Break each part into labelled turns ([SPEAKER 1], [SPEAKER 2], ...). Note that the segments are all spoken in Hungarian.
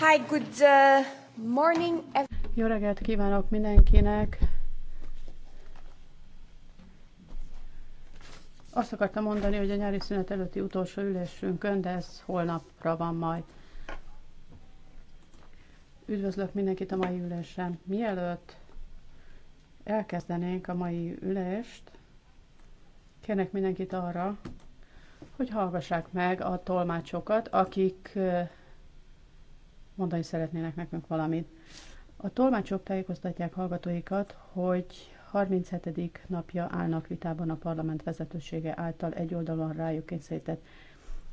[SPEAKER 1] Hi, good uh, morning. Jó reggelt kívánok mindenkinek. Azt akartam mondani, hogy a nyári szünet előtti utolsó ülésünkön, de ez holnapra van majd. Üdvözlök mindenkit a mai ülésen. Mielőtt elkezdenénk a mai ülést, kérnek mindenkit arra, hogy hallgassák meg a tolmácsokat, akik uh, mondani szeretnének nekünk valamit. A tolmácsok tájékoztatják hallgatóikat, hogy 37. napja állnak vitában a parlament vezetősége által egy oldalon rájuk kényszerített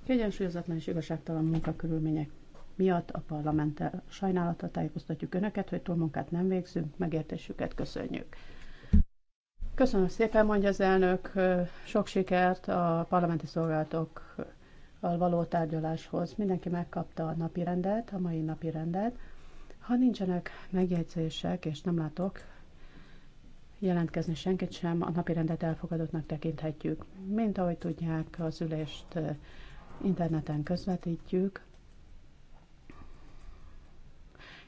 [SPEAKER 1] kiegyensúlyozatlan és igazságtalan munkakörülmények miatt a parlamenttel sajnálattal tájékoztatjuk Önöket, hogy tolmunkát nem végzünk, megértésüket köszönjük. Köszönöm szépen, mondja az elnök, sok sikert a parlamenti szolgálatok másokkal való tárgyaláshoz. Mindenki megkapta a napi rendet, a mai napi rendet. Ha nincsenek megjegyzések, és nem látok jelentkezni senkit sem, a napi rendet elfogadottnak tekinthetjük. Mint ahogy tudják, az ülést interneten közvetítjük,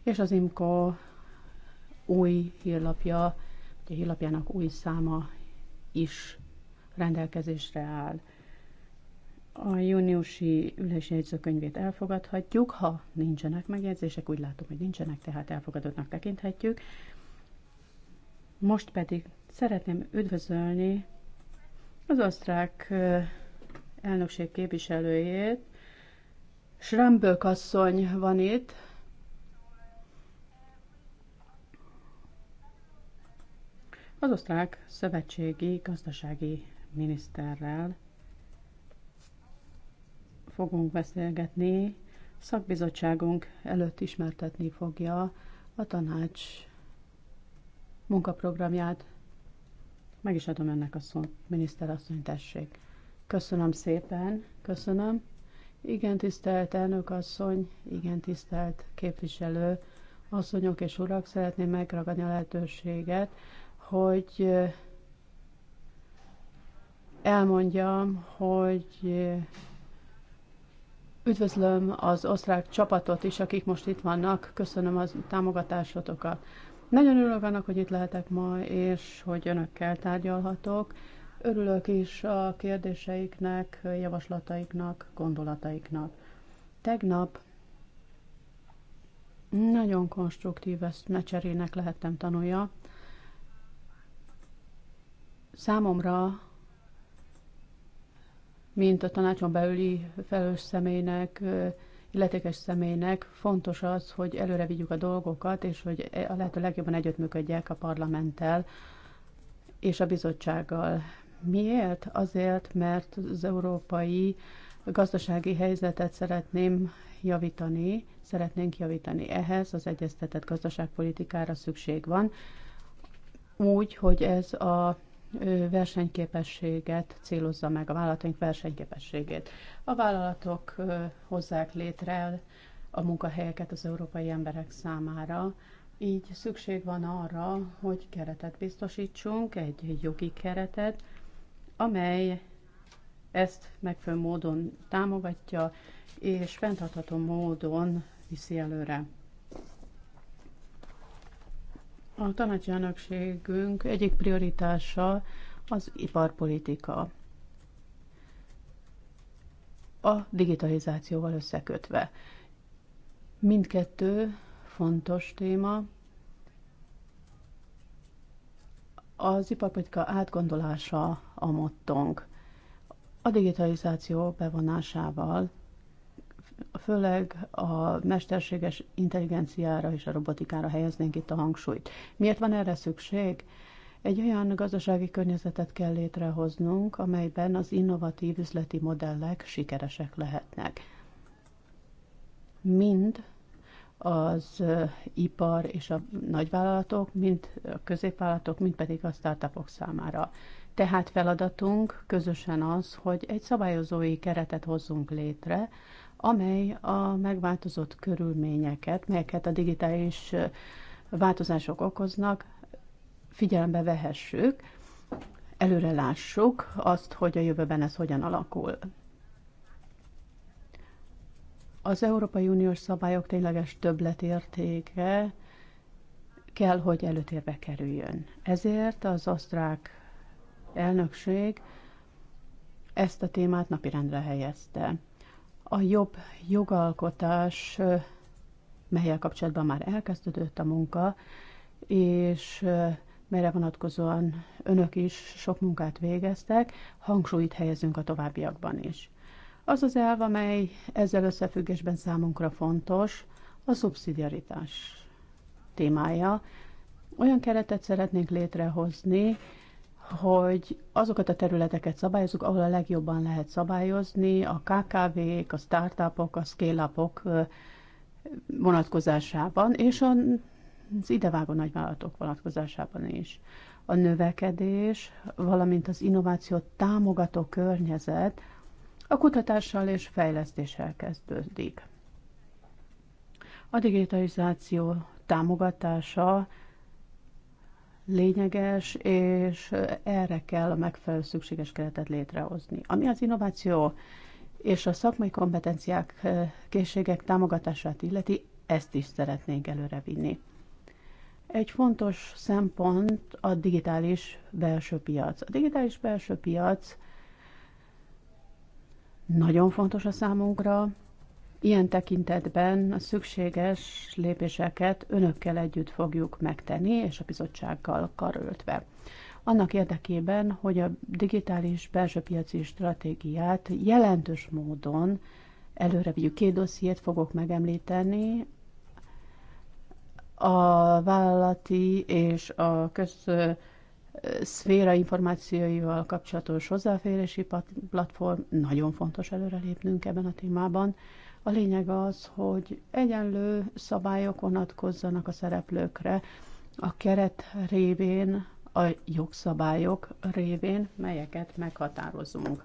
[SPEAKER 1] és az IMCO új hírlapja, a hírlapjának új száma is rendelkezésre áll. A júniusi ülési jegyzőkönyvét elfogadhatjuk, ha nincsenek megjegyzések, úgy látom, hogy nincsenek, tehát elfogadottnak tekinthetjük. Most pedig szeretném üdvözölni az osztrák elnökség képviselőjét. Schramböck asszony van itt. Az osztrák szövetségi gazdasági miniszterrel fogunk beszélgetni. Szakbizottságunk előtt ismertetni fogja a tanács munkaprogramját. Meg is adom ennek a szót, asszony, tessék. Köszönöm szépen, köszönöm. Igen, tisztelt elnök asszony, igen, tisztelt képviselő, asszonyok és urak, szeretném megragadni a lehetőséget, hogy elmondjam, hogy Üdvözlöm az osztrák csapatot is, akik most itt vannak. Köszönöm a támogatásotokat. Nagyon örülök annak, hogy itt lehetek ma, és hogy önökkel tárgyalhatok. Örülök is a kérdéseiknek, javaslataiknak, gondolataiknak. Tegnap nagyon konstruktív ezt mecserének lehettem tanulja. Számomra mint a tanácson belüli felős személynek, illetékes személynek fontos az, hogy előre vigyük a dolgokat, és hogy e, a lehető legjobban együttműködjek a parlamenttel és a bizottsággal. Miért? Azért, mert az európai gazdasági helyzetet szeretném javítani, szeretnénk javítani. Ehhez az egyeztetett gazdaságpolitikára szükség van, úgy, hogy ez a versenyképességet célozza meg, a vállalataink versenyképességét. A vállalatok hozzák létre a munkahelyeket az európai emberek számára, így szükség van arra, hogy keretet biztosítsunk, egy jogi keretet, amely ezt megfelelő módon támogatja, és fenntartható módon viszi előre. A tanácsi elnökségünk egyik prioritása az iparpolitika. A digitalizációval összekötve. Mindkettő fontos téma. Az iparpolitika átgondolása a mottónk. A digitalizáció bevonásával főleg a mesterséges intelligenciára és a robotikára helyeznénk itt a hangsúlyt. Miért van erre szükség? Egy olyan gazdasági környezetet kell létrehoznunk, amelyben az innovatív üzleti modellek sikeresek lehetnek. Mind az ipar és a nagyvállalatok, mind a középvállalatok, mind pedig a startupok számára. Tehát feladatunk közösen az, hogy egy szabályozói keretet hozzunk létre, amely a megváltozott körülményeket, melyeket a digitális változások okoznak, figyelembe vehessük, előre lássuk azt, hogy a jövőben ez hogyan alakul. Az Európai Uniós szabályok tényleges többletértéke kell, hogy előtérbe kerüljön. Ezért az osztrák elnökség ezt a témát napirendre helyezte. A jobb jogalkotás, melyel kapcsolatban már elkezdődött a munka, és melyre vonatkozóan önök is sok munkát végeztek, hangsúlyt helyezünk a továbbiakban is. Az az elv, amely ezzel összefüggésben számunkra fontos, a szubszidiaritás témája. Olyan keretet szeretnénk létrehozni, hogy azokat a területeket szabályozunk, ahol a legjobban lehet szabályozni, a KKV-k, a startupok, a scale -ok vonatkozásában, és az idevágó nagyvállalatok vonatkozásában is. A növekedés, valamint az innovációt támogató környezet a kutatással és fejlesztéssel kezdődik. A digitalizáció támogatása lényeges, és erre kell a megfelelő szükséges keretet létrehozni. Ami az innováció és a szakmai kompetenciák, eh, készségek támogatását illeti, ezt is szeretnénk előrevinni. Egy fontos szempont a digitális belső piac. A digitális belső piac nagyon fontos a számunkra, Ilyen tekintetben a szükséges lépéseket önökkel együtt fogjuk megtenni, és a bizottsággal karöltve. Annak érdekében, hogy a digitális belső piaci stratégiát jelentős módon előre vigyük. Két dossziét fogok megemlíteni, a vállalati és a közszféra információival kapcsolatos hozzáférési platform, nagyon fontos előrelépnünk ebben a témában, a lényeg az, hogy egyenlő szabályok vonatkozzanak a szereplőkre a keret révén, a jogszabályok révén, melyeket meghatározunk.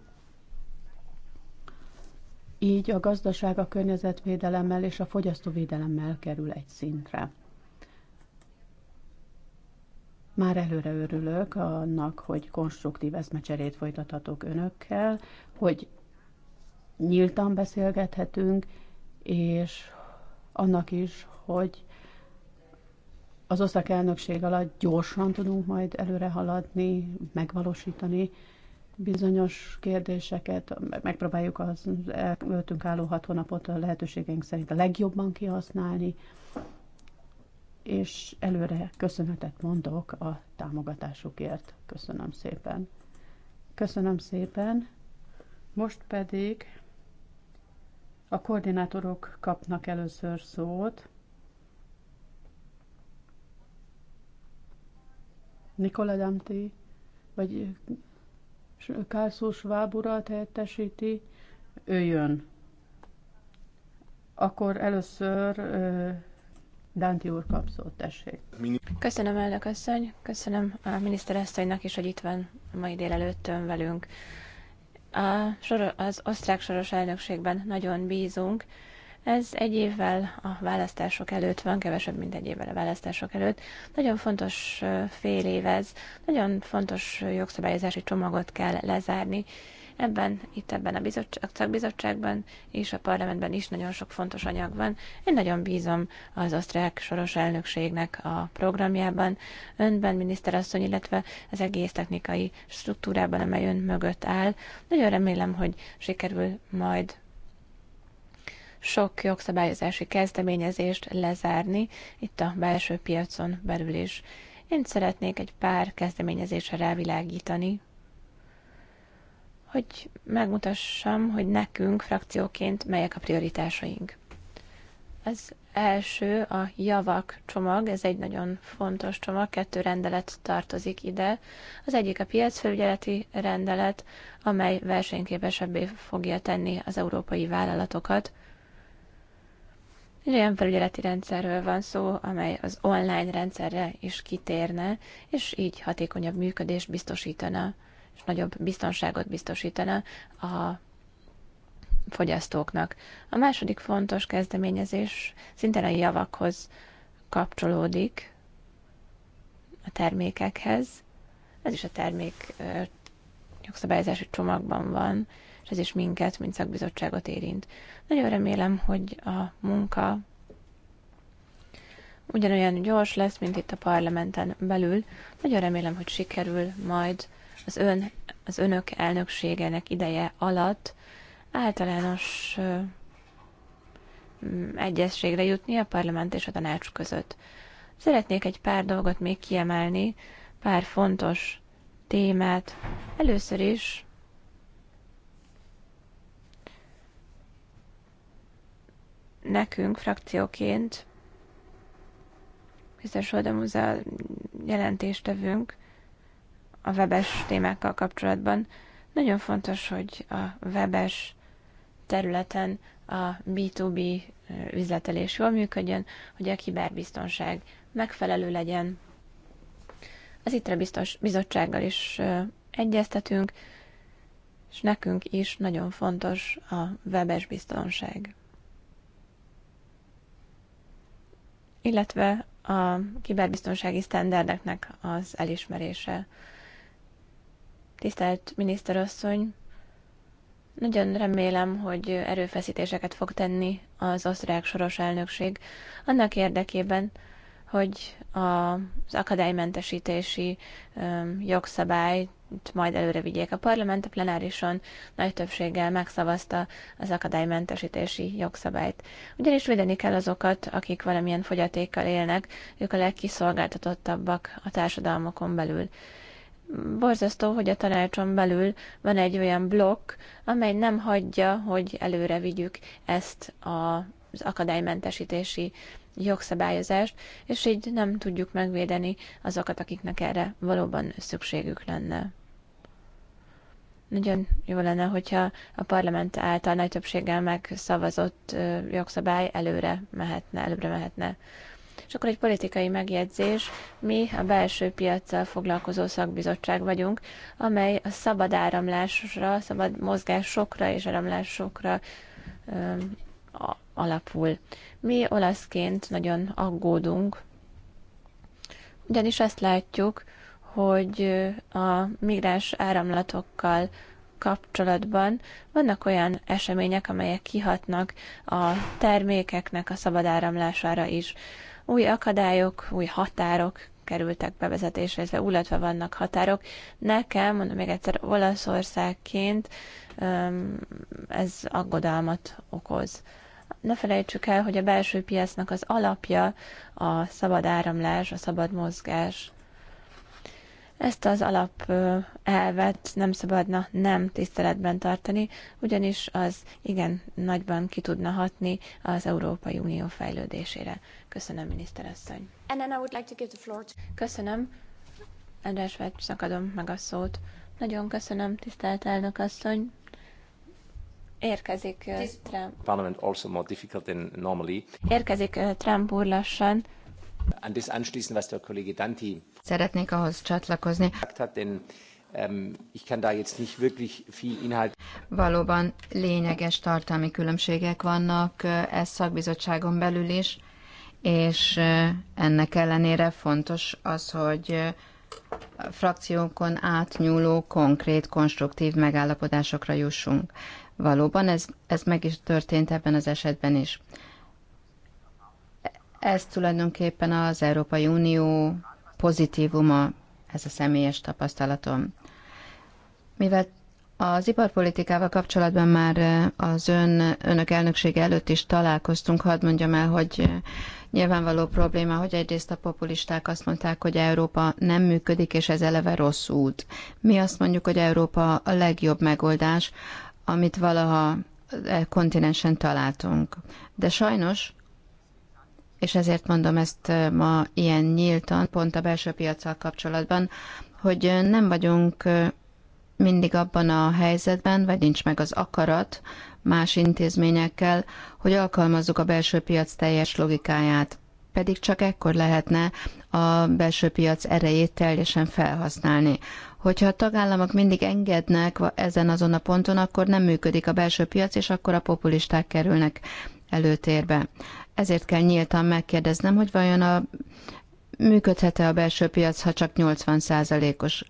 [SPEAKER 1] Így a gazdaság a környezetvédelemmel és a fogyasztóvédelemmel kerül egy szintre. Már előre örülök annak, hogy konstruktív eszmecserét folytathatok önökkel, hogy nyíltan beszélgethetünk, és annak is, hogy az osztak elnökség alatt gyorsan tudunk majd előre haladni, megvalósítani bizonyos kérdéseket, megpróbáljuk az előttünk álló hat hónapot a lehetőségeink szerint a legjobban kihasználni, és előre köszönetet mondok a támogatásukért. Köszönöm szépen. Köszönöm szépen. Most pedig a koordinátorok kapnak először szót. Nikola Dante, vagy Kárszó Vábura urat helyettesíti, ő jön. Akkor először Dánti úr
[SPEAKER 2] kap szót, tessék. Köszönöm, elnök asszony, köszönöm a asszonynak is, hogy itt van a mai délelőttön velünk. A soro- az osztrák soros elnökségben nagyon bízunk. Ez egy évvel a választások előtt van, kevesebb, mint egy évvel a választások előtt. Nagyon fontos fél év ez, nagyon fontos jogszabályozási csomagot kell lezárni, Ebben, itt ebben a, bizottság, szakbizottságban és a parlamentben is nagyon sok fontos anyag van. Én nagyon bízom az osztrák soros elnökségnek a programjában, önben, miniszterasszony, illetve az egész technikai struktúrában, amely ön mögött áll. Nagyon remélem, hogy sikerül majd sok jogszabályozási kezdeményezést lezárni itt a belső piacon belül is. Én szeretnék egy pár kezdeményezésre rávilágítani hogy megmutassam, hogy nekünk frakcióként melyek a prioritásaink. Az első a javak csomag, ez egy nagyon fontos csomag, kettő rendelet tartozik ide. Az egyik a piacfelügyeleti rendelet, amely versenyképesebbé fogja tenni az európai vállalatokat. Egy olyan felügyeleti rendszerről van szó, amely az online rendszerre is kitérne, és így hatékonyabb működést biztosítana és nagyobb biztonságot biztosítana a fogyasztóknak. A második fontos kezdeményezés szintén a javakhoz kapcsolódik, a termékekhez. Ez is a termék jogszabályozási csomagban van, és ez is minket, mint szakbizottságot érint. Nagyon remélem, hogy a munka ugyanolyan gyors lesz, mint itt a parlamenten belül. Nagyon remélem, hogy sikerül majd az, ön, az önök elnökségenek ideje alatt általános mm, egyességre jutni a parlament és a tanács között. Szeretnék egy pár dolgot még kiemelni, pár fontos témát. Először is nekünk frakcióként, biztos oldalmúza jelentéstevünk, a webes témákkal kapcsolatban. Nagyon fontos, hogy a webes területen a B2B üzletelés jól működjön, hogy a kiberbiztonság megfelelő legyen. Az ITRE biztos, bizottsággal is egyeztetünk, és nekünk is nagyon fontos a webes biztonság. Illetve a kiberbiztonsági sztenderdeknek az elismerése. Tisztelt miniszterasszony, nagyon remélem, hogy erőfeszítéseket fog tenni az osztrák soros elnökség annak érdekében, hogy az akadálymentesítési jogszabályt majd előre vigyék a parlament, a plenárison nagy többséggel megszavazta az akadálymentesítési jogszabályt. Ugyanis védeni kell azokat, akik valamilyen fogyatékkal élnek, ők a legkiszolgáltatottabbak a társadalmakon belül borzasztó, hogy a tanácson belül van egy olyan blokk, amely nem hagyja, hogy előre vigyük ezt az akadálymentesítési jogszabályozást, és így nem tudjuk megvédeni azokat, akiknek erre valóban szükségük lenne. Nagyon jó lenne, hogyha a parlament által nagy többséggel megszavazott jogszabály előre mehetne, előre mehetne. És akkor egy politikai megjegyzés, mi a belső piaccal foglalkozó szakbizottság vagyunk, amely a szabad áramlásra, szabad mozgásokra és áramlásokra ö, a, alapul. Mi olaszként nagyon aggódunk, ugyanis azt látjuk, hogy a migráns áramlatokkal kapcsolatban vannak olyan események, amelyek kihatnak a termékeknek a szabad áramlására is új akadályok, új határok kerültek bevezetésre, illetve illetve vannak határok. Nekem, mondom még egyszer, Olaszországként ez aggodalmat okoz. Ne felejtsük el, hogy a belső piacnak az alapja a szabad áramlás, a szabad mozgás. Ezt az alap elvet nem szabadna nem tiszteletben tartani, ugyanis az igen nagyban ki tudna hatni az Európai Unió fejlődésére. Köszönöm, miniszterasszony. Köszönöm. András Vácsnak szakadom meg a szót. Nagyon köszönöm, tisztelt elnök asszony. Érkezik Trump. Parliament also more difficult than normally. Érkezik Trump úr lassan
[SPEAKER 3] Szeretnék ahhoz csatlakozni. Ähm, Valóban lényeges tartalmi különbségek vannak ez szakbizottságon belül is, és ennek ellenére fontos az, hogy frakciókon átnyúló, konkrét, konstruktív megállapodásokra jussunk. Valóban ez, ez meg is történt ebben az esetben is. Ez tulajdonképpen az Európai Unió pozitívuma, ez a személyes tapasztalatom. Mivel az iparpolitikával kapcsolatban már az ön, önök elnöksége előtt is találkoztunk, hadd mondjam el, hogy nyilvánvaló probléma, hogy egyrészt a populisták azt mondták, hogy Európa nem működik, és ez eleve rossz út. Mi azt mondjuk, hogy Európa a legjobb megoldás, amit valaha kontinensen találtunk. De sajnos és ezért mondom ezt ma ilyen nyíltan, pont a belső piacsal kapcsolatban, hogy nem vagyunk mindig abban a helyzetben, vagy nincs meg az akarat más intézményekkel, hogy alkalmazzuk a belső piac teljes logikáját. Pedig csak ekkor lehetne a belső piac erejét teljesen felhasználni. Hogyha a tagállamok mindig engednek ezen azon a ponton, akkor nem működik a belső piac, és akkor a populisták kerülnek előtérbe. Ezért kell nyíltan megkérdeznem, hogy vajon a, működhet-e a belső piac, ha csak 80%-os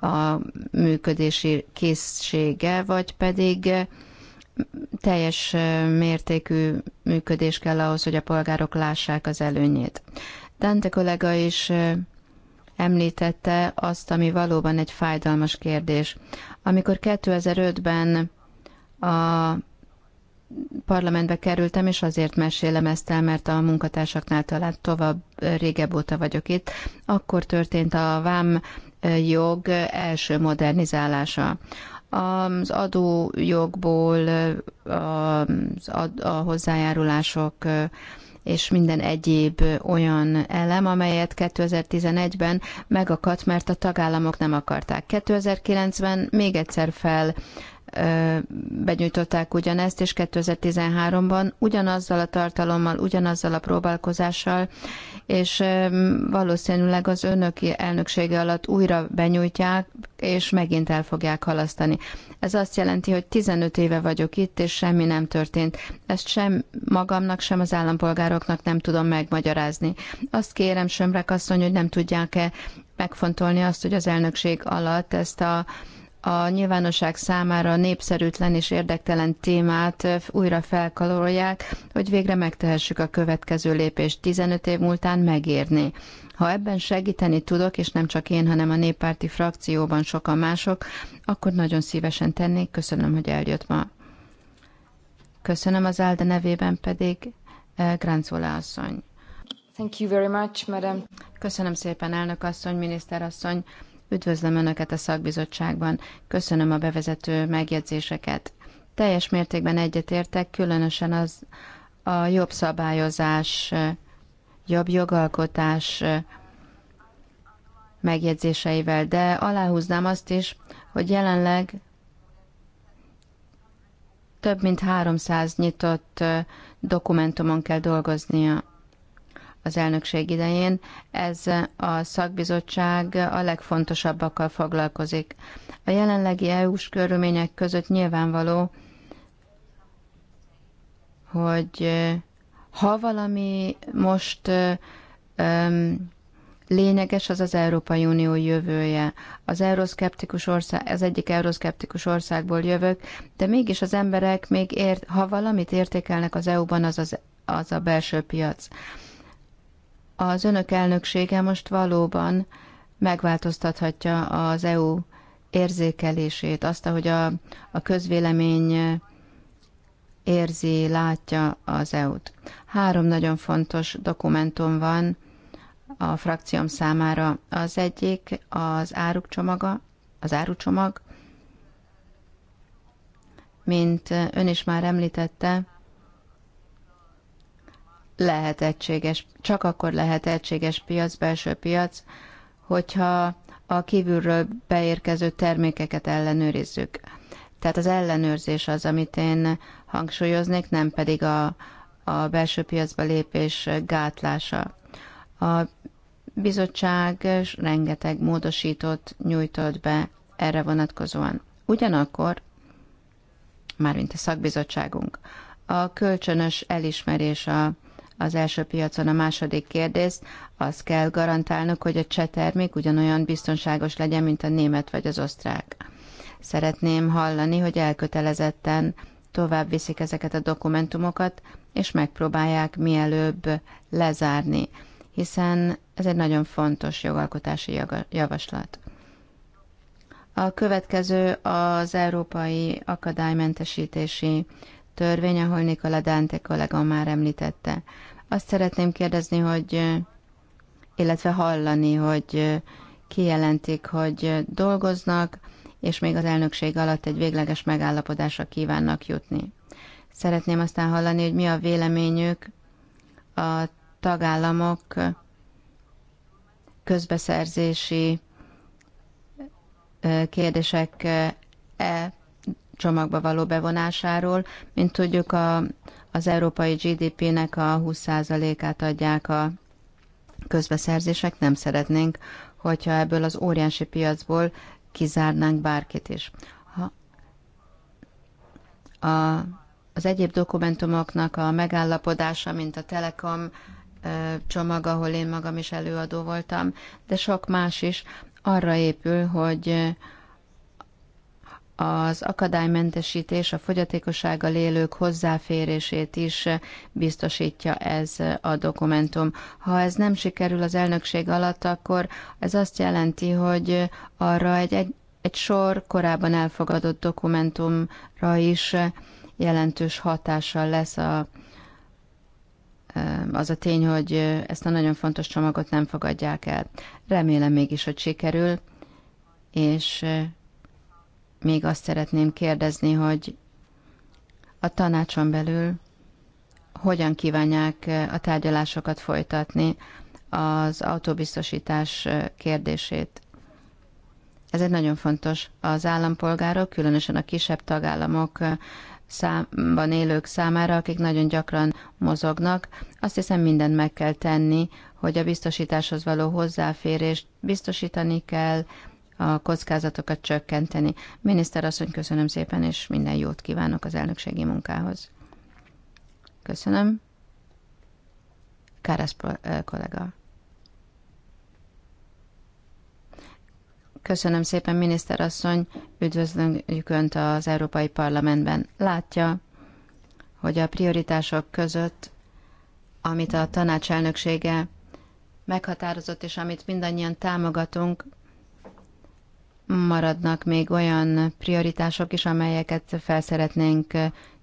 [SPEAKER 3] a működési készsége, vagy pedig eh, teljes eh, mértékű működés kell ahhoz, hogy a polgárok lássák az előnyét. Dante kollega is eh, említette azt, ami valóban egy fájdalmas kérdés. Amikor 2005-ben a parlamentbe kerültem, és azért mesélem ezt el, mert a munkatársaknál talán tovább régebb óta vagyok itt. Akkor történt a vám jog első modernizálása az adójogból, az ad, a hozzájárulások és minden egyéb olyan elem, amelyet 2011-ben megakadt, mert a tagállamok nem akarták. 2009-ben még egyszer fel benyújtották ugyanezt, és 2013-ban ugyanazzal a tartalommal, ugyanazzal a próbálkozással, és valószínűleg az önök elnöksége alatt újra benyújtják, és megint el fogják halasztani. Ez azt jelenti, hogy 15 éve vagyok itt, és semmi nem történt. Ezt sem magamnak, sem az állampolgároknak nem tudom megmagyarázni. Azt kérem Sömrek asszony, hogy nem tudják-e megfontolni azt, hogy az elnökség alatt ezt a a nyilvánosság számára népszerűtlen és érdektelen témát eh, újra felkalorolják, hogy végre megtehessük a következő lépést 15 év múltán megérni. Ha ebben segíteni tudok, és nem csak én, hanem a néppárti frakcióban sokan mások, akkor nagyon szívesen tennék. Köszönöm, hogy eljött ma. Köszönöm az Álda nevében pedig eh, Gráncola asszony. Thank you very much, madam. Köszönöm szépen, elnök asszony, miniszter asszony. Üdvözlöm Önöket a szakbizottságban. Köszönöm a bevezető megjegyzéseket. Teljes mértékben egyetértek, különösen az a jobb szabályozás, jobb jogalkotás megjegyzéseivel, de aláhúznám azt is, hogy jelenleg több mint 300 nyitott dokumentumon kell dolgoznia az elnökség idején, ez a szakbizottság a legfontosabbakkal foglalkozik. A jelenlegi EU-s körülmények között nyilvánvaló, hogy ha valami most um, lényeges, az az Európai Unió jövője. Az euroszkeptikus ország, az egyik euroszkeptikus országból jövök, de mégis az emberek még ért, ha valamit értékelnek az EU-ban, az, az, az a belső piac az önök elnöksége most valóban megváltoztathatja az EU érzékelését, azt, ahogy a, a közvélemény érzi, látja az EU-t. Három nagyon fontos dokumentum van a frakcióm számára. Az egyik az árucsomaga, az árucsomag, mint ön is már említette, lehet egységes, csak akkor lehet egységes piac, belső piac, hogyha a kívülről beérkező termékeket ellenőrizzük. Tehát az ellenőrzés az, amit én hangsúlyoznék, nem pedig a, a belső piacba lépés gátlása. A bizottság rengeteg módosítót nyújtott be erre vonatkozóan. Ugyanakkor, mármint a szakbizottságunk, a kölcsönös elismerés a, az első piacon. A második kérdés, azt kell garantálnunk, hogy a cseh termék ugyanolyan biztonságos legyen, mint a német vagy az osztrák. Szeretném hallani, hogy elkötelezetten tovább viszik ezeket a dokumentumokat, és megpróbálják mielőbb lezárni, hiszen ez egy nagyon fontos jogalkotási javaslat. A következő az Európai Akadálymentesítési törvény, ahol Nikola Dante kollega már említette. Azt szeretném kérdezni, hogy illetve hallani, hogy kijelentik, hogy dolgoznak, és még az elnökség alatt egy végleges megállapodásra kívánnak jutni. Szeretném aztán hallani, hogy mi a véleményük a tagállamok közbeszerzési kérdések -e csomagba való bevonásáról, mint tudjuk a, az európai GDP-nek a 20%-át adják a közbeszerzések, nem szeretnénk, hogyha ebből az óriási piacból kizárnánk bárkit is. Ha a, az egyéb dokumentumoknak a megállapodása, mint a Telekom csomag, ahol én magam is előadó voltam, de sok más is arra épül, hogy az akadálymentesítés a fogyatékossággal élők hozzáférését is biztosítja ez a dokumentum. Ha ez nem sikerül az elnökség alatt, akkor ez azt jelenti, hogy arra egy, egy, egy sor korábban elfogadott dokumentumra is jelentős hatással lesz a, az a tény, hogy ezt a nagyon fontos csomagot nem fogadják el. Remélem mégis, hogy sikerül, és még azt szeretném kérdezni, hogy a tanácson belül hogyan kívánják eh, a tárgyalásokat folytatni az autóbiztosítás eh, kérdését. Ez egy nagyon fontos az állampolgárok, különösen a kisebb tagállamok eh, számban élők számára, akik nagyon gyakran mozognak. Azt hiszem mindent meg kell tenni, hogy a biztosításhoz való hozzáférést biztosítani kell, a kockázatokat csökkenteni. Miniszter asszony, köszönöm szépen, és minden jót kívánok az elnökségi munkához. Köszönöm. Kárász kollega. Köszönöm szépen, miniszter asszony, üdvözlünk Önt az Európai Parlamentben. Látja, hogy a prioritások között, amit a tanács elnöksége meghatározott, és amit mindannyian támogatunk, maradnak még olyan prioritások is, amelyeket fel szeretnénk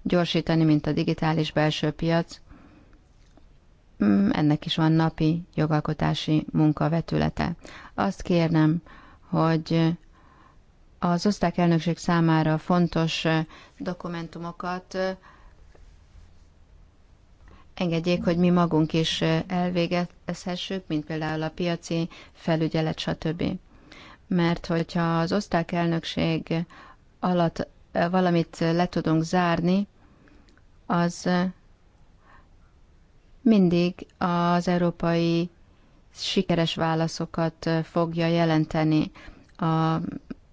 [SPEAKER 3] gyorsítani, mint a digitális belső piac. Mm, ennek is van napi jogalkotási munkavetülete. Azt kérnem, hogy az osztrák elnökség számára fontos dokumentumokat engedjék, hogy mi magunk is elvégezhessük, mint például a piaci felügyelet, stb mert hogyha az osztrák elnökség alatt eh, valamit le tudunk zárni, az mindig az európai sikeres válaszokat fogja jelenteni a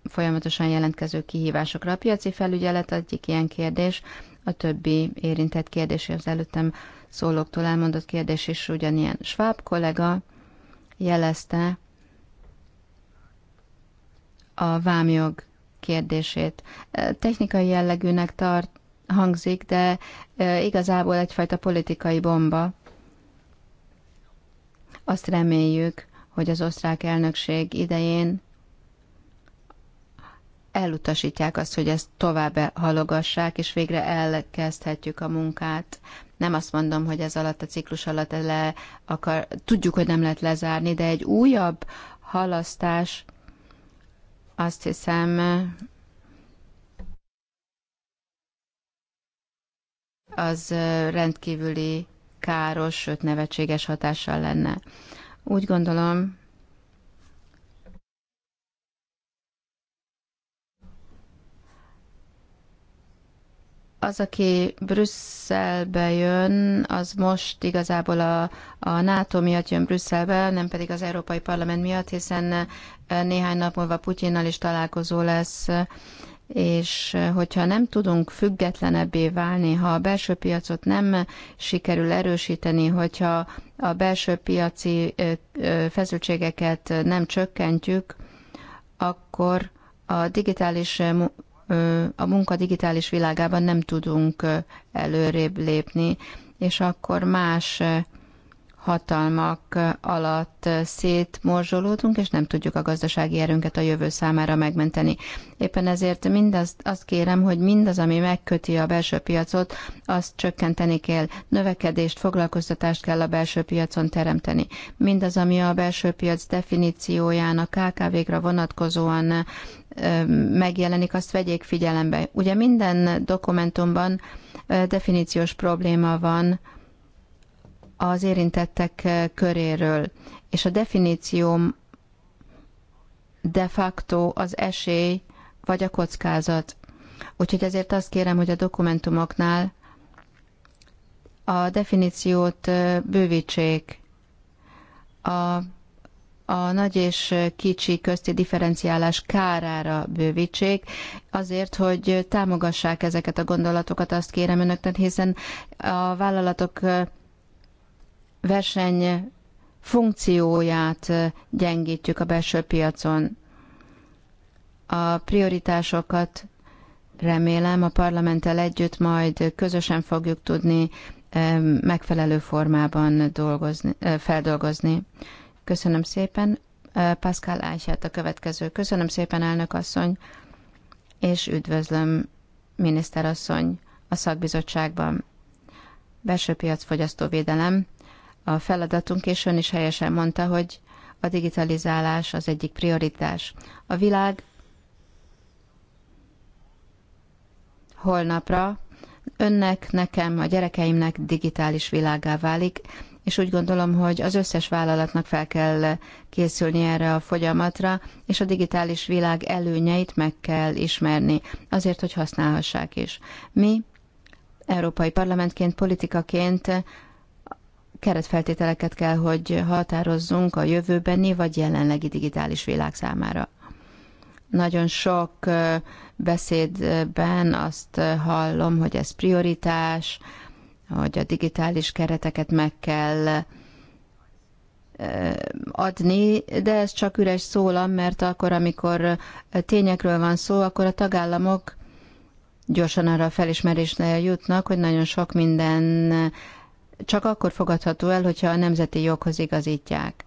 [SPEAKER 3] folyamatosan jelentkező kihívásokra. A piaci felügyelet egyik ilyen kérdés, a többi érintett kérdés, az előttem szólóktól elmondott kérdés is ugyanilyen. Schwab kollega jelezte, a vámjog kérdését. Technikai jellegűnek tart, hangzik, de igazából egyfajta politikai bomba. Azt reméljük, hogy az osztrák elnökség idején elutasítják azt, hogy ezt tovább halogassák, és végre elkezdhetjük a munkát. Nem azt mondom, hogy ez alatt a ciklus alatt le akar, tudjuk, hogy nem lehet lezárni, de egy újabb halasztás azt hiszem, az rendkívüli káros, sőt nevetséges hatással lenne. Úgy gondolom, az, aki Brüsszelbe jön, az most igazából a, a NATO miatt jön Brüsszelbe, nem pedig az Európai Parlament miatt, hiszen eh, néhány nap múlva Putyinnal is találkozó lesz, és eh, hogyha nem tudunk függetlenebbé válni, ha a belső piacot nem sikerül erősíteni, hogyha a belső piaci eh, feszültségeket nem csökkentjük, akkor a digitális a munka digitális világában nem tudunk előrébb lépni, és akkor más hatalmak alatt szétmorzsolódunk, és nem tudjuk a gazdasági erőnket a jövő számára megmenteni. Éppen ezért mindaz, azt kérem, hogy mindaz, ami megköti a belső piacot, azt csökkenteni kell. Növekedést, foglalkoztatást kell a belső piacon teremteni. Mindaz, ami a belső piac definícióján, a KKV-kra vonatkozóan megjelenik, azt vegyék figyelembe. Ugye minden dokumentumban definíciós probléma van, az érintettek eh, köréről, és a definícióm de facto az esély vagy a kockázat. Úgyhogy ezért azt kérem, hogy a dokumentumoknál a definíciót eh, bővítsék. A, a nagy és kicsi közti differenciálás kárára bővítsék, azért, hogy támogassák ezeket a gondolatokat, azt kérem önöknek, hiszen a vállalatok eh, verseny funkcióját eh, gyengítjük a belső piacon. A prioritásokat remélem a parlamenttel együtt majd közösen fogjuk tudni eh, megfelelő formában dolgozni, eh, feldolgozni. Köszönöm szépen. Pascal Ájsát a következő. Köszönöm szépen, elnök asszony, és üdvözlöm miniszterasszony a szakbizottságban. Belső piac fogyasztóvédelem a feladatunk, és ön is helyesen mondta, hogy a digitalizálás az egyik prioritás. A világ holnapra önnek, nekem, a gyerekeimnek digitális világá válik, és úgy gondolom, hogy az összes vállalatnak fel kell készülni erre a folyamatra, és a digitális világ előnyeit meg kell ismerni, azért, hogy használhassák is. Mi, Európai Parlamentként, politikaként keretfeltételeket kell, hogy határozzunk a jövőbeni vagy jelenlegi digitális világ számára. Nagyon sok beszédben azt hallom, hogy ez prioritás, hogy a digitális kereteket meg kell adni, de ez csak üres szólam, mert akkor, amikor tényekről van szó, akkor a tagállamok gyorsan arra a felismerésre jutnak, hogy nagyon sok minden csak akkor fogadható el, hogyha a nemzeti joghoz igazítják.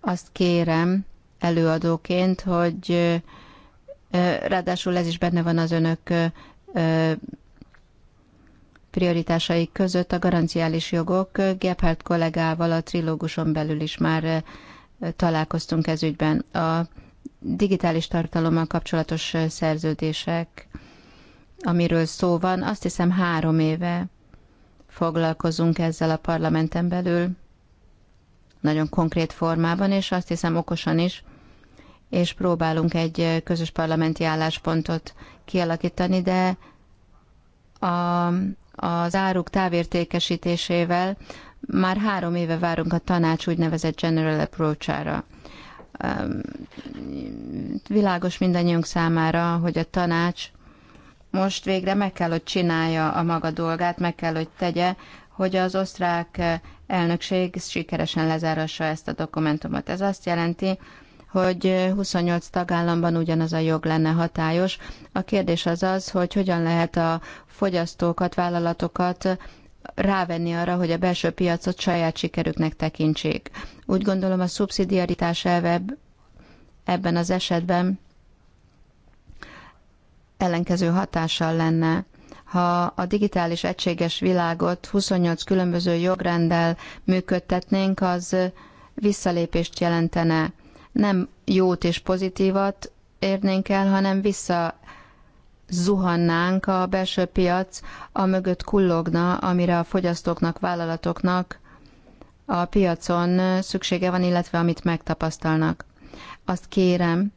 [SPEAKER 3] Azt kérem előadóként, hogy ráadásul ez is benne van az önök prioritásai között a garanciális jogok. Gebhardt kollégával a trilóguson belül is már találkoztunk ez ügyben. A digitális tartalommal kapcsolatos szerződések, amiről szó van, azt hiszem három éve foglalkozunk ezzel a parlamenten belül, nagyon konkrét formában, és azt hiszem okosan is, és próbálunk egy közös parlamenti álláspontot kialakítani, de a, az áruk távértékesítésével már három éve várunk a tanács úgynevezett general approach-ára. Világos mindannyiunk számára, hogy a tanács most végre meg kell, hogy csinálja a maga dolgát, meg kell, hogy tegye, hogy az osztrák elnökség sikeresen lezárassa ezt a dokumentumot. Ez azt jelenti, hogy 28 tagállamban ugyanaz a jog lenne hatályos. A kérdés az az, hogy hogyan lehet a fogyasztókat, vállalatokat rávenni arra, hogy a belső piacot saját sikerüknek tekintsék. Úgy gondolom a szubszidiaritás elve ebben az esetben ellenkező hatással lenne. Ha a digitális egységes világot 28 különböző jogrenddel működtetnénk, az visszalépést jelentene. Nem jót és pozitívat érnénk el, hanem vissza zuhannánk a belső piac, a mögött kullogna, amire a fogyasztóknak, vállalatoknak a piacon szüksége van, illetve amit megtapasztalnak. Azt kérem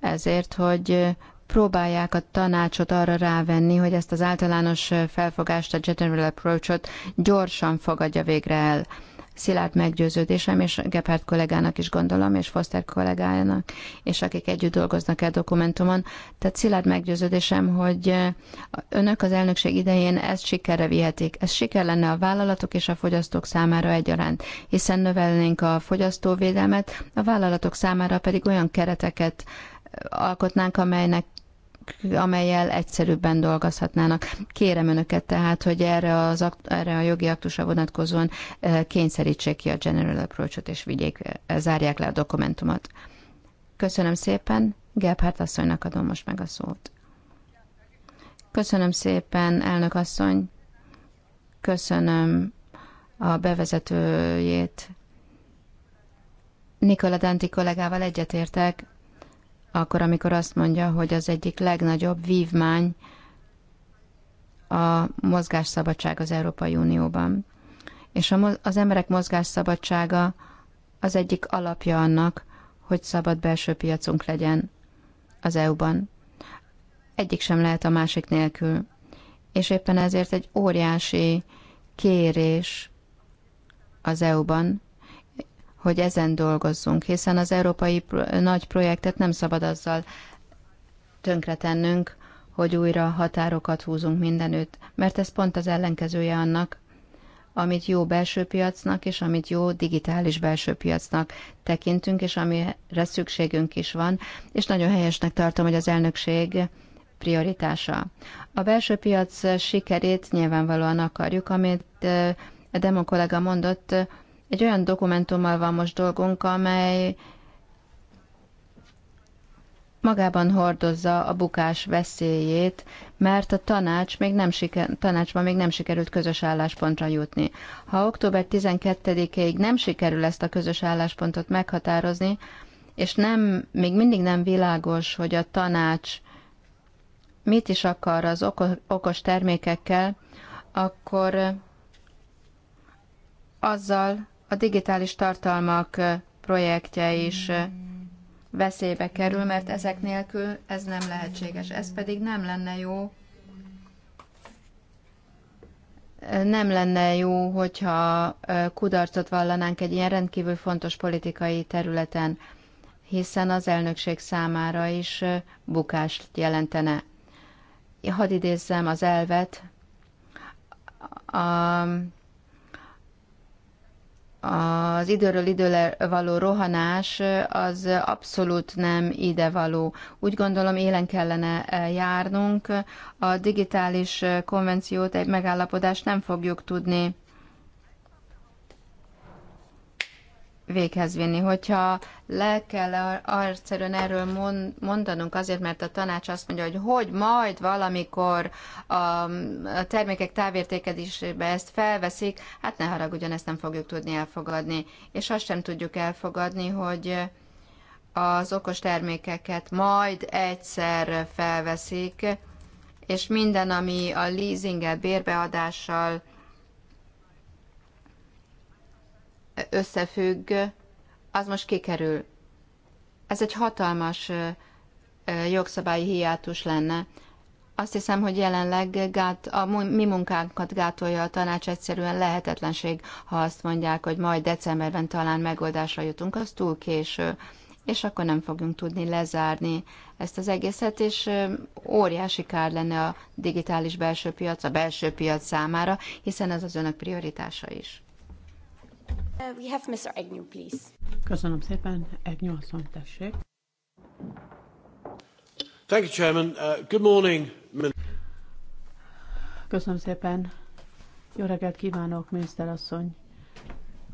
[SPEAKER 3] ezért, hogy próbálják a tanácsot arra rávenni, hogy ezt az általános felfogást, a general approachot gyorsan fogadja végre el. Szilárd meggyőződésem, és Gephardt kollégának is gondolom, és Foster kollégának, és akik együtt dolgoznak el dokumentumon. Tehát szilárd meggyőződésem, hogy önök az elnökség idején ezt sikerre vihetik. Ez siker lenne a vállalatok és a fogyasztók számára egyaránt, hiszen növelnénk a fogyasztóvédelmet, a vállalatok számára pedig olyan kereteket alkotnánk, amelynek amelyel egyszerűbben dolgozhatnának. Kérem önöket tehát, hogy erre, az, erre a jogi aktusra vonatkozóan eh, kényszerítsék ki a General Approach-ot, és vigyék, eh, zárják le a dokumentumot. Köszönöm szépen, Gebhardt asszonynak adom most meg a szót. Köszönöm szépen, elnök asszony. Köszönöm a bevezetőjét. Nikola Danti kollégával egyetértek, akkor, amikor azt mondja, hogy az egyik legnagyobb vívmány a mozgásszabadság az Európai Unióban. És az emberek mozgásszabadsága az egyik alapja annak, hogy szabad belső piacunk legyen az EU-ban. Egyik sem lehet a másik nélkül. És éppen ezért egy óriási kérés az EU-ban, hogy ezen dolgozzunk, hiszen az európai nagy projektet nem szabad azzal tönkretennünk, hogy újra határokat húzunk mindenütt, mert ez pont az ellenkezője annak, amit jó belső piacnak és amit jó digitális belső piacnak tekintünk, és amire szükségünk is van, és nagyon helyesnek tartom, hogy az elnökség prioritása. A belső piac sikerét nyilvánvalóan akarjuk, amit eh, Demo kollega mondott, egy olyan dokumentummal van most dolgunk, amely magában hordozza a bukás veszélyét, mert a tanács még nem siker, tanácsban még nem sikerült közös álláspontra jutni. Ha október 12-ig nem sikerül ezt a közös álláspontot meghatározni, és nem, még mindig nem világos, hogy a tanács mit is akar az okos termékekkel, akkor azzal a digitális tartalmak projektje is veszélybe kerül, mert ezek nélkül ez nem lehetséges. Ez pedig nem lenne jó. Nem lenne jó, hogyha kudarcot vallanánk egy ilyen rendkívül fontos politikai területen, hiszen az elnökség számára is bukást jelentene. Hadd idézzem az elvet, a, az időről időre való rohanás az abszolút nem idevaló. Úgy gondolom élen kellene eh, járnunk. A digitális eh, konvenciót, egy megállapodást nem fogjuk tudni véghez vinni. Hogyha le kell arcszerűen erről mondanunk azért, mert a tanács azt mondja, hogy hogy majd valamikor a termékek távértékedésébe ezt felveszik, hát ne haragudjon, ezt nem fogjuk tudni elfogadni. És azt sem tudjuk elfogadni, hogy az okos termékeket majd egyszer felveszik, és minden, ami a leasinggel, bérbeadással, összefügg, az most kikerül. Ez egy hatalmas jogszabályi hiátus lenne. Azt hiszem, hogy jelenleg gát, a mi munkánkat gátolja a tanács egyszerűen lehetetlenség, ha azt mondják, hogy majd decemberben talán megoldásra jutunk, az túl késő és akkor nem fogjunk tudni lezárni ezt az egészet, és óriási kár lenne a digitális belső piac, a belső piac számára, hiszen ez az önök prioritása is.
[SPEAKER 2] Uh, we have Mr. Agnew, please.
[SPEAKER 3] Köszönöm szépen. Agnew asszony, tessék. Thank you, Chairman. Uh, good morning.
[SPEAKER 1] Köszönöm szépen. Jó reggelt kívánok, miniszterasszony.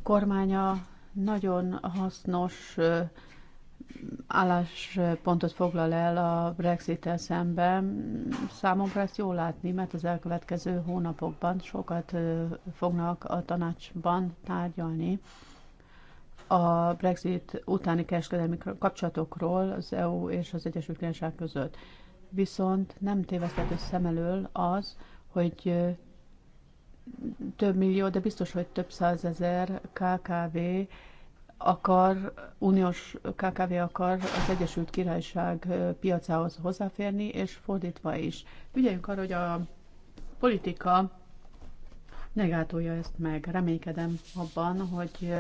[SPEAKER 1] Kormánya nagyon hasznos uh, álláspontot foglal el a Brexit-tel szemben. Számomra ezt jól látni, mert az elkövetkező hónapokban sokat fognak a tanácsban tárgyalni a Brexit utáni kereskedelmi kapcsolatokról az EU és az Egyesült Királyság között. Viszont nem téveszthető szem elől az, hogy több millió, de biztos, hogy több százezer KKV akar, uniós KKV akar az Egyesült Királyság piacához hozzáférni, és fordítva is. Ügyeljünk arra, hogy a politika ne gátolja ezt meg. Reménykedem abban, hogy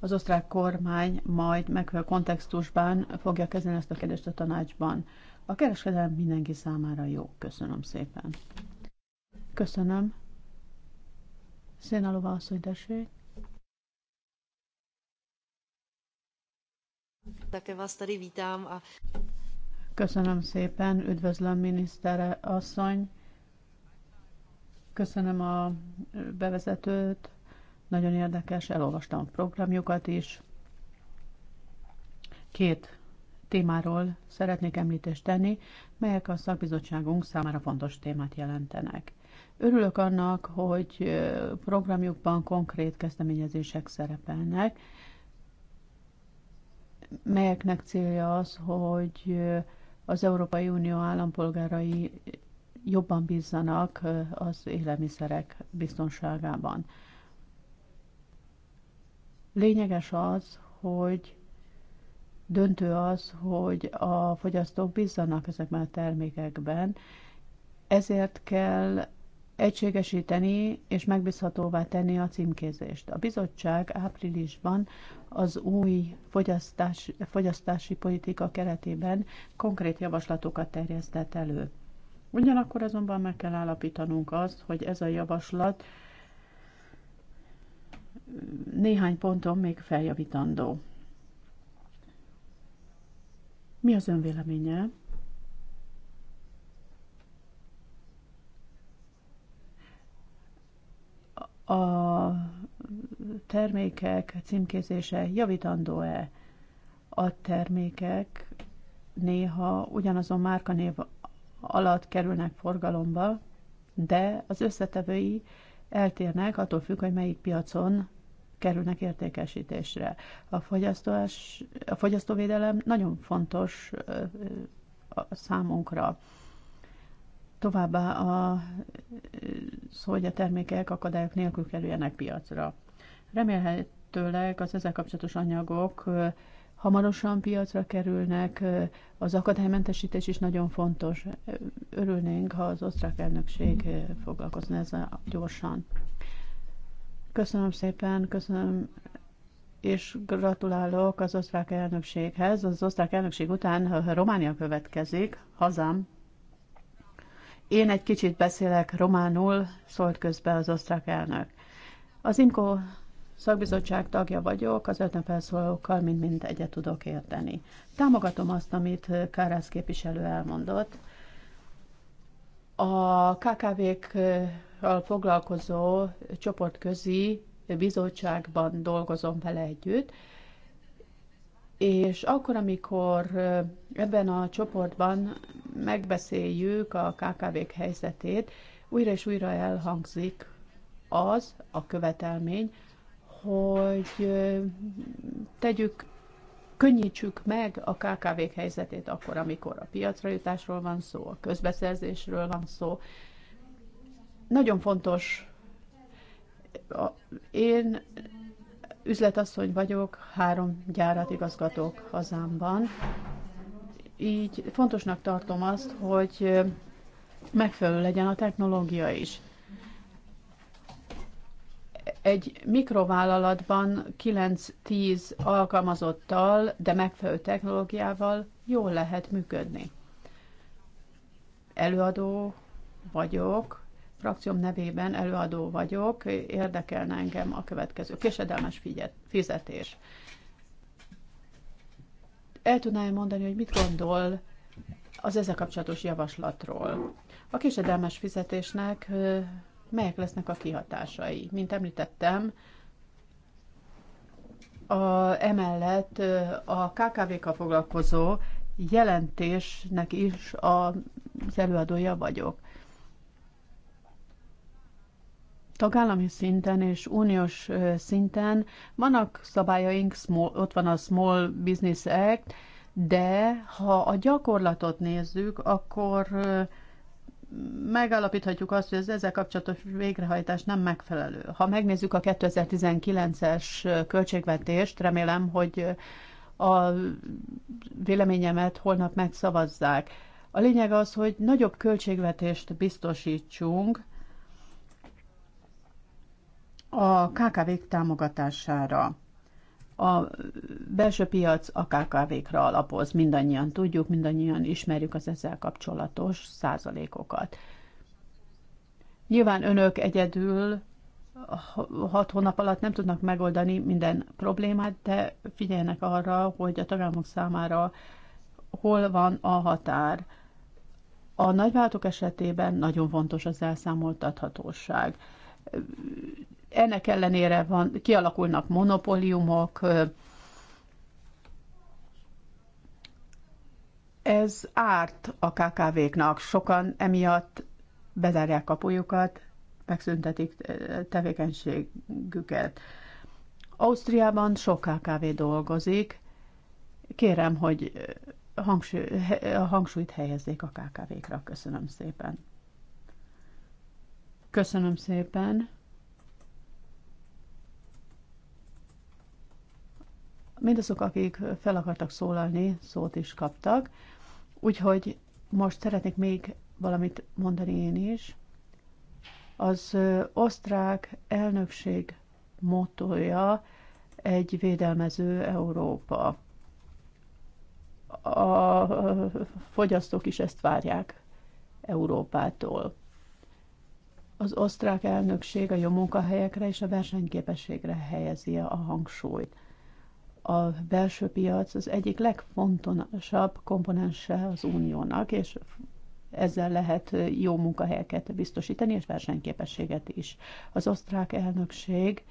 [SPEAKER 1] az osztrák kormány majd megfelelő kontextusban fogja kezelni ezt a kérdést a tanácsban. A kereskedelem mindenki számára jó. Köszönöm szépen. Köszönöm. Szénalova asszony, tessék.
[SPEAKER 3] Také vás tady vítám. A...
[SPEAKER 1] Köszönöm szépen, üdvözlöm minisztere asszony. Köszönöm a bevezetőt, nagyon érdekes, elolvastam a programjukat is. Két témáról szeretnék említést tenni, melyek a szakbizottságunk számára fontos témát jelentenek. Örülök annak, hogy programjukban konkrét kezdeményezések szerepelnek, melyeknek célja az, hogy az Európai Unió állampolgárai jobban bízzanak az élelmiszerek biztonságában. Lényeges az, hogy döntő az, hogy a fogyasztók bízzanak ezekben a termékekben, ezért kell egységesíteni és megbízhatóvá tenni a címkézést. A bizottság áprilisban az új fogyasztás, fogyasztási politika keretében konkrét javaslatokat terjesztett elő. Ugyanakkor azonban meg kell állapítanunk azt, hogy ez a javaslat néhány ponton még feljavítandó. Mi az önvéleménye? a termékek címkézése javítandó-e? A termékek néha ugyanazon márkanév alatt kerülnek forgalomba, de az összetevői eltérnek, attól függ, hogy melyik piacon kerülnek értékesítésre. A, fogyasztás, a fogyasztóvédelem nagyon fontos a számunkra. Továbbá a, hogy a termékek akadályok nélkül kerüljenek piacra. Remélhetőleg az ezzel kapcsolatos anyagok hamarosan piacra kerülnek, az akadálymentesítés is nagyon fontos. Örülnénk, ha az osztrák elnökség foglalkozna ezzel gyorsan. Köszönöm szépen, köszönöm és gratulálok az osztrák elnökséghez. Az osztrák elnökség után Románia következik, hazám, én egy kicsit beszélek románul, szólt közbe az osztrák elnök. Az IMKO szakbizottság tagja vagyok, az ötne felszólókkal mind-mind egyet tudok érteni. Támogatom azt, amit Kárász képviselő elmondott. A KKV-kkal foglalkozó csoportközi bizottságban dolgozom vele együtt, és akkor, amikor ebben a csoportban megbeszéljük a KKV-k helyzetét, újra és újra elhangzik az a követelmény, hogy tegyük, könnyítsük meg a KKV-k helyzetét akkor, amikor a piacra jutásról van szó, a közbeszerzésről van szó. Nagyon fontos. Én Üzletasszony vagyok, három gyárat igazgatok hazámban. Így fontosnak tartom azt, hogy megfelelő legyen a technológia is. Egy mikrovállalatban 9-10 alkalmazottal, de megfelelő technológiával jól lehet működni. Előadó vagyok, frakcióm nevében előadó vagyok, érdekelne engem a következő késedelmes fizetés. El tudná mondani, hogy mit gondol az ezzel kapcsolatos javaslatról? A késedelmes fizetésnek melyek lesznek a kihatásai? Mint említettem, a, emellett a KKV-kkal foglalkozó jelentésnek is az előadója vagyok. tagállami szinten és uniós szinten vannak szabályaink, small, ott van a Small Business Act, de ha a gyakorlatot nézzük, akkor megállapíthatjuk azt, hogy az ezzel kapcsolatos végrehajtás nem megfelelő. Ha megnézzük a 2019-es költségvetést, remélem, hogy a véleményemet holnap megszavazzák. A lényeg az, hogy nagyobb költségvetést biztosítsunk, a KKV-k támogatására. A belső piac a KKV-kra alapoz, mindannyian tudjuk, mindannyian ismerjük az ezzel kapcsolatos százalékokat. Nyilván önök egyedül hat hónap alatt nem tudnak megoldani minden problémát, de figyeljenek arra, hogy a tagállamok számára hol van a határ. A nagyváltók esetében nagyon fontos az elszámoltathatóság. Ennek ellenére van, kialakulnak monopóliumok, ez árt a KKV-knak. Sokan emiatt bezárják kapujukat, megszüntetik eh, tevékenységüket. Ausztriában sok KKV dolgozik. Kérem, hogy eh, hangsúly, hangsúlyt helyezzék a KKV-kra. Köszönöm szépen. Köszönöm szépen. mindazok, akik fel akartak szólalni, szót is kaptak. Úgyhogy most szeretnék még valamit mondani én is. Az osztrák elnökség motója egy védelmező Európa. A fogyasztók is ezt várják Európától. Az osztrák elnökség a jó munkahelyekre és a versenyképességre helyezi a hangsúlyt a belső piac az egyik legfontosabb komponense az uniónak, és ezzel lehet jó munkahelyeket biztosítani, és versenyképességet is. Az osztrák elnökség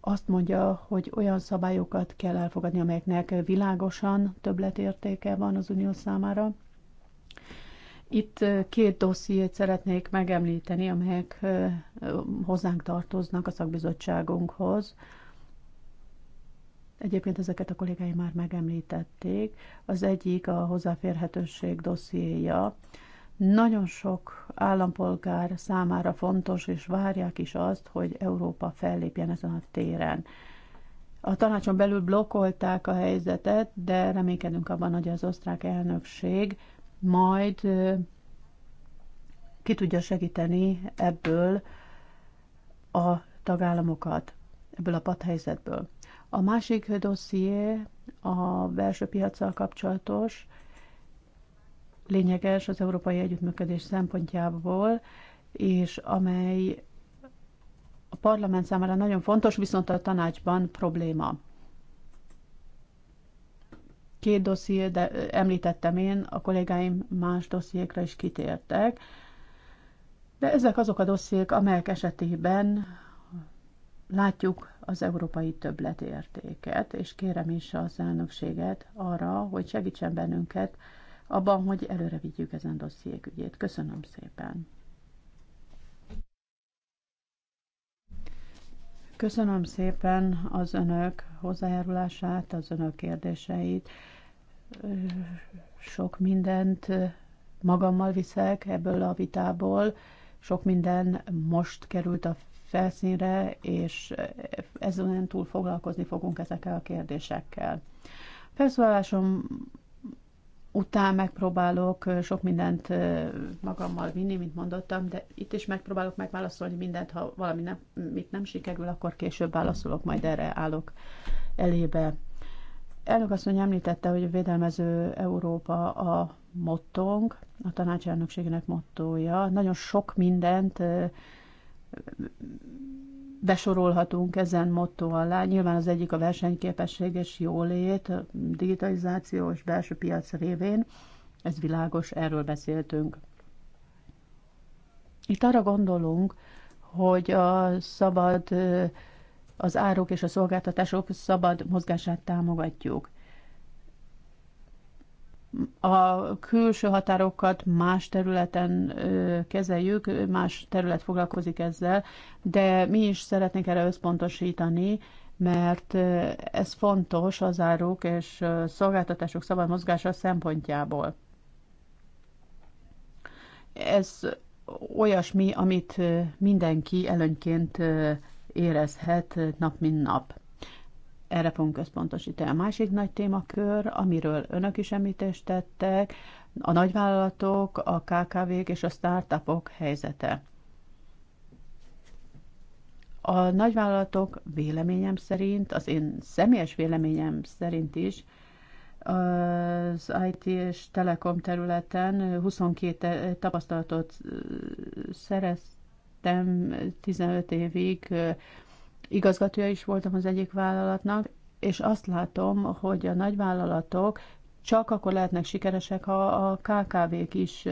[SPEAKER 1] azt mondja, hogy olyan szabályokat kell elfogadni, amelyeknek világosan többletértéke van az unió számára. Itt két dossziét szeretnék megemlíteni, amelyek hozzánk tartoznak a szakbizottságunkhoz. Egyébként ezeket a kollégáim már megemlítették. Az egyik a hozzáférhetőség dossziéja. Nagyon sok állampolgár számára fontos, és várják is azt, hogy Európa fellépjen ezen a téren. A tanácson belül blokkolták a helyzetet, de reménykedünk abban, hogy az osztrák elnökség majd ki tudja segíteni ebből a tagállamokat, ebből a padhelyzetből. A másik dosszié a belső piacsal kapcsolatos, lényeges az európai együttműködés szempontjából, és amely a parlament számára nagyon fontos, viszont a tanácsban probléma. Két dosszié, de említettem én, a kollégáim más dossziékra is kitértek, de ezek azok a dossziék, amelyek esetében látjuk az európai többletértéket, és kérem is az elnökséget arra, hogy segítsen bennünket abban, hogy előre vigyük ezen dossziék ügyét. Köszönöm szépen! Köszönöm szépen az önök hozzájárulását, az önök kérdéseit. Sok mindent magammal viszek ebből a vitából, sok minden most került a felszínre, és ezen túl foglalkozni fogunk ezekkel a kérdésekkel. Felszólalásom után megpróbálok sok mindent magammal vinni, mint mondottam, de itt is megpróbálok megválaszolni mindent, ha valami nem, mit nem sikerül, akkor később válaszolok, majd erre állok elébe. Elnök asszony említette, hogy a védelmező Európa a mottónk, a tanácselnökségnek mottója. Nagyon sok mindent besorolhatunk ezen motto alá. Nyilván az egyik a versenyképesség és jólét, digitalizáció és belső piac révén. Ez világos, erről beszéltünk. Itt arra gondolunk, hogy a szabad, az áruk és a szolgáltatások szabad mozgását támogatjuk a külső határokat más területen kezeljük, más terület foglalkozik ezzel, de mi is szeretnénk erre összpontosítani, mert ez fontos az áruk és szolgáltatások szabad mozgása szempontjából. Ez olyasmi, amit mindenki előnyként érezhet nap mint nap erre fogunk összpontosítani. A másik nagy témakör, amiről önök is említést tettek, a nagyvállalatok, a KKV-k és a startupok helyzete. A nagyvállalatok véleményem szerint, az én személyes véleményem szerint is, az IT és telekom területen 22 tapasztalatot szereztem 15 évig igazgatója is voltam az egyik vállalatnak, és azt látom, hogy a nagyvállalatok csak akkor lehetnek sikeresek, ha a KKV-k is,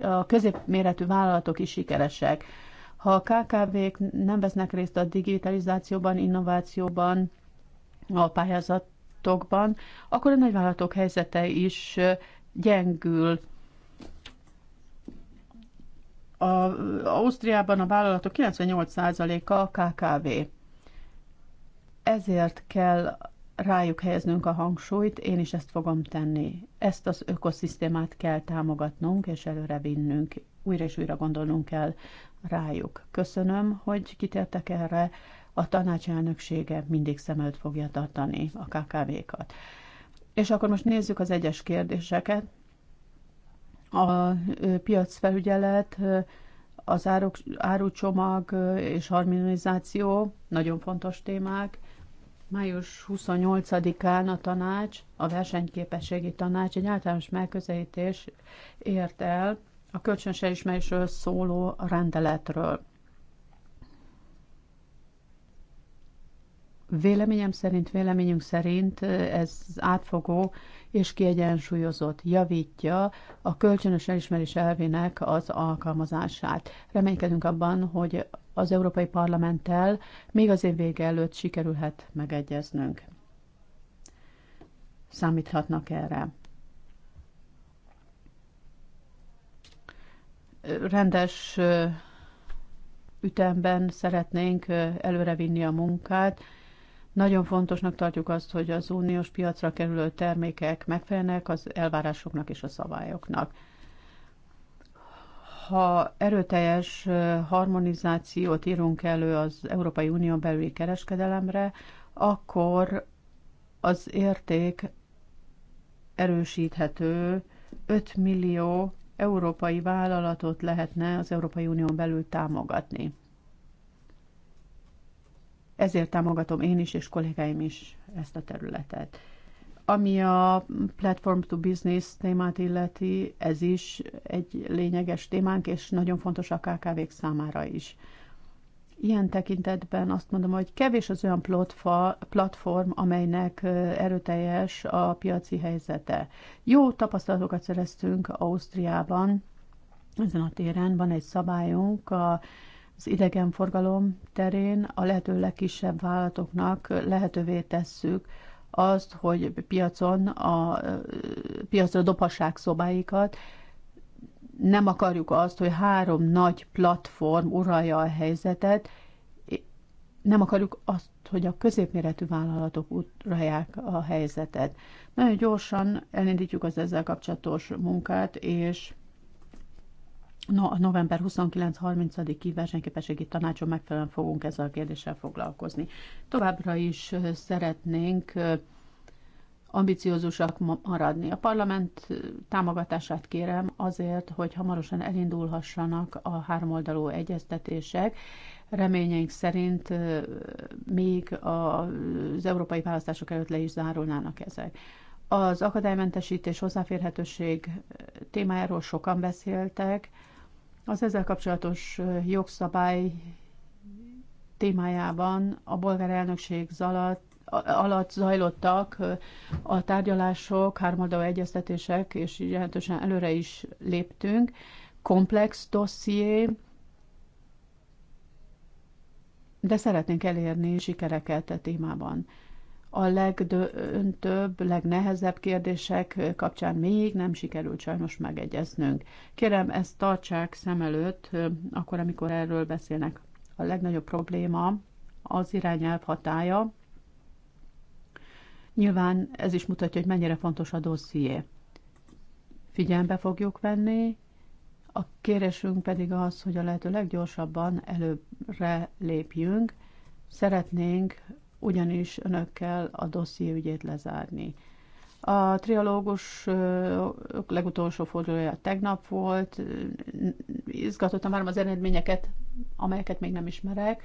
[SPEAKER 1] a középméretű vállalatok is sikeresek. Ha a KKV-k nem vesznek részt a digitalizációban, innovációban, a pályázatokban, akkor a nagyvállalatok helyzete is gyengül. A, Ausztriában a vállalatok 98%-a KKV. Ezért kell rájuk helyeznünk a hangsúlyt, én is ezt fogom tenni. Ezt az ökoszisztémát kell támogatnunk és előre vinnünk. Újra és újra gondolnunk kell rájuk. Köszönöm, hogy kitértek erre. A tanácselnöksége mindig szem előtt fogja tartani a KKV-kat. És akkor most nézzük az egyes kérdéseket. A piacfelügyelet, az áruk, árucsomag és harmonizáció nagyon fontos témák Május 28-án a tanács, a versenyképességi tanács egy általános megközelítés ért el a kölcsönse ismerésről szóló rendeletről. Véleményem szerint, véleményünk szerint ez átfogó és kiegyensúlyozott javítja a kölcsönös elismerés elvének az alkalmazását. Reménykedünk abban, hogy az Európai Parlamenttel még az év vége előtt sikerülhet megegyeznünk. Számíthatnak erre. Rendes ütemben szeretnénk előrevinni a munkát. Nagyon fontosnak tartjuk azt, hogy az uniós piacra kerülő termékek megfelelnek az elvárásoknak és a szabályoknak ha erőteljes harmonizációt írunk elő az Európai Unión belüli kereskedelemre, akkor az érték erősíthető, 5 millió európai vállalatot lehetne az Európai Unión belül támogatni. Ezért támogatom én is és kollégáim is ezt a területet. Ami a Platform to Business témát illeti, ez is egy lényeges témánk, és nagyon fontos a KKV-k számára is. Ilyen tekintetben azt mondom, hogy kevés az olyan platform, amelynek erőteljes a piaci helyzete. Jó tapasztalatokat szereztünk Ausztriában, ezen a téren van egy szabályunk, a az idegenforgalom terén a lehető legkisebb vállalatoknak lehetővé tesszük, azt, hogy piacon a, piacra dobhassák szobáikat. Nem akarjuk azt, hogy három nagy platform uralja a helyzetet, nem akarjuk azt, hogy a középméretű vállalatok uralják a helyzetet. Nagyon gyorsan elindítjuk az ezzel kapcsolatos munkát, és No, a november 29-30-i versenyképességi tanácson megfelelően fogunk ezzel a kérdéssel foglalkozni. Továbbra is szeretnénk ambiciózusak maradni. A parlament támogatását kérem azért, hogy hamarosan elindulhassanak a háromoldalú egyeztetések. Reményeink szerint még az európai választások előtt le is zárulnának ezek. Az akadálymentesítés hozzáférhetőség témájáról sokan beszéltek, az ezzel kapcsolatos jogszabály témájában a bolgár elnökség zalat, alatt zajlottak a tárgyalások, háromoldalú egyeztetések, és jelentősen előre is léptünk. Komplex dosszié, de szeretnénk elérni sikereket a témában a legdöntőbb, legnehezebb kérdések kapcsán még nem sikerült sajnos megegyeznünk. Kérem, ezt tartsák szem előtt, akkor, amikor erről beszélnek. A legnagyobb probléma az irányelv hatája. Nyilván ez is mutatja, hogy mennyire fontos a dosszié. Figyelembe fogjuk venni, a kérésünk pedig az, hogy a lehető leggyorsabban előre lépjünk. Szeretnénk ugyanis önökkel a dosszié ügyét lezárni. A trialógus legutolsó fordulója tegnap volt, izgatottam már az eredményeket, amelyeket még nem ismerek,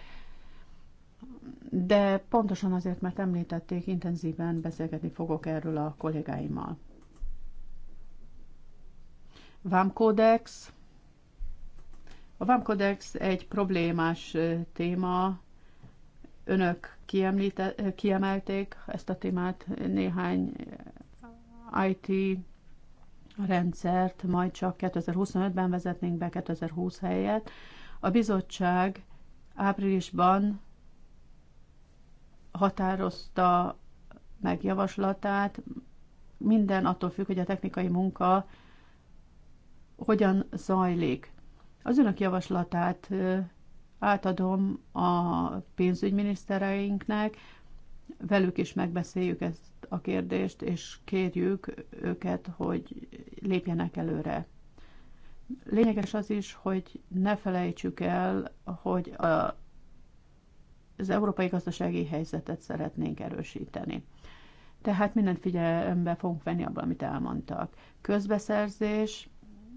[SPEAKER 1] de pontosan azért, mert említették, intenzíven beszélgetni fogok erről a kollégáimmal. Vámkódex. A vámkódex egy problémás téma. Önök kiemlíte, kiemelték ezt a témát néhány eh, IT rendszert, majd csak 2025-ben vezetnénk be 2020 helyet. A bizottság áprilisban határozta meg javaslatát, minden attól függ, hogy a technikai munka hogyan zajlik. Az önök javaslatát eh, átadom a pénzügyminisztereinknek, velük is megbeszéljük ezt a kérdést, és kérjük őket, hogy lépjenek előre. Lényeges az is, hogy ne felejtsük el, hogy a, az európai gazdasági helyzetet szeretnénk erősíteni. Tehát mindent figyelembe fogunk venni abban, amit elmondtak. Közbeszerzés,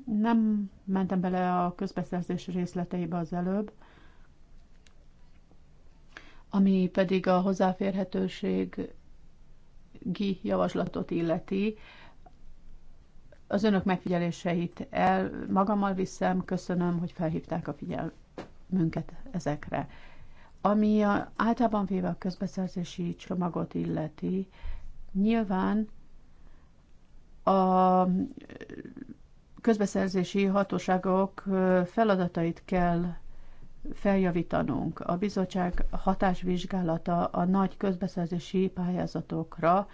[SPEAKER 1] nem mentem bele a közbeszerzés részleteibe az előbb, ami pedig a hozzáférhetőségi javaslatot illeti, az önök megfigyeléseit el magammal viszem, köszönöm, hogy felhívták a figyelmünket ezekre. Ami a, általában véve a közbeszerzési csomagot illeti, nyilván a közbeszerzési hatóságok feladatait kell feljavítanunk. A bizottság hatásvizsgálata a nagy közbeszerzési pályázatokra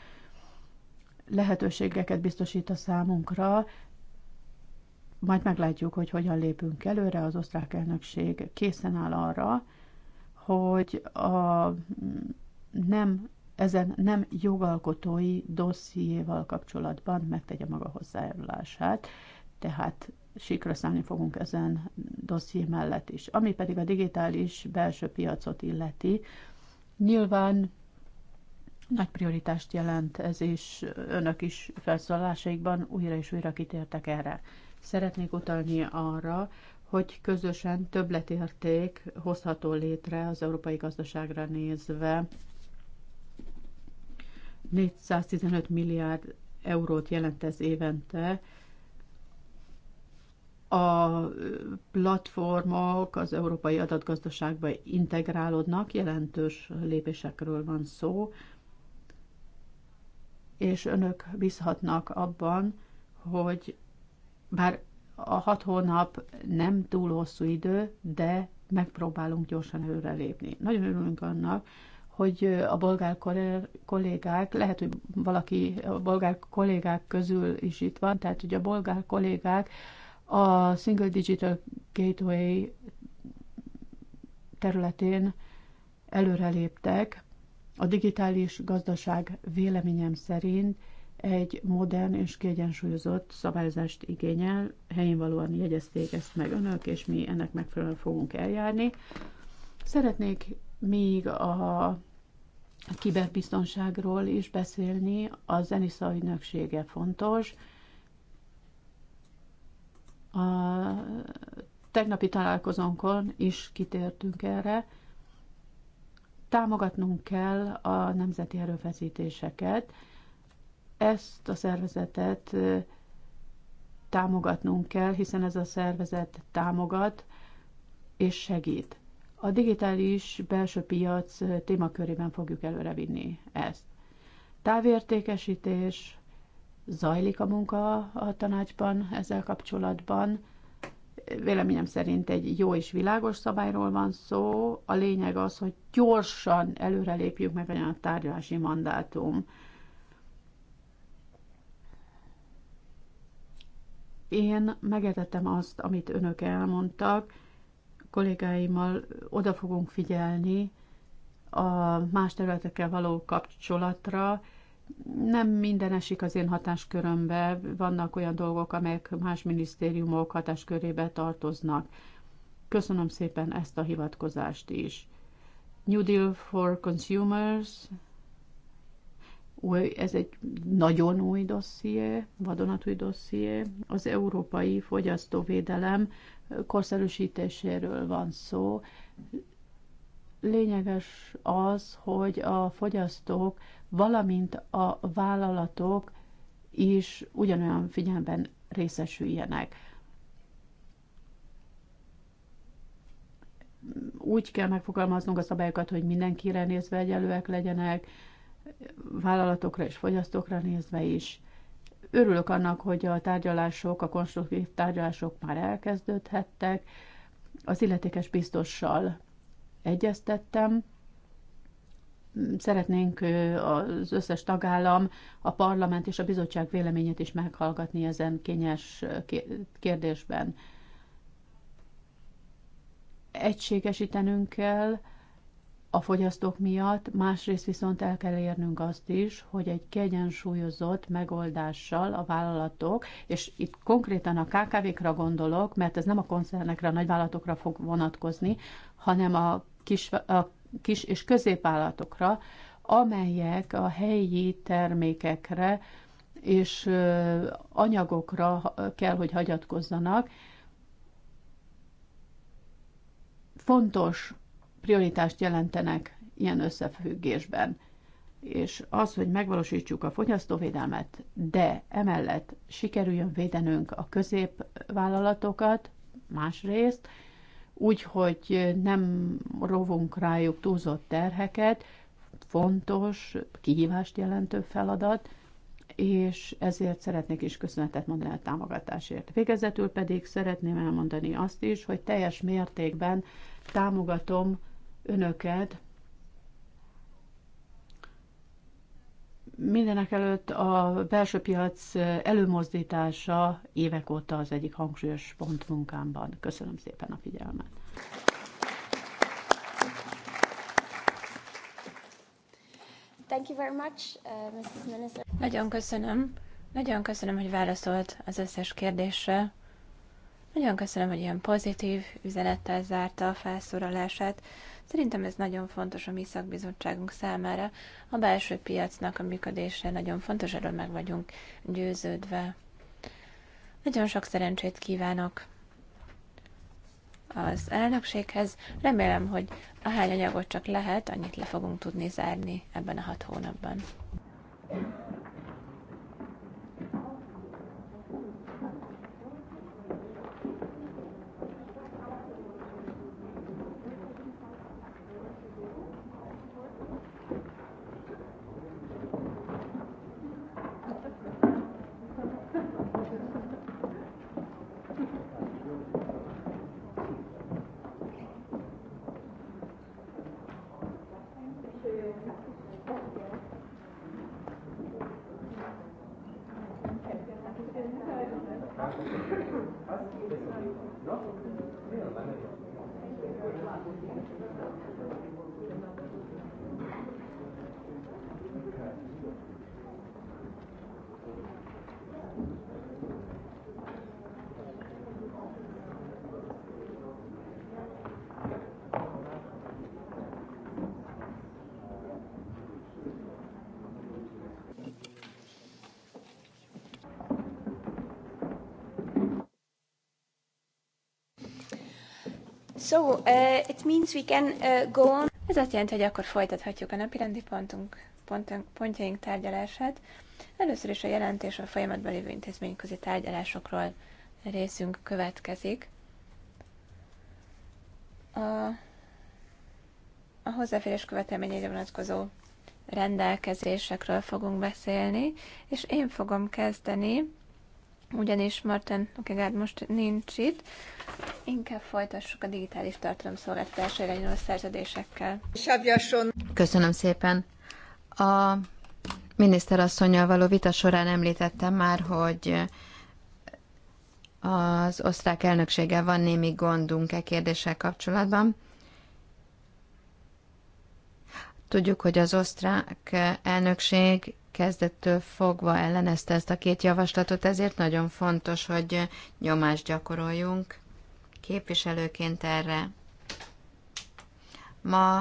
[SPEAKER 1] lehetőségeket biztosít a számunkra, majd meglátjuk, hogy hogyan lépünk előre. Az osztrák elnökség készen áll arra, hogy a nem, ezen nem jogalkotói dossziéval kapcsolatban megtegye maga hozzájárulását, tehát sikra szállni fogunk ezen dosszié mellett is. Ami pedig a digitális belső piacot illeti, nyilván nagy prioritást jelent ez, és önök is felszólásaikban újra és újra kitértek erre. Szeretnék utalni arra, hogy közösen többletérték hozható létre az európai gazdaságra nézve 415 milliárd eurót jelent ez évente, a platformok az európai adatgazdaságba integrálódnak, jelentős lépésekről van szó, és önök bízhatnak abban, hogy bár a hat hónap nem túl hosszú idő, de megpróbálunk gyorsan előrelépni. Nagyon örülünk annak, hogy a bolgár kollégák, lehet, hogy valaki a bolgár kollégák közül is itt van, tehát hogy a bolgár kollégák a Single Digital Gateway területén előreléptek. A digitális gazdaság véleményem szerint egy modern és kiegyensúlyozott szabályzást igényel. Helyén valóan jegyezték ezt meg önök, és mi ennek megfelelően fogunk eljárni. Szeretnék még a kiberbiztonságról is beszélni. A zeniszai ügynöksége fontos a tegnapi találkozónkon is kitértünk erre. Támogatnunk kell a nemzeti erőfeszítéseket. Ezt a szervezetet támogatnunk kell, hiszen ez a szervezet támogat és segít. A digitális belső piac témakörében fogjuk előrevinni ezt. Távértékesítés, zajlik a munka a tanácsban ezzel kapcsolatban. Véleményem szerint egy jó és világos szabályról van szó. A lényeg az, hogy gyorsan előrelépjük meg a tárgyalási mandátum. Én megetettem azt, amit önök elmondtak, kollégáimmal oda fogunk figyelni a más területekkel való kapcsolatra, nem minden esik az én hatáskörömbe, vannak olyan dolgok, amelyek más minisztériumok hatáskörébe tartoznak. Köszönöm szépen ezt a hivatkozást is. New Deal for Consumers, új, ez egy nagyon új dosszié, vadonatúj dosszié. Az európai fogyasztóvédelem korszerűsítéséről van szó. Lényeges az, hogy a fogyasztók valamint a vállalatok is ugyanolyan figyelmen részesüljenek. Úgy kell megfogalmaznunk a szabályokat, hogy mindenkire nézve egyelőek legyenek, vállalatokra és fogyasztókra nézve is. Örülök annak, hogy a tárgyalások, a konstruktív tárgyalások már elkezdődhettek. Az illetékes biztossal egyeztettem, Szeretnénk az összes tagállam, a parlament és a bizottság véleményét is meghallgatni ezen kényes kérdésben. Egységesítenünk kell a fogyasztók miatt, másrészt viszont el kell érnünk azt is, hogy egy kiegyensúlyozott megoldással a vállalatok, és itt konkrétan a KKV-kra gondolok, mert ez nem a koncernekre, a nagyvállalatokra fog vonatkozni, hanem a kis, a kis és középállatokra, amelyek a helyi termékekre és anyagokra kell, hogy hagyatkozzanak. Fontos prioritást jelentenek ilyen összefüggésben. És az, hogy megvalósítsuk a fogyasztóvédelmet, de emellett sikerüljön védenünk a középvállalatokat, másrészt, úgy, hogy nem rovunk rájuk túlzott terheket, fontos, kihívást jelentő feladat, és ezért szeretnék is köszönetet mondani a támogatásért. Végezetül pedig szeretném elmondani azt is, hogy teljes mértékben támogatom önöket Mindenek előtt a belső piac előmozdítása évek óta az egyik hangsúlyos pont munkámban. Köszönöm szépen a figyelmet.
[SPEAKER 2] Thank you very much, uh, Mrs. Minister. Nagyon köszönöm. Nagyon köszönöm, hogy válaszolt az összes kérdésre. Nagyon köszönöm, hogy ilyen pozitív üzenettel zárta a felszólalását. Szerintem ez nagyon fontos a mi szakbizottságunk számára. A belső piacnak a működése nagyon fontos, erről meg vagyunk győződve. Nagyon sok szerencsét kívánok az elnökséghez. Remélem, hogy a hány anyagot csak lehet, annyit le fogunk tudni zárni ebben a hat hónapban. So, uh, it means we can uh, go on. Ez azt jelenti, hogy akkor folytathatjuk a rendi pontunk, pontunk, pontjaink tárgyalását. Először is a jelentés a folyamatban lévő intézményközi tárgyalásokról részünk következik. A, a hozzáférés követelményeire vonatkozó rendelkezésekről fogunk beszélni, és én fogom kezdeni, ugyanis Martin Okegárd most nincs itt, Inkább folytassuk a digitális tartalomszolgáltatás irányuló szerződésekkel.
[SPEAKER 3] Köszönöm szépen. A miniszterasszonyjal való vita során említettem már, hogy az osztrák elnökséggel van némi gondunk e kérdéssel kapcsolatban. Tudjuk, hogy az osztrák elnökség kezdettől fogva ellenezte ezt a két javaslatot, ezért nagyon fontos, hogy nyomást gyakoroljunk képviselőként erre. Ma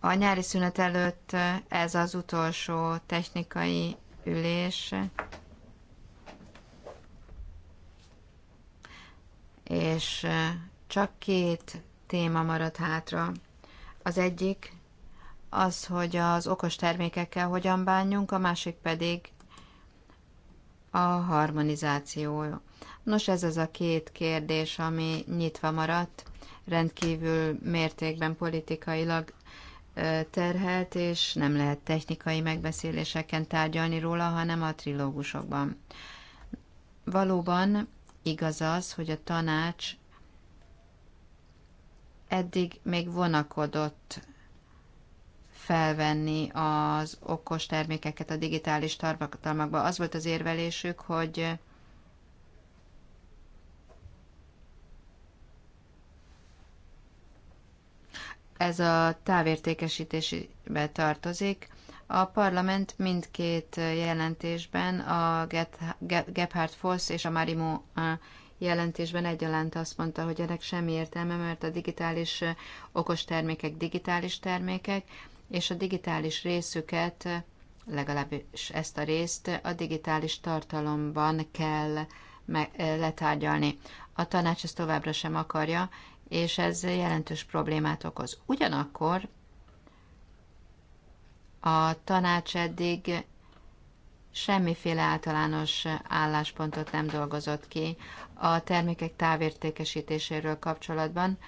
[SPEAKER 3] a nyári szünet előtt ez az utolsó technikai ülés, és csak két téma maradt hátra. Az egyik az, hogy az okos termékekkel hogyan bánjunk, a másik pedig a harmonizáció. Nos, ez az a két kérdés, ami nyitva maradt, rendkívül mértékben politikailag terhelt, és nem lehet technikai megbeszéléseken tárgyalni róla, hanem a trilógusokban. Valóban igaz az, hogy a tanács eddig még vonakodott felvenni az okos termékeket a digitális tartalmakba. Az volt az érvelésük, hogy ez a távértékesítésbe tartozik. A parlament mindkét jelentésben, a Gebhardt Foss és a Marimo jelentésben egyaránt azt mondta, hogy ennek semmi értelme, mert a digitális okos termékek digitális termékek, és a digitális részüket, legalábbis ezt a részt a digitális tartalomban kell letárgyalni. A tanács ezt továbbra sem akarja, és ez jelentős problémát okoz. Ugyanakkor a tanács eddig semmiféle általános álláspontot nem dolgozott ki a termékek távértékesítéséről kapcsolatban,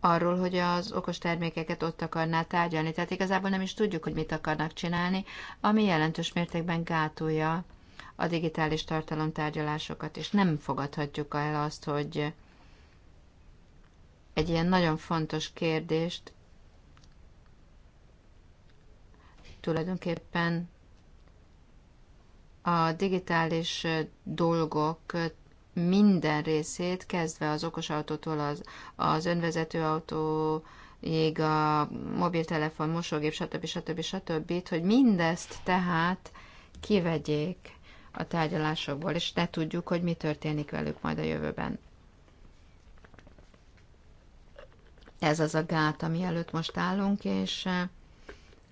[SPEAKER 3] arról, hogy az okos termékeket ott akarná tárgyalni. Tehát igazából nem is tudjuk, hogy mit akarnak csinálni, ami jelentős mértékben gátolja a digitális tartalomtárgyalásokat, és nem fogadhatjuk el azt, hogy egy ilyen nagyon fontos kérdést tulajdonképpen a digitális dolgok minden részét, kezdve az okos autótól az, az önvezető autó, ég a mobiltelefon, mosógép, stb. stb. stb. hogy mindezt tehát kivegyék a tárgyalásokból, és ne tudjuk, hogy mi történik velük majd a jövőben. Ez az a gát, ami előtt most állunk, és eh,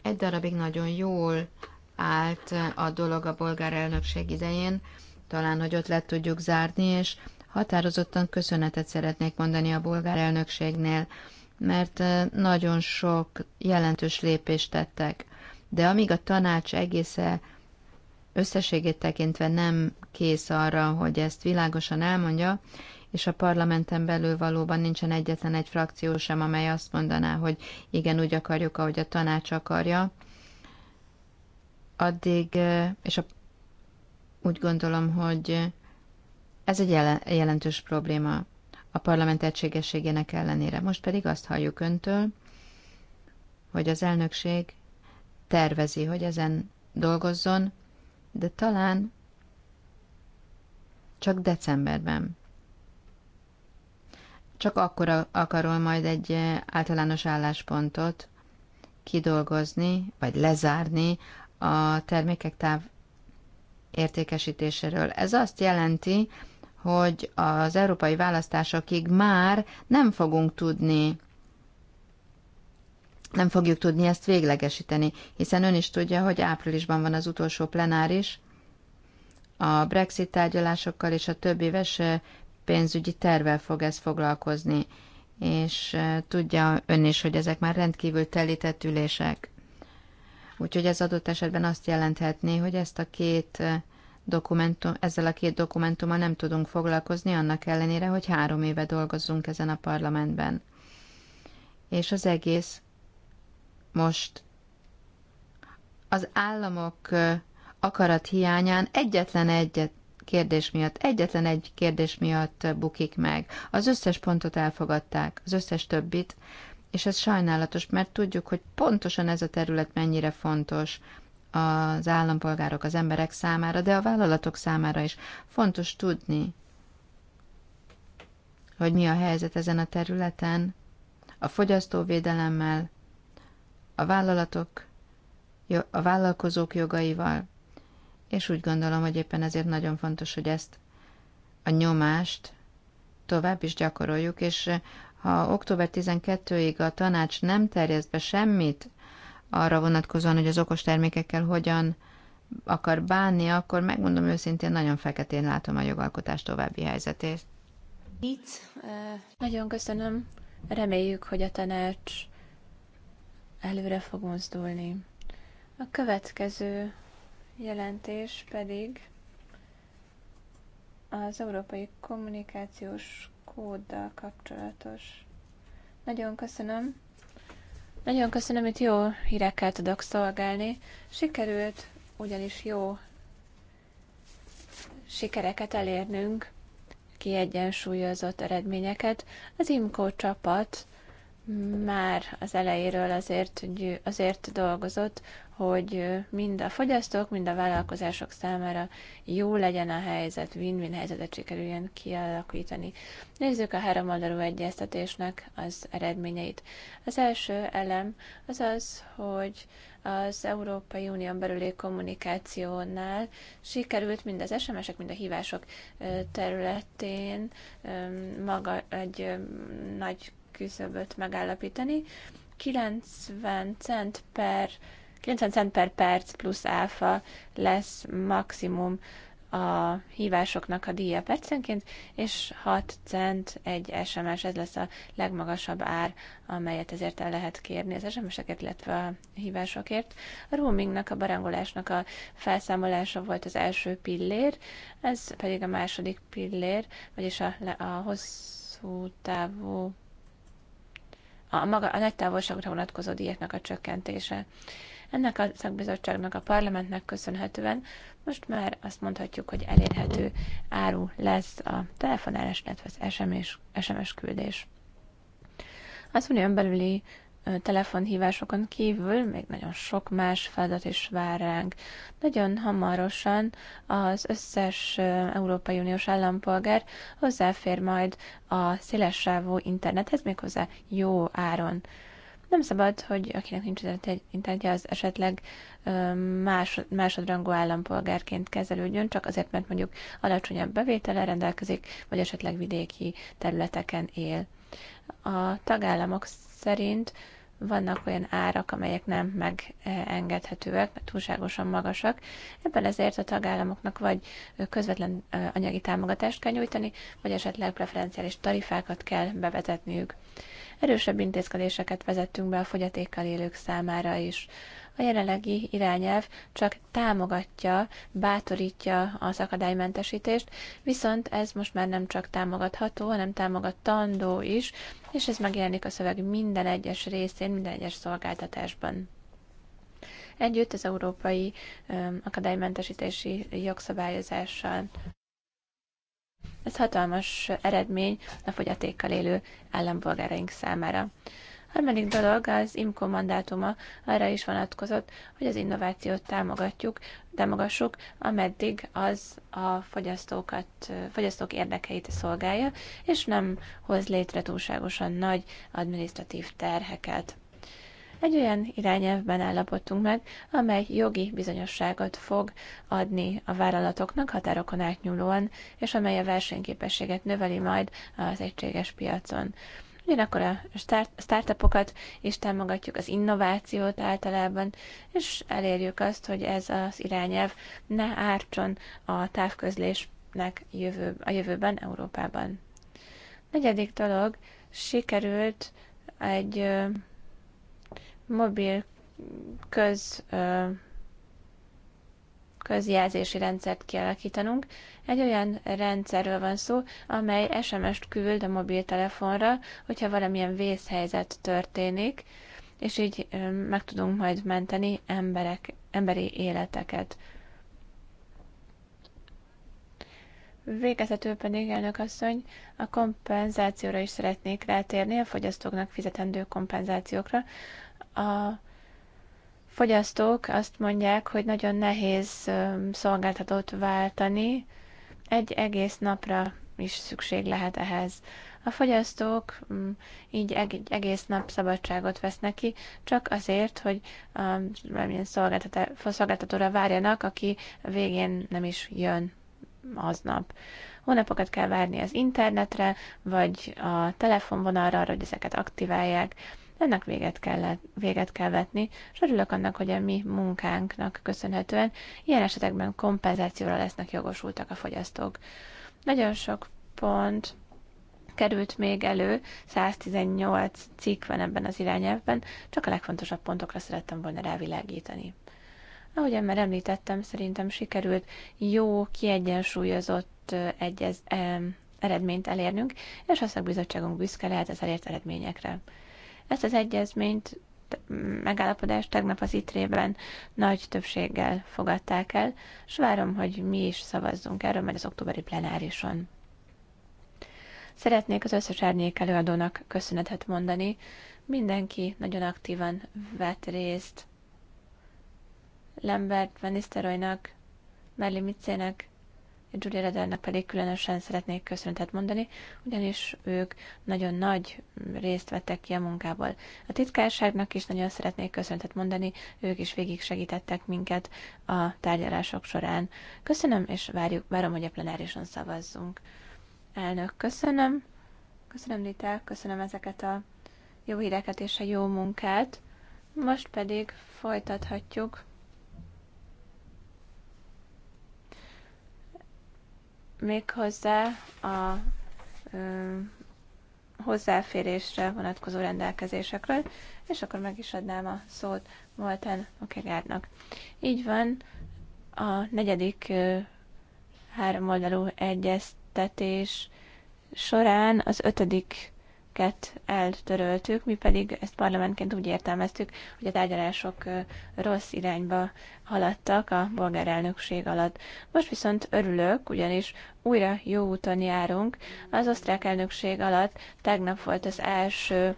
[SPEAKER 3] egy darabig nagyon jól állt a dolog a bolgár elnökség idején, talán, hogy ott le tudjuk zárni, és határozottan köszönetet szeretnék mondani a bolgár elnökségnél, mert eh, nagyon sok jelentős lépést tettek. De amíg a tanács egésze összességét tekintve nem kész arra, hogy ezt világosan elmondja, és a parlamenten belül valóban nincsen egyetlen egy frakció sem, amely azt mondaná, hogy igen, úgy akarjuk, ahogy a tanács akarja, addig, eh, és a úgy gondolom, hogy ez egy jelentős probléma a parlament egységességének ellenére. Most pedig azt halljuk öntől, hogy az elnökség tervezi, hogy ezen dolgozzon, de talán csak decemberben. Csak akkor akarol majd egy eh, általános álláspontot kidolgozni, vagy lezárni a termékek táv értékesítéséről. Ez azt jelenti, hogy az európai választásokig már nem fogunk tudni nem fogjuk tudni ezt véglegesíteni, hiszen ön is tudja, hogy áprilisban van az utolsó plenáris, a Brexit tárgyalásokkal és a több éves pénzügyi tervel fog ez foglalkozni, és tudja ön is, hogy ezek már rendkívül telített ülések. Úgyhogy ez adott esetben azt jelenthetné, hogy ezt a két dokumentum, ezzel a két dokumentummal nem tudunk foglalkozni, annak ellenére, hogy három éve dolgozzunk ezen a parlamentben. És az egész most az államok akarat hiányán egyetlen egyet kérdés miatt, egyetlen egy kérdés miatt bukik meg. Az összes pontot elfogadták, az összes többit, és ez sajnálatos, mert tudjuk, hogy pontosan ez a terület mennyire fontos az állampolgárok, az emberek számára, de a vállalatok számára is. Fontos tudni, hogy mi a helyzet ezen a területen, a fogyasztóvédelemmel, a vállalatok, a vállalkozók jogaival, és úgy gondolom, hogy éppen ezért nagyon fontos, hogy ezt a nyomást tovább is gyakoroljuk, és ha október 12-ig a tanács nem terjeszt be semmit arra vonatkozóan, hogy az okos termékekkel hogyan akar bánni, akkor megmondom őszintén, nagyon feketén látom a jogalkotás további helyzetét.
[SPEAKER 2] Itt, uh... Nagyon köszönöm. Reméljük, hogy a tanács előre fog mozdulni. A következő jelentés pedig az Európai Kommunikációs kóddal kapcsolatos. Nagyon köszönöm. Nagyon köszönöm, itt jó hírekkel tudok szolgálni. Sikerült ugyanis jó sikereket elérnünk, kiegyensúlyozott eredményeket. Az IMCO csapat már az elejéről azért, azért dolgozott, hogy mind a fogyasztók, mind a vállalkozások számára jó legyen a helyzet, win-win helyzetet sikerüljön kialakítani. Nézzük a három oldalú egyeztetésnek az eredményeit. Az első elem az az, hogy az Európai Unión belüli kommunikációnál sikerült mind az SMS-ek, mind a hívások területén maga egy nagy küszöböt megállapítani. 90 cent per 90 cent per perc plusz áfa lesz maximum a hívásoknak a díja percenként, és 6 cent egy SMS, ez lesz a legmagasabb ár, amelyet ezért el lehet kérni az SMS-eket, illetve a hívásokért. A roamingnak, a barangolásnak a felszámolása volt az első pillér, ez pedig a második pillér, vagyis a, a hosszú távú a, maga, a nagy távolságra vonatkozó díjaknak a csökkentése. Ennek a szakbizottságnak, a parlamentnek köszönhetően most már azt mondhatjuk, hogy elérhető áru lesz a telefonálás, illetve az SMS, SMS küldés. Az unión belüli telefonhívásokon kívül még nagyon sok más feladat is vár ránk. Nagyon hamarosan az összes Európai Uniós állampolgár hozzáfér majd a szélessávú internethez, méghozzá jó áron. Nem szabad, hogy akinek nincs internetje, az esetleg más, másodrangú állampolgárként kezelődjön, csak azért, mert mondjuk alacsonyabb bevétele rendelkezik, vagy esetleg vidéki területeken él. A tagállamok szerint vannak olyan árak, amelyek nem megengedhetőek, mert túlságosan magasak. Ebben ezért a tagállamoknak vagy közvetlen anyagi támogatást kell nyújtani, vagy esetleg preferenciális tarifákat kell bevezetniük. Erősebb intézkedéseket vezettünk be a fogyatékkal élők számára is a jelenlegi irányelv csak támogatja, bátorítja az akadálymentesítést, viszont ez most már nem csak támogatható, hanem támogatandó is, és ez megjelenik a szöveg minden egyes részén, minden egyes szolgáltatásban. Együtt az európai akadálymentesítési jogszabályozással. Ez hatalmas eredmény a fogyatékkal élő állampolgáraink számára. Harmadik hát dolog az IMCO mandátuma arra is vonatkozott, hogy az innovációt támogatjuk, támogassuk, ameddig az a fogyasztókat, fogyasztók érdekeit szolgálja, és nem hoz létre túlságosan nagy administratív terheket. Egy olyan irányelvben állapodtunk meg, amely jogi bizonyosságot fog adni a vállalatoknak határokon átnyúlóan, és amely a versenyképességet növeli majd az egységes piacon ugyanakkor a start- startupokat is támogatjuk, az innovációt általában, és elérjük azt, hogy ez az irányelv ne ártson a távközlésnek jövő, a jövőben Európában. Negyedik dolog, sikerült egy ö, mobil köz ö, közjelzési rendszert kialakítanunk. Egy olyan rendszerről van szó, amely SMS-t küld a mobiltelefonra, hogyha valamilyen vészhelyzet történik, és így meg tudunk majd menteni emberek, emberi életeket. Végezetül pedig, elnök asszony, a kompenzációra is szeretnék rátérni, a fogyasztóknak fizetendő kompenzációkra. A fogyasztók azt mondják, hogy nagyon nehéz szolgáltatót váltani, egy egész napra is szükség lehet ehhez. A fogyasztók mm, így egy egész nap szabadságot vesznek ki, csak azért, hogy valamilyen szolgáltatóra várjanak, aki végén nem is jön aznap. Hónapokat kell várni az internetre, vagy a telefonvonalra, arra, hogy ezeket aktiválják ennek véget kell, véget kell vetni, és örülök annak, hogy a mi munkánknak köszönhetően ilyen esetekben kompenzációra lesznek jogosultak a fogyasztók. Nagyon sok pont került még elő, 118 cikk van ebben az irányelvben, csak a legfontosabb pontokra szerettem volna rávilágítani. Ahogyan már említettem, szerintem sikerült jó, kiegyensúlyozott egyez, eh, eredményt elérnünk, és a szakbizottságunk büszke lehet az elért eredményekre. Ezt az egyezményt, megállapodást tegnap az ITRE-ben nagy többséggel fogadták el, és várom, hogy mi is szavazzunk erről majd az októberi plenárison. Szeretnék az összes árnyék előadónak köszönetet mondani. Mindenki nagyon aktívan vett részt. Lambert Van Nistelrooynak, Merli Micének, Julia Redernek pedig különösen szeretnék köszönetet mondani, ugyanis ők nagyon nagy részt vettek ki a munkából. A titkárságnak is nagyon szeretnék köszönetet mondani, ők is végig segítettek minket a tárgyalások során. Köszönöm, és várjuk, várom, hogy a plenárison szavazzunk. Elnök, köszönöm. Köszönöm, Rita, köszönöm ezeket a jó híreket és a jó munkát. Most pedig folytathatjuk. méghozzá a ö, hozzáférésre vonatkozó rendelkezésekről, és akkor meg is adnám a szót Molten Okegárnak. Így van, a negyedik három oldalú egyeztetés során az ötödik cikket eltöröltük, mi pedig ezt parlamentként úgy értelmeztük, hogy a tárgyalások rossz irányba haladtak a bolgár elnökség alatt. Most viszont örülök, ugyanis újra jó úton járunk. Az osztrák elnökség alatt tegnap volt az első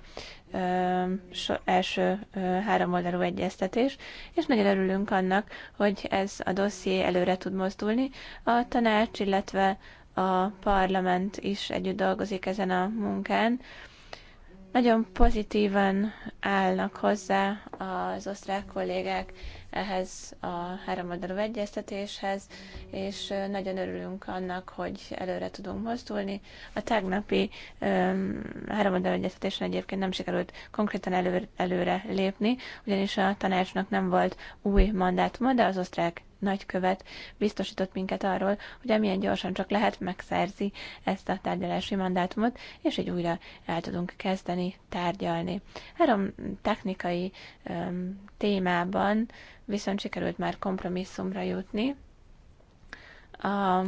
[SPEAKER 2] ö, so, első ö, háromoldalú egyeztetés, és nagyon örülünk annak, hogy ez a dosszié előre tud mozdulni. A tanács, illetve a parlament is együtt dolgozik ezen a munkán. Nagyon pozitívan állnak hozzá az osztrák kollégák ehhez a háromoldalú egyeztetéshez, és nagyon örülünk annak, hogy előre tudunk mozdulni. A tegnapi háromoldalú egyeztetésen egyébként nem sikerült konkrétan elő, előre lépni, ugyanis a tanácsnak nem volt új mandátuma, de az osztrák nagykövet biztosított minket arról, hogy amilyen gyorsan csak lehet, megszerzi ezt a tárgyalási mandátumot, és így újra el tudunk kezdeni tárgyalni. Három technikai um, témában viszont sikerült már kompromisszumra jutni. A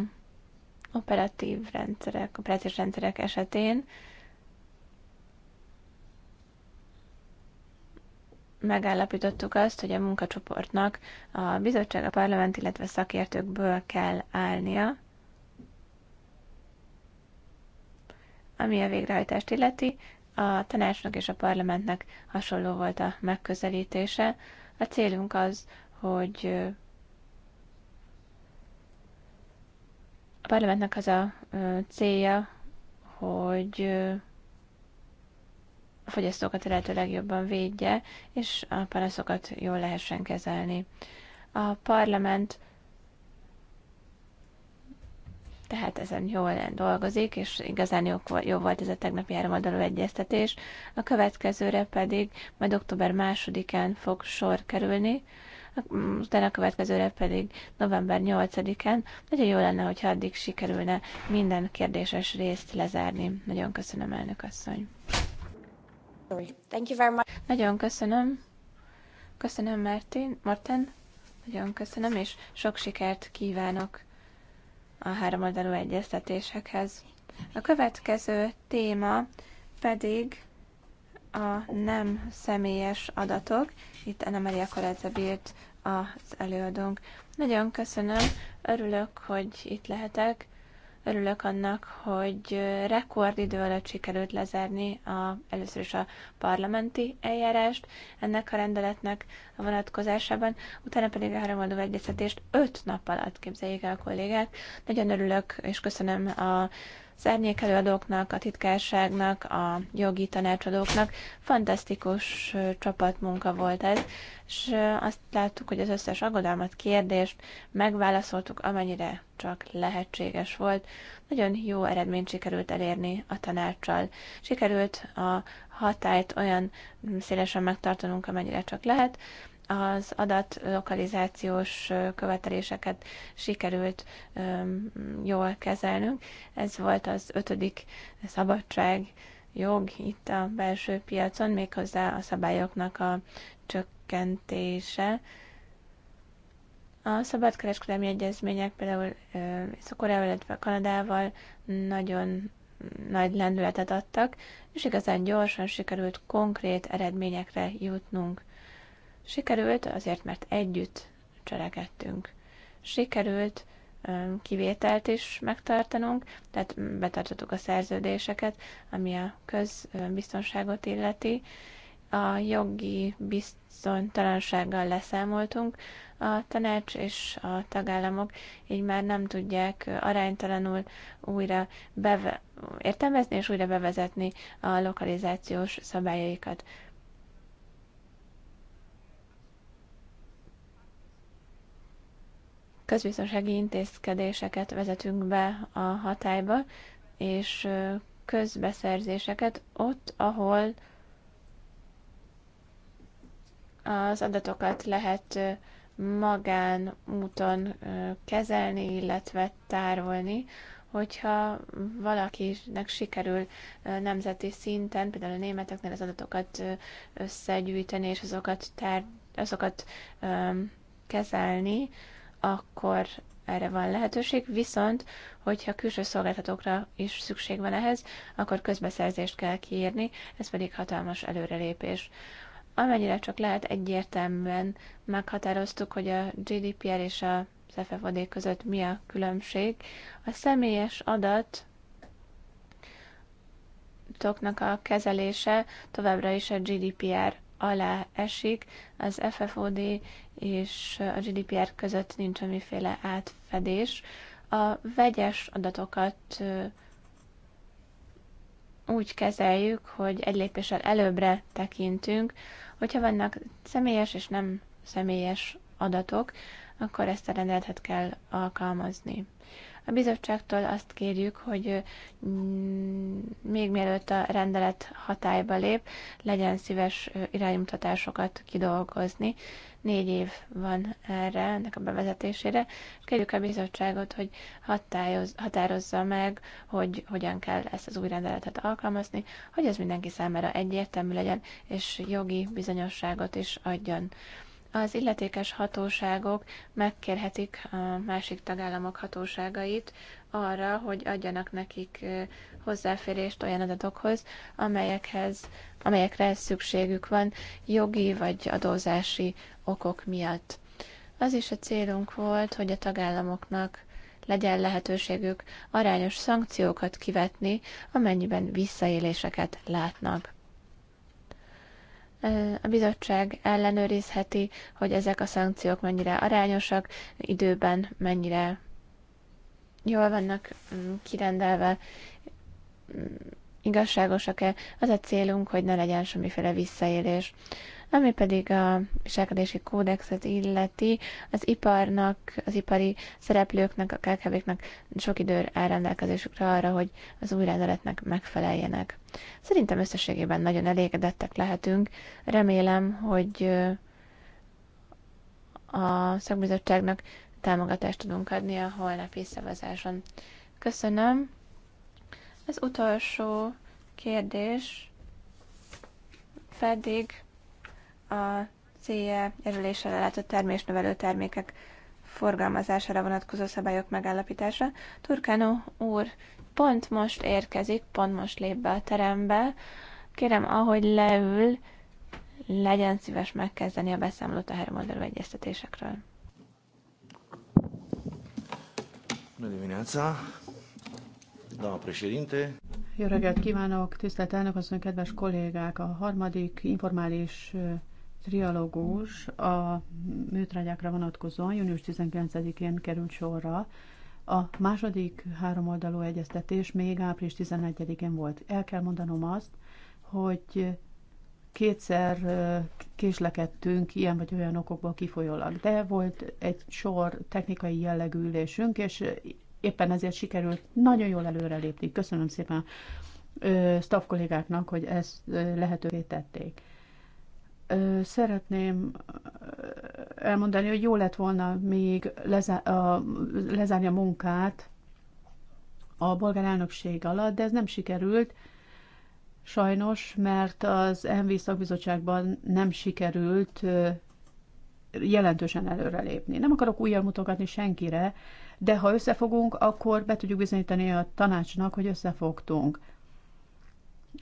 [SPEAKER 2] operatív rendszerek, operációs rendszerek esetén megállapítottuk azt, hogy a munkacsoportnak a bizottság, a parlament, illetve szakértőkből kell állnia, ami a végrehajtást illeti, a tanácsnak és a parlamentnek hasonló volt a megközelítése. A célunk az, hogy a parlamentnek az a célja, hogy a fogyasztókat a lehető legjobban védje, és a panaszokat jól lehessen kezelni. A parlament tehát ezen jól dolgozik, és igazán jó, jó volt ez a tegnapi háromoldalú egyeztetés. A következőre pedig majd október másodikán fog sor kerülni, utána a következőre pedig november 8-án. Nagyon jó lenne, hogyha addig sikerülne minden kérdéses részt lezárni. Nagyon köszönöm, elnök asszony! Thank you very much. Nagyon köszönöm. Köszönöm, Martin. Martin. Nagyon köszönöm, és sok sikert kívánok a háromoldalú egyeztetésekhez. A következő téma pedig a nem személyes adatok. Itt Anna Maria Koráza bírt az előadónk. Nagyon köszönöm, örülök, hogy itt lehetek, Örülök annak, hogy rekordidő alatt sikerült lezárni a, először is a parlamenti eljárást ennek a rendeletnek a vonatkozásában, utána pedig a háromoldó egyeztetést öt nap alatt képzeljék el a kollégák. Nagyon örülök és köszönöm a az árnyékelőadóknak, a titkárságnak, a jogi tanácsadóknak. Fantasztikus csapatmunka volt ez, és azt láttuk, hogy az összes aggodalmat, kérdést megválaszoltuk, amennyire csak lehetséges volt. Nagyon jó eredményt sikerült elérni a tanácssal. Sikerült a hatályt olyan mm, szélesen megtartanunk, amennyire csak lehet, az adatlokalizációs követeléseket sikerült jól kezelnünk. Ez volt az ötödik szabadság jog itt a belső piacon, méghozzá a szabályoknak a csökkentése. A szabadkereskedelmi egyezmények például Szokorával, illetve Kanadával nagyon nagy lendületet adtak, és igazán gyorsan sikerült konkrét eredményekre jutnunk. Sikerült azért, mert együtt cselekedtünk. Sikerült um, kivételt is megtartanunk, tehát betartottuk a szerződéseket, ami a közbiztonságot illeti. A jogi bizonytalansággal leszámoltunk, a tanács és a tagállamok így már nem tudják aránytalanul újra beve- értelmezni és újra bevezetni a lokalizációs szabályaikat. közbiztonsági intézkedéseket vezetünk be a hatályba, és közbeszerzéseket ott, ahol az adatokat lehet magán úton kezelni, illetve tárolni, hogyha valakinek sikerül nemzeti szinten, például a németeknél az adatokat összegyűjteni, és azokat, tár, azokat kezelni, akkor erre van lehetőség, viszont, hogyha külső szolgáltatókra is szükség van ehhez, akkor közbeszerzést kell kiírni, ez pedig hatalmas előrelépés. Amennyire csak lehet, egyértelműen meghatároztuk, hogy a GDPR és a FFOD között mi a különbség. A személyes adat toknak a kezelése továbbra is a GDPR alá esik, az FFOD és a GDPR között nincs semmiféle átfedés. A vegyes adatokat úgy kezeljük, hogy egy lépéssel előbbre tekintünk, hogyha vannak személyes és nem személyes adatok, akkor ezt a rendeletet kell alkalmazni. A bizottságtól azt kérjük, hogy mm, még mielőtt a rendelet hatályba lép, legyen szíves iránymutatásokat kidolgozni. Négy év van erre, ennek a bevezetésére. Kérjük a bizottságot, hogy határozza meg, hogy hogyan kell ezt az új rendeletet alkalmazni, hogy ez mindenki számára egyértelmű legyen, és jogi bizonyosságot is adjon az illetékes hatóságok megkérhetik a másik tagállamok hatóságait arra, hogy adjanak nekik hozzáférést olyan adatokhoz, amelyekhez, amelyekre szükségük van jogi vagy adózási okok miatt. Az is a célunk volt, hogy a tagállamoknak legyen lehetőségük arányos szankciókat kivetni, amennyiben visszaéléseket látnak a bizottság ellenőrizheti, hogy ezek a szankciók mennyire arányosak, időben mennyire jól vannak mm, kirendelve, mm, igazságosak-e. Az a célunk, hogy ne legyen semmiféle visszaélés. Ami pedig a viselkedési kódexet illeti, az iparnak, az ipari szereplőknek, a kkv sok idő elrendelkezésükre arra, hogy az új rendeletnek megfeleljenek. Szerintem összességében nagyon elégedettek lehetünk. Remélem, hogy a szakbizottságnak támogatást tudunk adni a holnapi szavazáson. Köszönöm. Az utolsó kérdés pedig a CE jelöléssel ellátott termésnövelő termékek forgalmazására vonatkozó szabályok megállapítása. Turkano úr pont most érkezik, pont most lép be a terembe. Kérem, ahogy leül, legyen szíves megkezdeni a beszámolót a hermodelő egyeztetésekről. Jó reggelt
[SPEAKER 1] kívánok, tisztelt elnök asszony, kedves kollégák! A harmadik informális trialógus a műtrágyákra vonatkozóan június 19-én került sorra. A második háromoldalú egyeztetés még április 11-én volt. El kell mondanom azt, hogy kétszer késlekedtünk ilyen vagy olyan okokból kifolyólag, de volt egy sor technikai jellegű ülésünk, és éppen ezért sikerült nagyon jól előrelépni. Köszönöm szépen staff kollégáknak, hogy ezt lehetővé tették szeretném elmondani, hogy jó lett volna még lezá- a, lezárni a munkát a bolgár elnökség alatt, de ez nem sikerült, sajnos, mert az MV szakbizottságban nem sikerült jelentősen előrelépni. Nem akarok újjal mutogatni senkire, de ha összefogunk, akkor be tudjuk bizonyítani a tanácsnak, hogy összefogtunk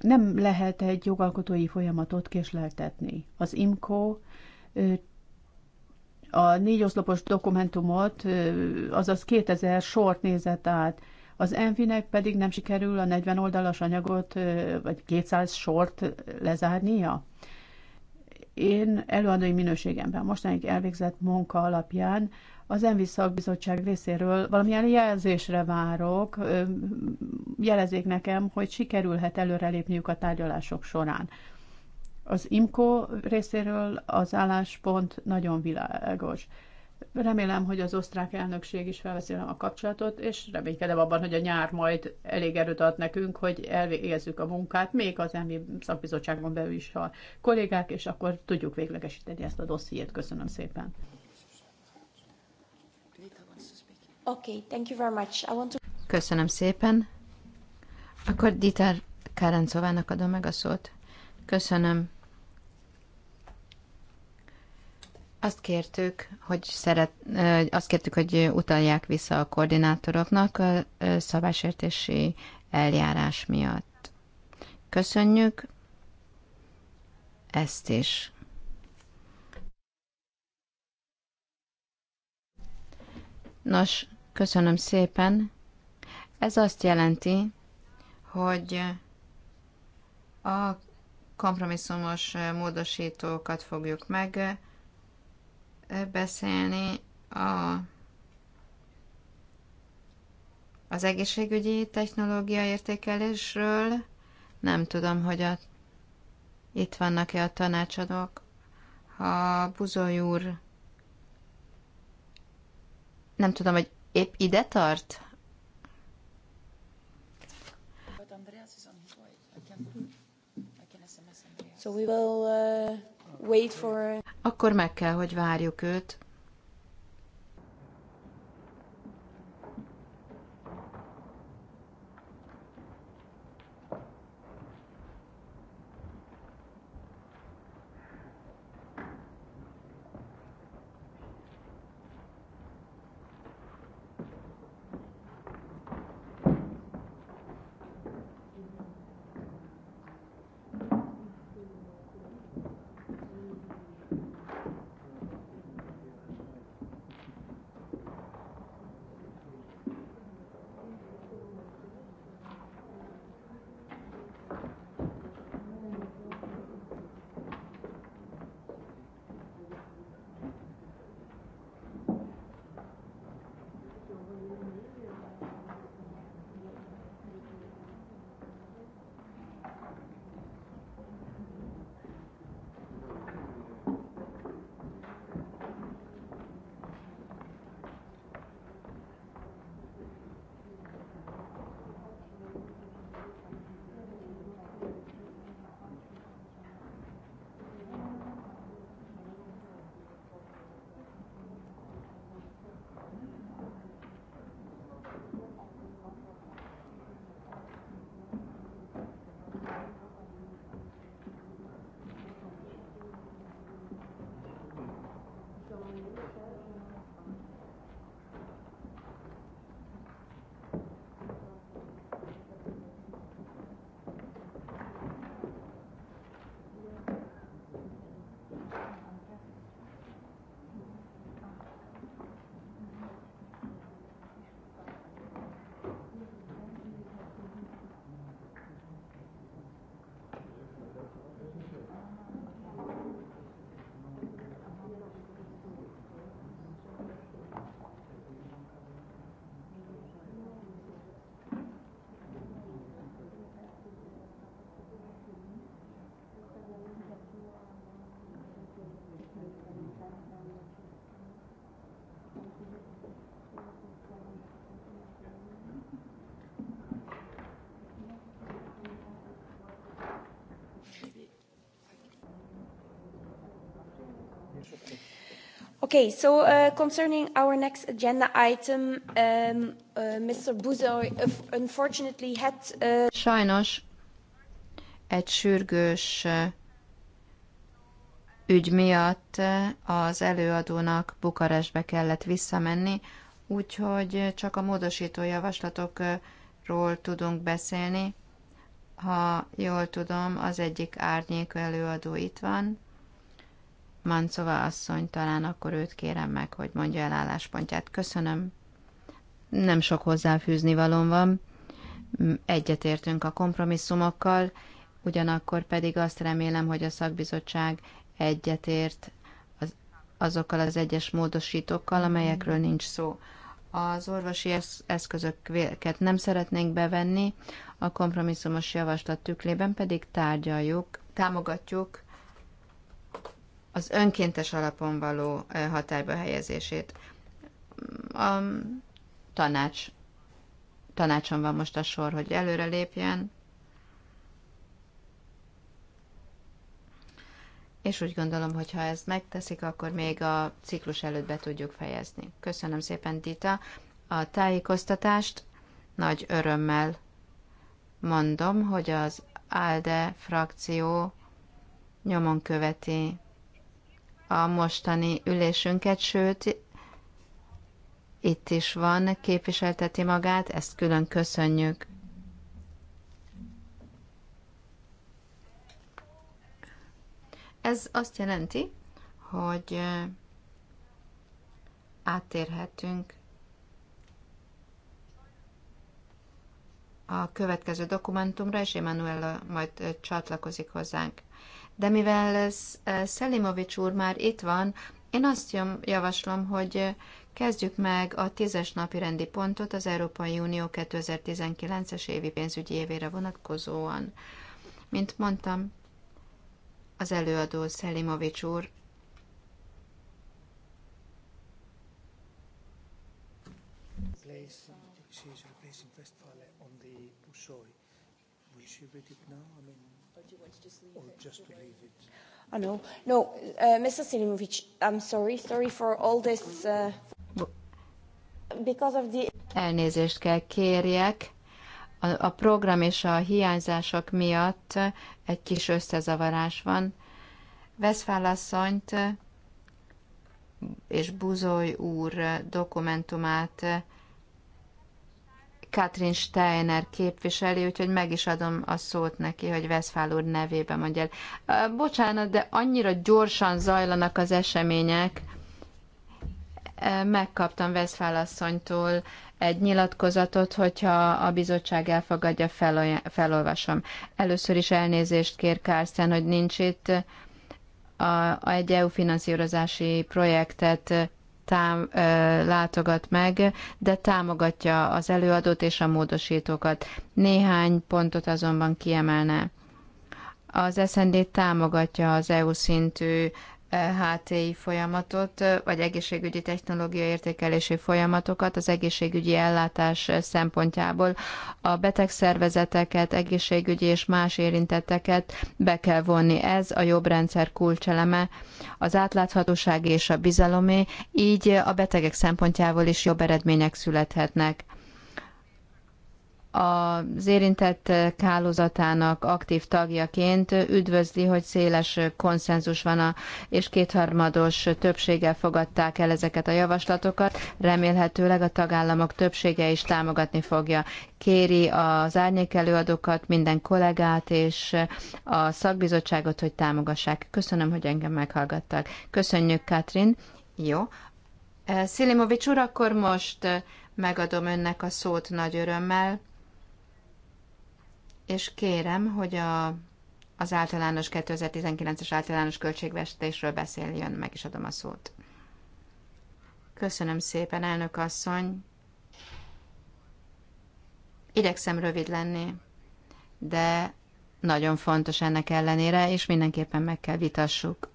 [SPEAKER 1] nem lehet egy jogalkotói folyamatot késleltetni. Az IMCO a négy oszlopos dokumentumot, azaz 2000 sort nézett át, az Envinek pedig nem sikerül a 40 oldalas anyagot, vagy 200 sort lezárnia. Én előadói minőségemben mostanáig elvégzett munka alapján az ENVI szakbizottság részéről valamilyen jelzésre várok, jelezék nekem, hogy sikerülhet előrelépniük a tárgyalások során. Az IMCO részéről az álláspont nagyon világos. Remélem, hogy az osztrák elnökség is felveszi a kapcsolatot, és reménykedem abban, hogy a nyár majd elég erőt ad nekünk, hogy elvégezzük a munkát, még az EMI szakbizottságon belül is a kollégák, és akkor tudjuk véglegesíteni
[SPEAKER 3] ezt a dossziét. Köszönöm szépen.
[SPEAKER 2] Okay, thank you very much. I want to...
[SPEAKER 3] Köszönöm szépen. Akkor Dieter Kárencovának adom meg a szót. Köszönöm. Azt kértük, hogy szeret, azt kértük, hogy utalják vissza a koordinátoroknak a szabásértési eljárás miatt. Köszönjük ezt is. Nos, Köszönöm szépen. Ez azt jelenti, hogy a kompromisszumos módosítókat fogjuk megbeszélni a, az egészségügyi technológia értékelésről. Nem tudom, hogy a, itt vannak-e a tanácsadók. Ha Buzoly úr, nem tudom, hogy épp ide tart?
[SPEAKER 2] Uh,
[SPEAKER 3] Akkor meg kell, hogy várjuk őt.
[SPEAKER 2] Okay, so uh, concerning our next agenda item, um, uh, Mr. Buzo unfortunately had... Uh...
[SPEAKER 3] Sajnos egy sürgős uh, ügy miatt uh, az előadónak Bukarestbe kellett visszamenni, úgyhogy csak a módosító javaslatokról tudunk beszélni. Ha jól tudom, az egyik árnyék előadó itt van. Mancova asszony, talán akkor őt kérem meg, hogy mondja el álláspontját. Köszönöm. Nem sok hozzáfűzni valóm van. Egyetértünk a kompromisszumokkal, ugyanakkor pedig azt remélem, hogy a szakbizottság egyetért az, azokkal az egyes módosítókkal, amelyekről nincs szó. Az orvosi eszközöket nem szeretnénk bevenni, a kompromisszumos javaslat tükrében pedig tárgyaljuk, támogatjuk az önkéntes alapon való hatályba helyezését. A tanács, tanácson van most a sor, hogy előre lépjen, és úgy gondolom, hogy ha ezt megteszik, akkor még a ciklus előtt be tudjuk fejezni. Köszönöm szépen, Dita, a tájékoztatást. Nagy örömmel mondom, hogy az ALDE frakció nyomon követi a mostani ülésünket, sőt, itt is van, képviselteti magát, ezt külön köszönjük. Ez azt jelenti, hogy áttérhetünk a következő dokumentumra, és Emanuela majd csatlakozik hozzánk de mivel eh, Szelimovics úr már itt van, én azt javaslom, hogy kezdjük meg a tízes napi rendi pontot az Európai Unió 2019-es évi pénzügyi évére vonatkozóan. Mint mondtam, az előadó Szelimovics úr
[SPEAKER 2] place uh, she is replacing on the Will she read it now Or just to leave it? I know. No, uh, Mr. Selimovic, I'm sorry, sorry for all this. Uh, because of the...
[SPEAKER 3] Elnézést kell kérjek. A, a program és a hiányzások miatt uh, egy kis összezavarás van. Veszfálasszonyt uh, és Buzoly úr uh, dokumentumát Katrin Steiner képviseli, úgyhogy meg is adom a szót neki, hogy Veszfál úr nevében mondja el. Bocsánat, de annyira gyorsan zajlanak az események. Megkaptam Veszfál asszonytól egy nyilatkozatot, hogyha a bizottság elfogadja, felolvasom. Először is elnézést kér Kárszen, hogy nincs itt a, a egy EU finanszírozási projektet tám, látogat meg, de támogatja az előadót és a módosítókat. Néhány pontot azonban kiemelne. Az SND támogatja az EU szintű E HTI folyamatot, vagy egészségügyi technológia értékelési folyamatokat az egészségügyi ellátás szempontjából. A betegszervezeteket, egészségügyi és más érintetteket be kell vonni. Ez a jobb rendszer kulcseleme, az átláthatóság és a bizalomé, így a betegek szempontjából is jobb eredmények születhetnek az érintett hálózatának aktív tagjaként üdvözli, hogy széles konszenzus van, a, és kétharmados többséggel fogadták el ezeket a javaslatokat. Remélhetőleg a tagállamok többsége is támogatni fogja. Kéri az árnyék előadókat, minden kollégát és a szakbizottságot, hogy támogassák. Köszönöm, hogy engem meghallgattak. Köszönjük, Katrin. Jó. Szilimovics úr, akkor most megadom önnek a szót nagy örömmel és kérem, hogy a, az általános 2019-es általános költségvetésről beszéljön, meg is adom a szót. Köszönöm szépen, elnök asszony. Igyekszem rövid lenni, de nagyon fontos ennek ellenére, és mindenképpen meg kell vitassuk.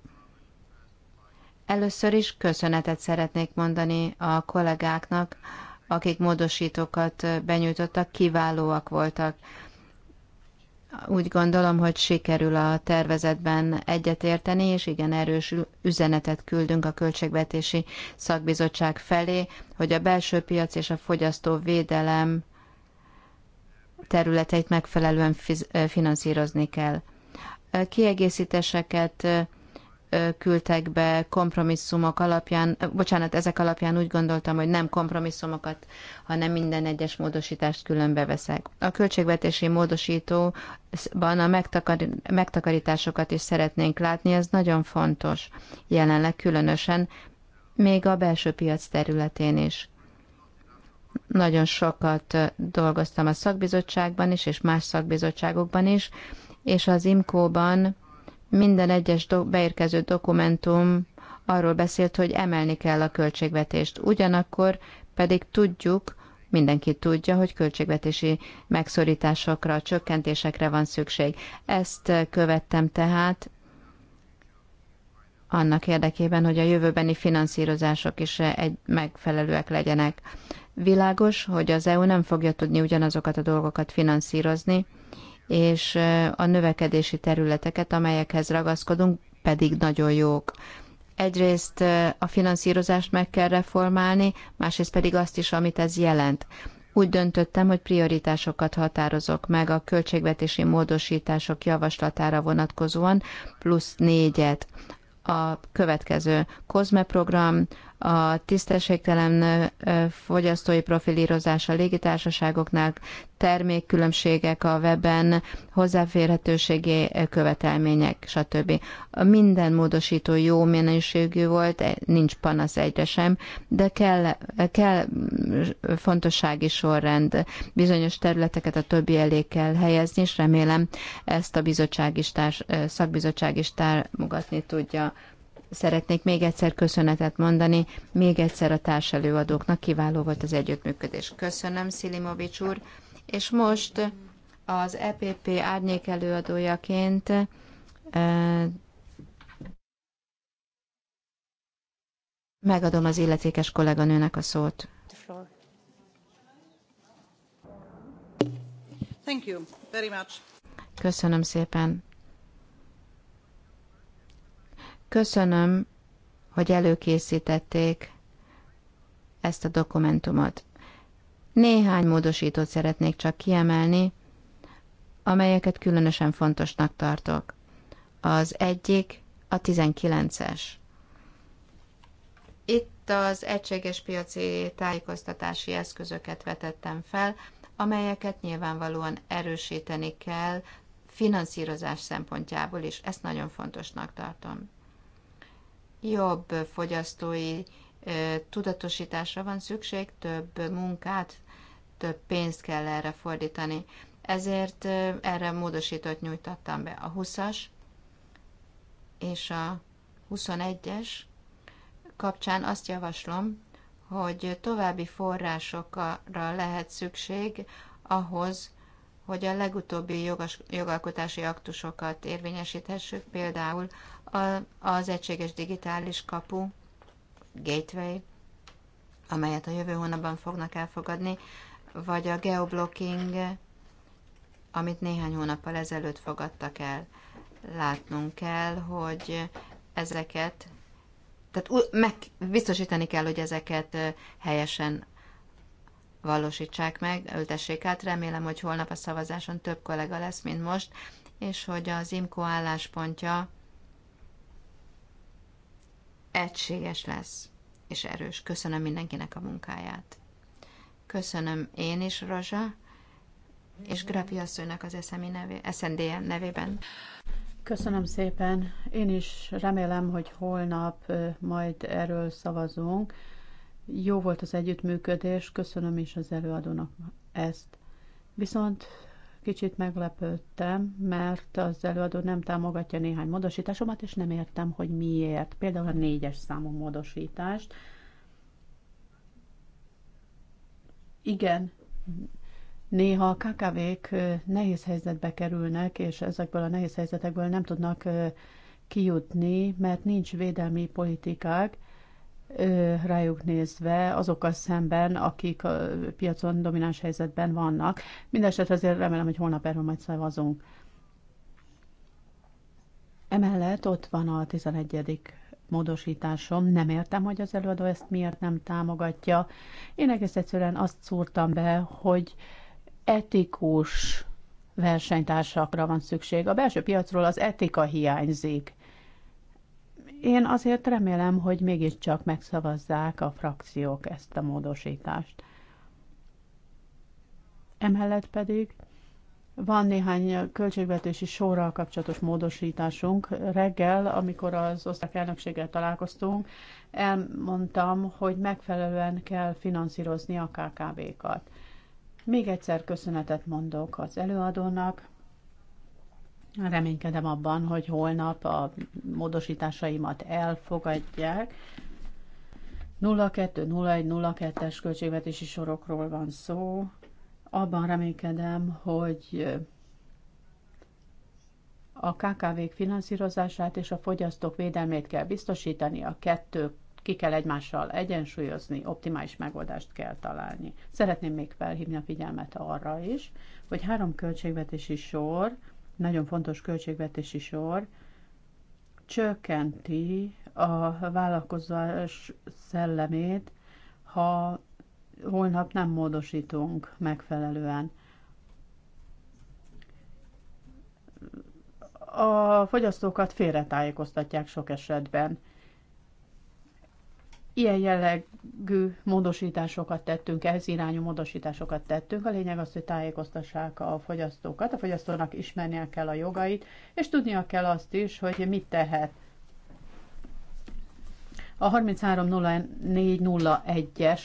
[SPEAKER 3] Először is köszönetet szeretnék mondani a kollégáknak, akik módosítókat benyújtottak, kiválóak voltak úgy gondolom, hogy sikerül a tervezetben egyetérteni, és igen erős üzenetet küldünk a Költségvetési Szakbizottság felé, hogy a belső piac és a fogyasztó védelem területeit megfelelően finanszírozni kell. Kiegészítéseket küldtek be kompromisszumok alapján, bocsánat, ezek alapján úgy gondoltam, hogy nem kompromisszumokat, hanem minden egyes módosítást különbe veszek. A költségvetési módosítóban a megtakarításokat is szeretnénk látni, ez nagyon fontos, jelenleg különösen, még a belső piac területén is. Nagyon sokat dolgoztam a szakbizottságban is, és más szakbizottságokban is, és az IMKO-ban minden egyes do- beérkező dokumentum arról beszélt, hogy emelni kell a költségvetést. Ugyanakkor pedig tudjuk, mindenki tudja, hogy költségvetési megszorításokra, csökkentésekre van szükség. Ezt követtem tehát annak érdekében, hogy a jövőbeni finanszírozások is egy megfelelőek legyenek. Világos, hogy az EU nem fogja tudni ugyanazokat a dolgokat finanszírozni, és a növekedési területeket, amelyekhez ragaszkodunk, pedig nagyon jók. Egyrészt a finanszírozást meg kell reformálni, másrészt pedig azt is, amit ez jelent. Úgy döntöttem, hogy prioritásokat határozok meg a költségvetési módosítások javaslatára vonatkozóan, plusz négyet. A következő COSME program, a tisztességtelen fogyasztói profilírozás a légitársaságoknál, termékkülönbségek a weben, hozzáférhetőségi követelmények, stb. Minden módosító jó minőségű volt, e, nincs panasz egyre sem, de kell, e, kell fontossági sorrend. Bizonyos területeket a többi elé kell helyezni, és remélem ezt a bizottság is tár, szakbizottság is támogatni tudja szeretnék még egyszer köszönetet mondani, még egyszer a társelőadóknak kiváló volt az együttműködés. Köszönöm, Szilimovics úr, és most az EPP árnyék előadójaként megadom az illetékes kolléganőnek a szót. Köszönöm szépen. Köszönöm, hogy előkészítették ezt a dokumentumot. Néhány módosítót szeretnék csak kiemelni, amelyeket különösen fontosnak tartok. Az egyik a 19-es. Itt az egységes piaci tájékoztatási eszközöket vetettem fel, amelyeket nyilvánvalóan erősíteni kell finanszírozás szempontjából, is. ezt nagyon fontosnak tartom jobb fogyasztói tudatosításra van szükség, több munkát, több pénzt kell erre fordítani. Ezért erre módosított nyújtattam be. A 20-as és a 21-es kapcsán azt javaslom, hogy további forrásokra lehet szükség ahhoz, hogy a legutóbbi jogas, jogalkotási aktusokat érvényesíthessük, például az egységes digitális kapu, gateway, amelyet a jövő hónapban fognak elfogadni, vagy a geoblocking, amit néhány hónappal ezelőtt fogadtak el. Látnunk kell, hogy ezeket, tehát meg biztosítani kell, hogy ezeket helyesen valósítsák meg, ültessék át. Remélem, hogy holnap a szavazáson több kollega lesz, mint most, és hogy az IMCO álláspontja egységes lesz, és erős. Köszönöm mindenkinek a munkáját. Köszönöm én is, Rozsa, és Grapi asszonynak az SMI nevé, SND nevében. Köszönöm szépen. Én is remélem, hogy holnap
[SPEAKER 1] majd erről szavazunk. Jó volt az együttműködés, köszönöm is az előadónak ezt. Viszont Kicsit meglepődtem, mert az előadó nem támogatja néhány módosításomat, és nem értem, hogy miért. Például a négyes számú módosítást. Igen, néha a KKV-k nehéz helyzetbe kerülnek, és ezekből a nehéz helyzetekből nem tudnak kijutni, mert nincs védelmi politikák, rájuk nézve azokkal szemben, akik a piacon domináns helyzetben vannak. Mindenesetre azért remélem, hogy holnap erről majd szavazunk. Emellett ott van a 11 módosításom. Nem értem, hogy az előadó ezt miért nem támogatja. Én egész egyszerűen azt szúrtam be, hogy etikus versenytársakra van szükség. A belső piacról az etika hiányzik. Én azért remélem, hogy mégiscsak megszavazzák a frakciók ezt a módosítást. Emellett pedig van néhány költségvetési sorral kapcsolatos módosításunk. Reggel, amikor az osztrák elnökséggel találkoztunk, elmondtam, hogy megfelelően kell finanszírozni a KKV-kat. Még egyszer köszönetet mondok az előadónak, Reménykedem abban, hogy holnap a módosításaimat elfogadják. 02-01-02-es költségvetési sorokról van szó. Abban reménykedem, hogy a KKV-k finanszírozását és a fogyasztók védelmét kell biztosítani, a kettő ki kell egymással egyensúlyozni, optimális megoldást kell találni. Szeretném még felhívni a figyelmet arra is, hogy három költségvetési sor, nagyon fontos költségvetési sor, csökkenti a vállalkozás szellemét, ha holnap nem módosítunk megfelelően. A fogyasztókat félretájékoztatják sok esetben. Ilyen jellegű módosításokat tettünk, ehhez irányú módosításokat tettünk. A lényeg az, hogy tájékoztassák a fogyasztókat. A fogyasztónak ismernie kell a jogait, és tudnia kell azt is, hogy mit tehet. A 330401-es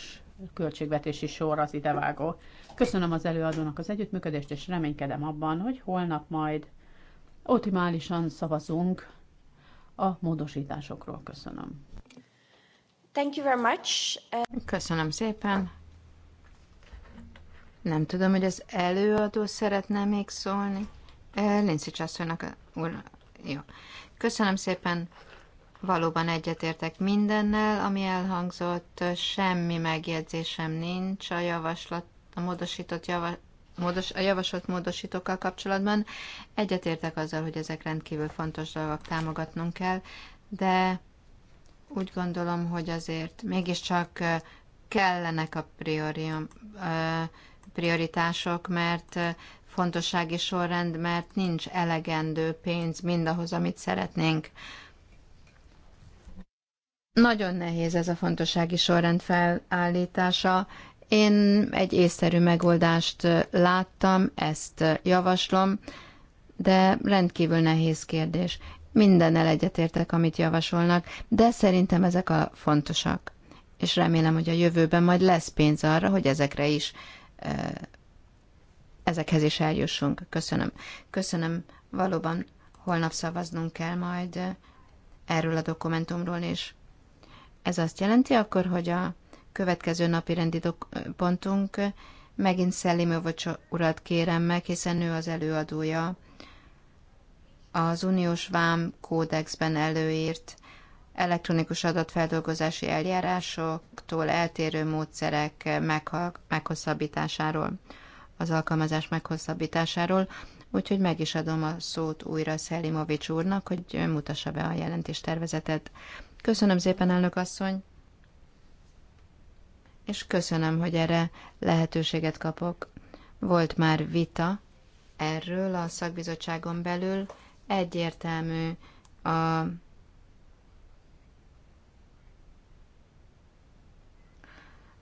[SPEAKER 1] költségvetési sor az idevágó. Köszönöm az előadónak az együttműködést, és reménykedem abban, hogy holnap majd optimálisan szavazunk a módosításokról. Köszönöm.
[SPEAKER 3] Thank you very much. Köszönöm szépen. Nem tudom, hogy az előadó szeretne még szólni. Lindsay Császónak úr. Jó. Köszönöm szépen. Valóban egyetértek mindennel, ami elhangzott. Semmi megjegyzésem nincs a javaslat, a módosított javaslat módos, a javasolt módosítókkal kapcsolatban. Egyetértek azzal, hogy ezek rendkívül fontos dolgok támogatnunk kell, de úgy gondolom, hogy azért mégiscsak kellenek a priorium, prioritások, mert fontossági sorrend, mert nincs elegendő pénz mindahhoz, amit szeretnénk. Nagyon nehéz ez a fontossági sorrend felállítása. Én egy észszerű megoldást láttam, ezt javaslom, de rendkívül nehéz kérdés. Mindennel egyetértek, amit javasolnak, de szerintem ezek a fontosak. És remélem, hogy a jövőben majd lesz pénz arra, hogy ezekre is ezekhez is eljussunk. Köszönöm. Köszönöm. Valóban holnap szavaznunk kell majd erről a dokumentumról is. Ez azt jelenti akkor, hogy a következő napi rendi pontunk megint Szellimövöcs urat kérem meg, hiszen ő az előadója az uniós vám kódexben előírt elektronikus adatfeldolgozási eljárásoktól eltérő módszerek meghosszabbításáról, az alkalmazás meghosszabbításáról, úgyhogy meg is adom a szót újra Szelimovics úrnak, hogy mutassa be a jelentéstervezetet. Köszönöm szépen, elnök asszony! És köszönöm, hogy erre lehetőséget kapok. Volt már vita erről a szakbizottságon belül, egyértelmű a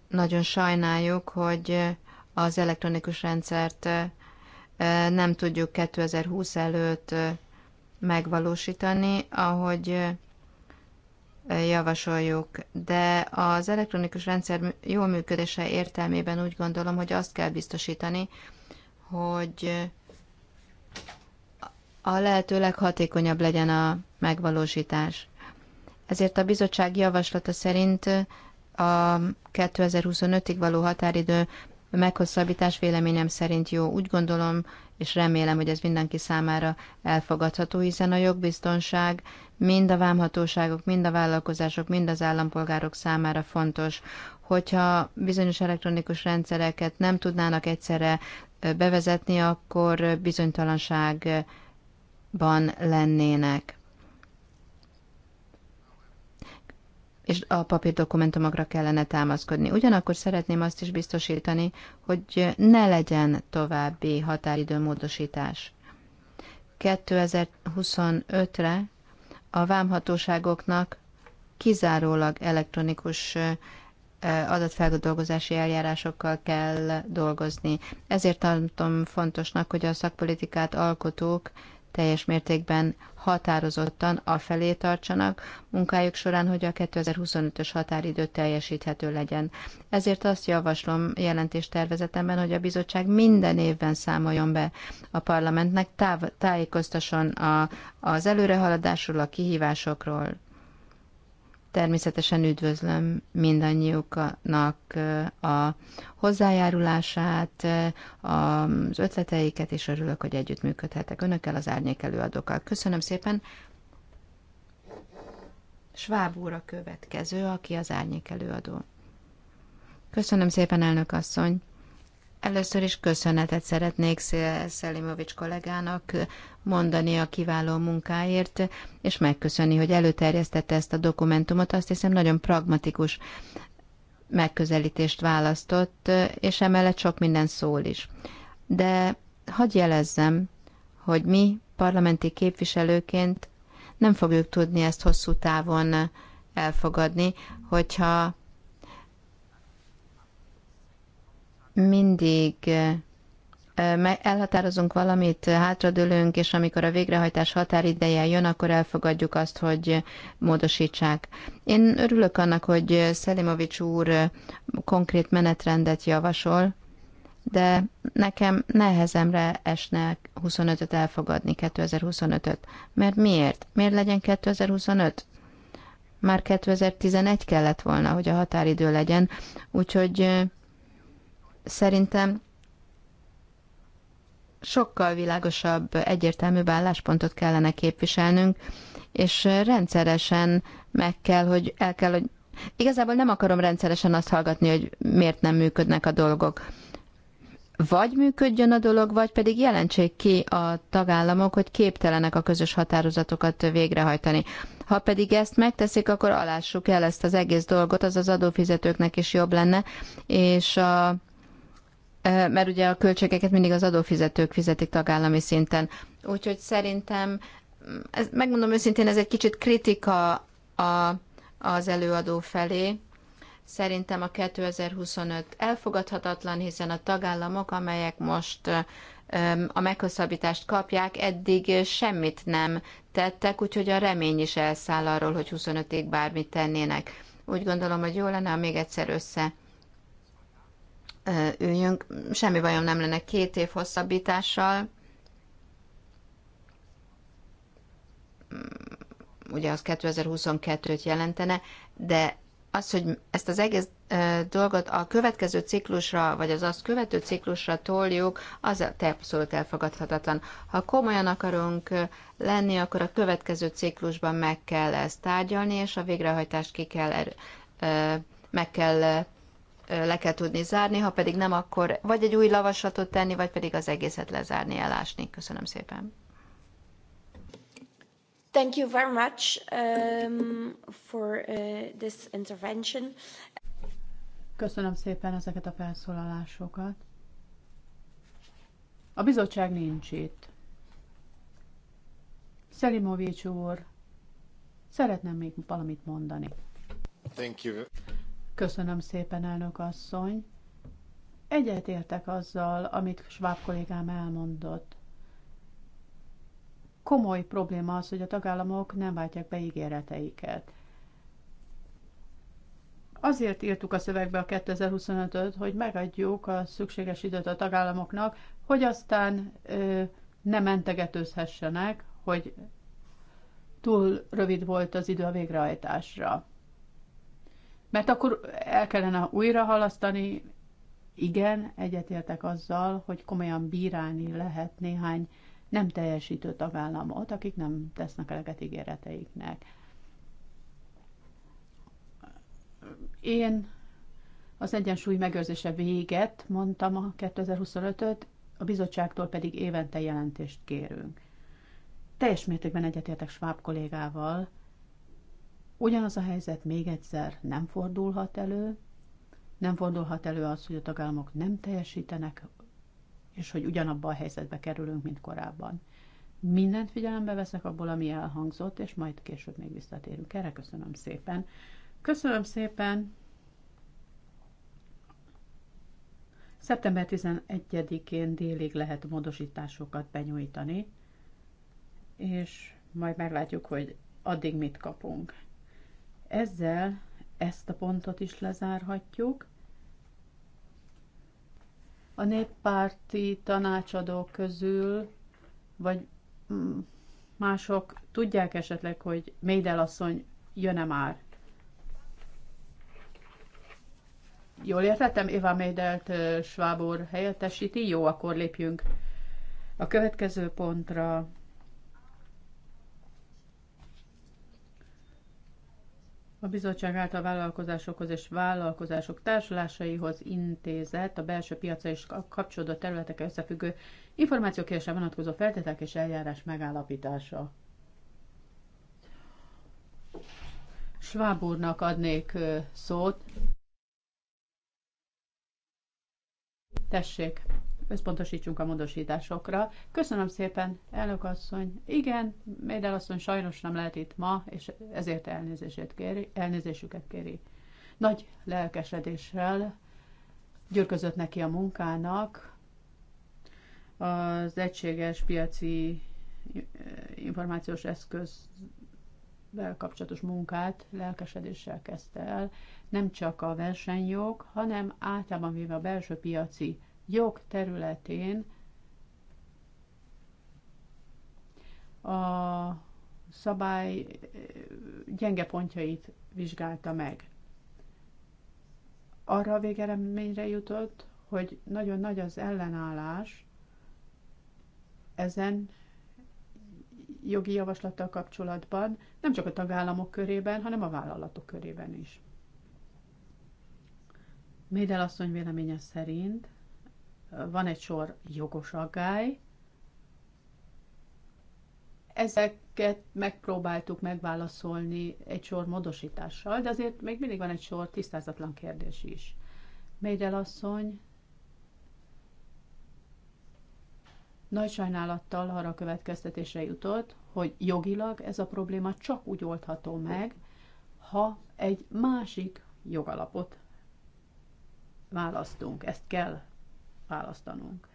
[SPEAKER 3] nagyon sajnáljuk, hogy az elektronikus rendszert nem tudjuk 2020 előtt megvalósítani, ahogy javasoljuk. De az elektronikus rendszer jó működése értelmében úgy gondolom, hogy azt kell biztosítani, hogy a lehető leghatékonyabb legyen a megvalósítás. Ezért a bizottság javaslata szerint a 2025-ig való határidő meghosszabbítás véleményem szerint jó. Úgy gondolom, és remélem, hogy ez mindenki számára elfogadható, hiszen a jogbiztonság mind a vámhatóságok, mind a vállalkozások, mind az állampolgárok számára fontos, hogyha bizonyos elektronikus rendszereket nem tudnának egyszerre bevezetni, akkor bizonytalanság ban lennének. és a papírdokumentumokra kellene támaszkodni. Ugyanakkor szeretném azt is biztosítani, hogy ne legyen további határidőmódosítás. 2025-re a vámhatóságoknak kizárólag elektronikus adatfeldolgozási eljárásokkal kell dolgozni. Ezért tartom fontosnak, hogy a szakpolitikát alkotók teljes mértékben határozottan a felé tartsanak munkájuk során, hogy a 2025-ös határidő teljesíthető legyen. Ezért azt javaslom jelentéstervezetemben, hogy a bizottság minden évben számoljon be a parlamentnek, táv- tájékoztasson a, az előrehaladásról, a kihívásokról, Természetesen üdvözlöm mindannyiuknak a hozzájárulását, az ötleteiket, és örülök, hogy együttműködhetek önökkel, az árnyék előadókkal. Köszönöm szépen. Schwab úr a következő, aki az árnyék előadó. Köszönöm szépen, elnök asszony. Először is köszönetet szeretnék Szelimovics kollégának mondani a kiváló munkáért, és megköszönni, hogy előterjesztette ezt a dokumentumot. Azt hiszem, nagyon pragmatikus megközelítést választott, és emellett sok minden szól is. De hagyj jelezzem, hogy mi parlamenti képviselőként nem fogjuk tudni ezt hosszú távon elfogadni, hogyha mindig elhatározunk valamit, hátradőlünk, és amikor a végrehajtás határideje jön, akkor elfogadjuk azt, hogy módosítsák. Én örülök annak, hogy Szelimovics úr konkrét menetrendet javasol, de nekem nehezemre esne 25-öt elfogadni, 2025-öt. Mert miért? Miért legyen 2025? Már 2011 kellett volna, hogy a határidő legyen, úgyhogy Szerintem sokkal világosabb, egyértelműbb álláspontot kellene képviselnünk, és rendszeresen meg kell, hogy el kell, hogy igazából nem akarom rendszeresen azt hallgatni, hogy miért nem működnek a dolgok. Vagy működjön a dolog, vagy pedig jelentsék ki a tagállamok, hogy képtelenek a közös határozatokat végrehajtani. Ha pedig ezt megteszik, akkor alássuk el ezt az egész dolgot, az az adófizetőknek is jobb lenne, és a, mert ugye a költségeket mindig az adófizetők fizetik tagállami szinten. Úgyhogy szerintem, mm, ez, megmondom őszintén, ez egy kicsit kritika a, az előadó felé. Szerintem a 2025 elfogadhatatlan, hiszen a tagállamok, amelyek most a meghosszabbítást kapják, eddig semmit nem tettek, úgyhogy a remény is elszáll arról, hogy 25-ig bármit tennének. Úgy gondolom, hogy jó lenne, ha még egyszer össze üljünk. Semmi bajom nem lenne két év hosszabbítással. Mm, ugye az 2022-t jelentene, de az, hogy ezt az egész dolgot a következő ciklusra, vagy az azt követő ciklusra toljuk, az abszolút elfogadhatatlan. Ha komolyan akarunk lenni, akkor a következő ciklusban meg kell ezt tárgyalni, és a végrehajtást ki kell, er-, meg kell le kell tudni zárni, ha pedig nem, akkor vagy egy új lavaslatot tenni, vagy pedig az egészet lezárni, elásni. Köszönöm szépen.
[SPEAKER 2] Thank you very much um, for uh, this intervention.
[SPEAKER 1] Köszönöm szépen ezeket a felszólalásokat. A bizottság nincs itt. Szelimovics úr, szeretném még valamit mondani. Thank you. Köszönöm szépen, elnök asszony. Egyet értek azzal, amit Schwab kollégám elmondott. Komoly probléma az, hogy a tagállamok nem váltják be ígéreteiket. Azért írtuk a szövegbe a 2025-öt, hogy megadjuk a szükséges időt a tagállamoknak, hogy aztán ö, ne mentegetőzhessenek, hogy túl rövid volt az idő a végrehajtásra. Mert akkor el kellene újra halasztani. Igen, egyetértek azzal, hogy komolyan bírálni lehet néhány nem teljesítő tagállamot, akik nem tesznek eleget ígéreteiknek. Én az egyensúly megőrzése véget mondtam a 2025-öt, a bizottságtól pedig évente jelentést kérünk. Teljes mértékben egyetértek Schwab kollégával, Ugyanaz a helyzet még egyszer nem fordulhat elő, nem fordulhat elő az, hogy a tagállamok nem teljesítenek, és hogy ugyanabba a helyzetbe kerülünk, mint korábban. Mindent figyelembe veszek abból, ami elhangzott, és majd később még visszatérünk erre. Köszönöm szépen. Köszönöm szépen. Szeptember 11-én délig lehet módosításokat benyújtani, és majd meglátjuk, hogy addig mit kapunk. Ezzel ezt a pontot is lezárhatjuk. A néppárti tanácsadók közül, vagy mások tudják esetleg, hogy Médel asszony jön-e már? Jól értettem, Éva Médelt Schwab helyettesíti? Jó, akkor lépjünk a következő pontra. a bizottság által vállalkozásokhoz és vállalkozások társulásaihoz intézett a belső piaca és a kapcsolódó területek összefüggő információkérésre vonatkozó feltételek és eljárás megállapítása. Schwab úrnak adnék szót. Tessék! összpontosítsunk a módosításokra. Köszönöm szépen, elnök asszony. Igen, Médel asszony sajnos nem lehet itt ma, és ezért elnézését kéri, elnézésüket kéri. Nagy lelkesedéssel gyűrközött neki a munkának, az egységes piaci eh, információs eszköz kapcsolatos munkát lelkesedéssel kezdte el, nem csak a versenyjog, hanem általában véve a belső piaci jog területén a szabály eh, gyenge pontjait vizsgálta meg. Arra a végeleményre jutott, hogy nagyon nagy az ellenállás ezen jogi javaslattal kapcsolatban, nem csak a tagállamok körében, hanem a vállalatok körében is. Médel asszony véleménye szerint van egy sor jogos aggály. Ezeket megpróbáltuk megválaszolni egy sor módosítással, de azért még mindig van egy sor tisztázatlan kérdés is. Médel asszony nagy sajnálattal arra a következtetésre jutott, hogy jogilag ez a probléma csak úgy oldható meg, ha egy másik jogalapot választunk. Ezt kell választanunk.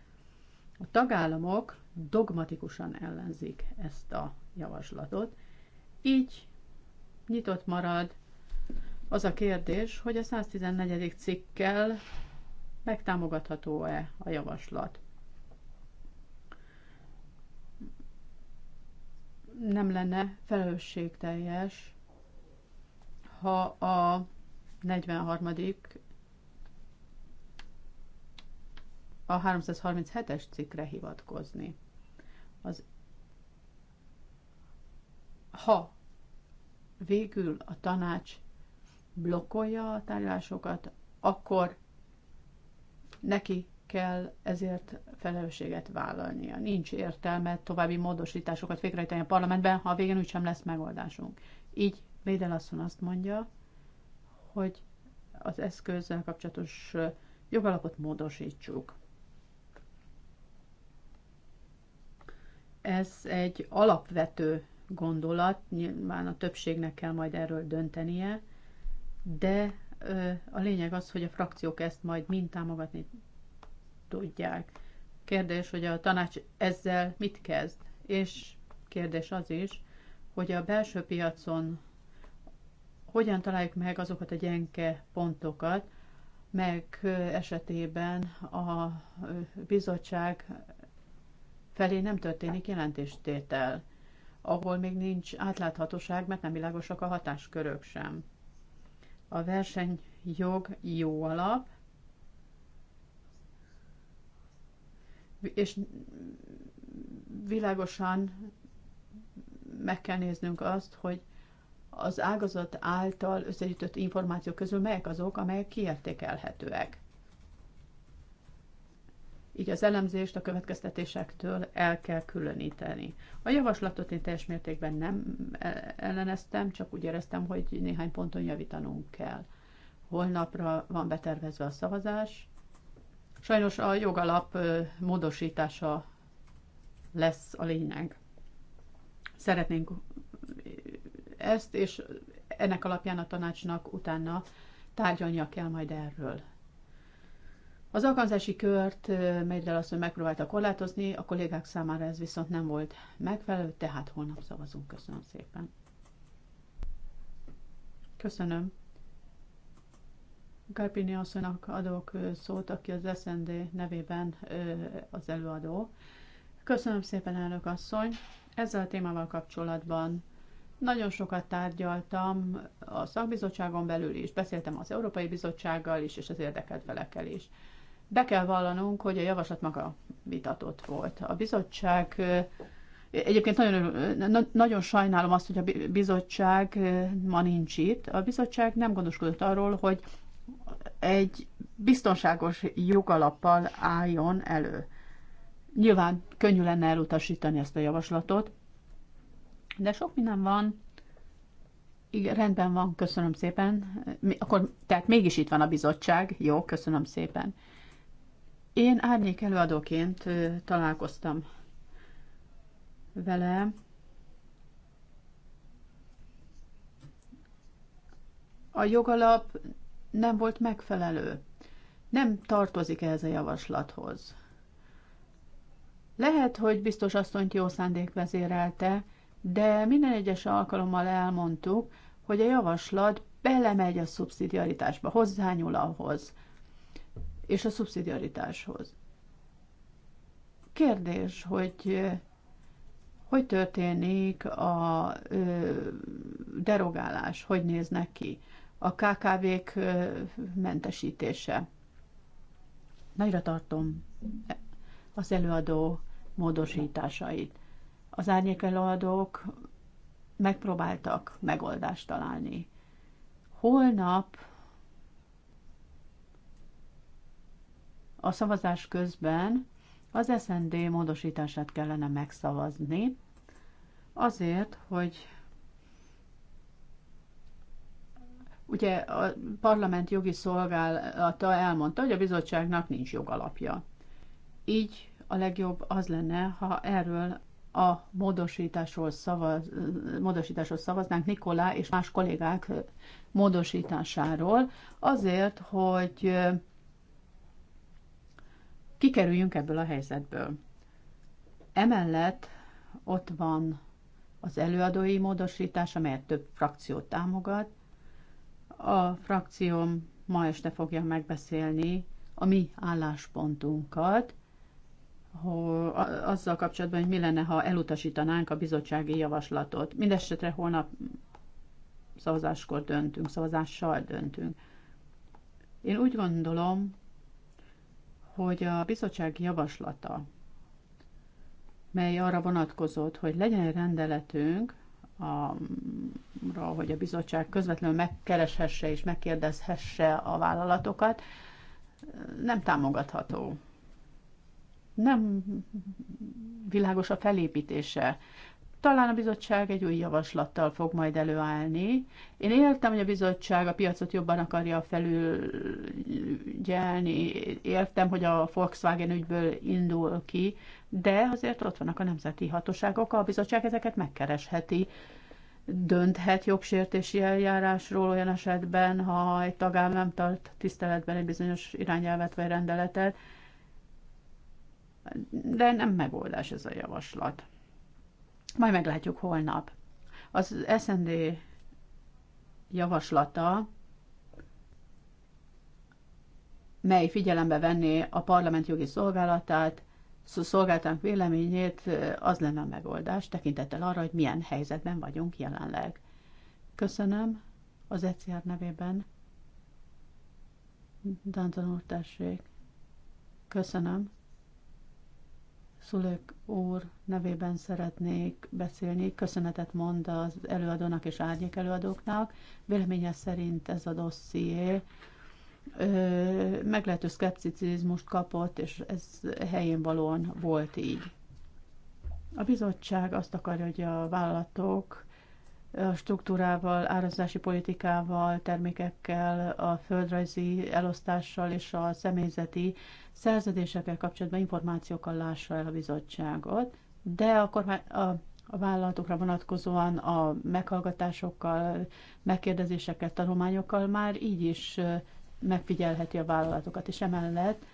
[SPEAKER 1] A tagállamok dogmatikusan ellenzik ezt a javaslatot, így nyitott marad az a kérdés, hogy a 114. cikkkel megtámogatható-e a javaslat. Nem lenne felelősségteljes, ha a 43. a 337-es cikkre hivatkozni. Az ha végül a tanács blokkolja a tárgyalásokat, akkor neki kell ezért felelősséget vállalnia. Nincs értelme további módosításokat végrehajtani a parlamentben, ha a végén úgysem lesz megoldásunk. Így Védel asszony azt mondja, hogy az eszközzel kapcsolatos jogalapot módosítsuk. Ez egy alapvető gondolat, nyilván a többségnek kell majd erről döntenie, de a lényeg az, hogy a frakciók ezt majd mind támogatni tudják. Kérdés, hogy a tanács ezzel mit kezd? És kérdés az is, hogy a belső piacon hogyan találjuk meg azokat a gyenke pontokat, meg esetében a bizottság felé nem történik jelentéstétel, ahol még nincs átláthatóság, mert nem világosak a hatáskörök sem. A versenyjog jó alap, és világosan meg kell néznünk azt, hogy az ágazat által összegyűjtött információk közül melyek azok, amelyek kiértékelhetőek így az elemzést a következtetésektől el kell különíteni. A javaslatot én teljes mértékben nem e- elleneztem, csak úgy éreztem, hogy néhány ponton javítanunk kell. Holnapra van betervezve a szavazás. Sajnos a jogalap módosítása lesz a lényeg. Szeretnénk ezt, és ennek alapján a tanácsnak utána tárgyalnia kell majd erről. Az alkalmazási kört Meidel asszony megpróbálta korlátozni, a kollégák számára ez viszont nem volt megfelelő, tehát holnap szavazunk. Köszönöm szépen. Köszönöm. Garpini asszonynak adok szót, aki az SND nevében az előadó. Köszönöm szépen, elnök asszony. Ezzel a témával kapcsolatban nagyon sokat tárgyaltam a szakbizottságon belül is, beszéltem az Európai Bizottsággal is, és az érdekelt felekkel is. Be kell vallanunk, hogy a javaslat maga vitatott volt. A bizottság eh, Egyébként nagyon, eh, nagyon sajnálom azt, hogy a bizottság eh, ma nincs itt. A bizottság nem gondoskodott arról, hogy egy biztonságos jogalappal álljon elő. Nyilván könnyű lenne elutasítani ezt a javaslatot, de sok minden van. Igen, rendben van, köszönöm szépen. Akkor, tehát mégis itt van a bizottság. Jó, köszönöm szépen. Én árnyék előadóként találkoztam vele. A jogalap nem volt megfelelő. Nem tartozik ehhez a javaslathoz. Lehet, hogy biztos asszonyt jó szándék vezérelte, de minden egyes alkalommal elmondtuk, hogy a javaslat belemegy a szubszidiaritásba, hozzányúl ahhoz, és a szubszidiaritáshoz. Kérdés, hogy hogy történik a derogálás, hogy néznek ki a KKV-k mentesítése. Nagyra tartom az előadó módosításait. Az árnyék előadók megpróbáltak megoldást találni. Holnap a szavazás közben az SND módosítását kellene megszavazni, azért, hogy ugye a parlament jogi szolgálata elmondta, hogy a bizottságnak nincs jogalapja. Így a legjobb az lenne, ha erről a módosításról, szavaz, módosításról szavaznánk Nikolá és más kollégák módosításáról, azért, hogy kikerüljünk ebből a helyzetből. Emellett ott van az előadói módosítás, amelyet több frakció támogat. A frakcióm ma este fogja megbeszélni a mi álláspontunkat, azzal kapcsolatban, hogy mi lenne, ha elutasítanánk a bizottsági javaslatot. Mindenesetre holnap szavazáskor döntünk, szavazással döntünk. Én úgy gondolom, hogy a bizottság javaslata, mely arra vonatkozott, hogy legyen egy rendeletünk arra, hogy a bizottság közvetlenül megkereshesse és megkérdezhesse a vállalatokat, nem támogatható. Nem világos a felépítése. Talán a bizottság egy új javaslattal fog majd előállni. Én értem, hogy a bizottság a piacot jobban akarja felülgyelni, értem, hogy a Volkswagen ügyből indul ki, de azért ott vannak a nemzeti hatóságok, a bizottság ezeket megkeresheti dönthet jogsértési eljárásról olyan esetben, ha egy tagállam nem tart tiszteletben egy bizonyos irányelvet vagy rendeletet, de nem megoldás ez a javaslat. Majd meglátjuk holnap. Az SND javaslata, mely figyelembe venné a parlament jogi szolgálatát, szolgáltánk véleményét, az lenne a megoldás, tekintettel arra, hogy milyen helyzetben vagyunk jelenleg. Köszönöm az ECR nevében. Danton úr, tessék. Köszönöm. Szülők úr nevében szeretnék beszélni. Köszönetet mond az előadónak és árnyék előadóknak. Véleménye szerint ez a dosszié meglehető szkepticizmust kapott, és ez helyén valóan volt így. A bizottság azt akarja, hogy a vállalatok struktúrával, árazási politikával, termékekkel, a földrajzi elosztással és a személyzeti szerződésekkel kapcsolatban információkkal lássa el a bizottságot, de a, kormány, a, a vállalatokra vonatkozóan a meghallgatásokkal, megkérdezésekkel, tanulmányokkal már így is megfigyelheti a vállalatokat, és emellett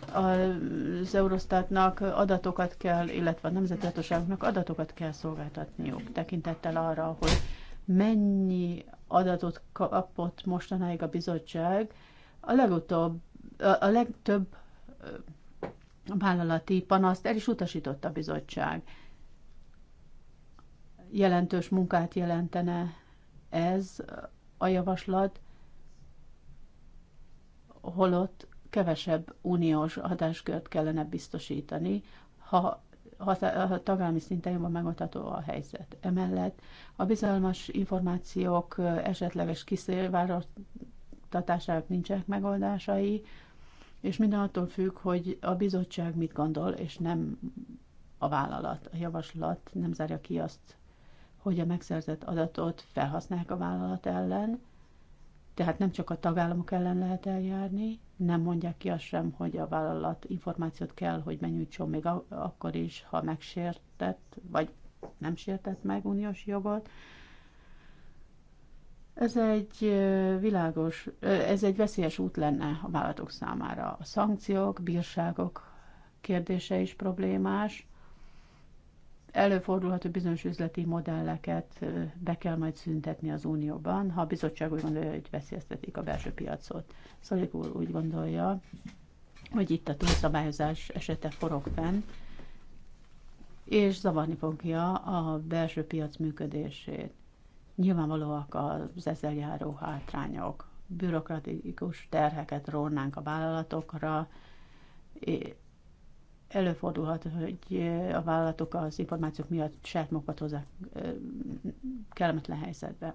[SPEAKER 1] az Eurostatnak adatokat kell, illetve a nemzethatóságoknak adatokat kell szolgáltatniuk, tekintettel arra, hogy mennyi adatot kapott mostanáig a bizottság, a legutóbb, a legtöbb vállalati panaszt el is utasított a bizottság. Jelentős munkát jelentene ez a javaslat, holott kevesebb uniós hatáskört kellene biztosítani, ha a tagállami szinten jobban megoldható a helyzet. Emellett a bizalmas információk esetleges kiszélvártatásának nincsenek megoldásai, és minden attól függ, hogy a bizottság mit gondol, és nem a vállalat. A javaslat nem zárja ki azt, hogy a megszerzett adatot felhasználják a vállalat ellen, tehát nem csak a tagállamok ellen lehet eljárni, nem mondják ki azt sem, hogy a vállalat információt kell, hogy benyújtson még akkor is, ha megsértett, vagy nem sértett meg uniós jogot. Ez egy világos, ez egy veszélyes út lenne a vállalatok számára. A szankciók, bírságok kérdése is problémás előfordulhat, hogy bizonyos üzleti modelleket be kell majd szüntetni az Unióban, ha a bizottság úgy gondolja, hogy veszélyeztetik a belső piacot. Szalik úr úgy gondolja, hogy itt a túlszabályozás esete forog fenn, és zavarni fogja a belső piac működését. Nyilvánvalóak az ezzel járó hátrányok. Bürokratikus terheket rónánk a vállalatokra, előfordulhat, hogy eh, a vállalatok az információk miatt saját magukat hozzák eh, kellemetlen helyzetbe.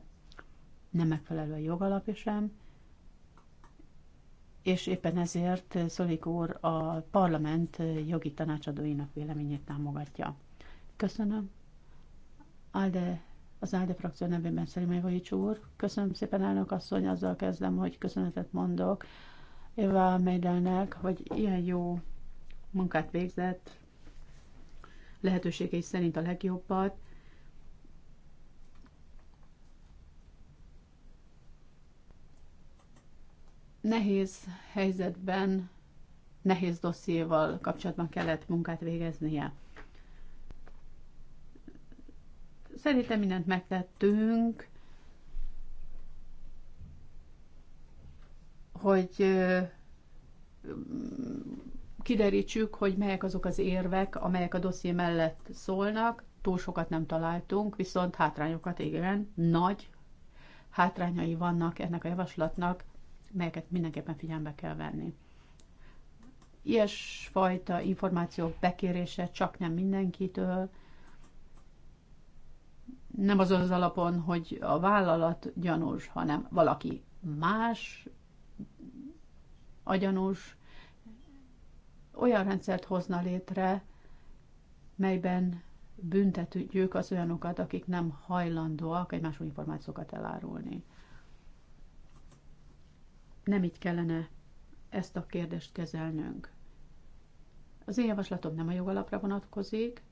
[SPEAKER 1] Nem megfelelő a jogalap sem, és éppen ezért Szolik úr a parlament jogi tanácsadóinak véleményét támogatja. Köszönöm. Alde, az Alde frakció nevében Szerimegovics úr. Köszönöm szépen, elnök asszony, azzal kezdem, hogy köszönetet mondok Éva Meidelnek, hogy ilyen jó munkát végzett, lehetőségei szerint a legjobbat. Nehéz helyzetben, nehéz dossziéval kapcsolatban kellett munkát végeznie. Szerintem mindent megtettünk, hogy kiderítsük, hogy melyek azok az érvek, amelyek a dosszié mellett szólnak. Túl sokat nem találtunk, viszont hátrányokat igen, nagy hátrányai vannak ennek a javaslatnak, melyeket mindenképpen figyelembe kell venni. Ilyesfajta információk bekérése csak nem mindenkitől, nem az az alapon, hogy a vállalat gyanús, hanem valaki más a gyanús, olyan rendszert hozna létre, melyben büntetjük az olyanokat, akik nem hajlandóak egymásról információkat elárulni. Nem így kellene ezt a kérdést kezelnünk. Az én javaslatom nem a jogalapra vonatkozik.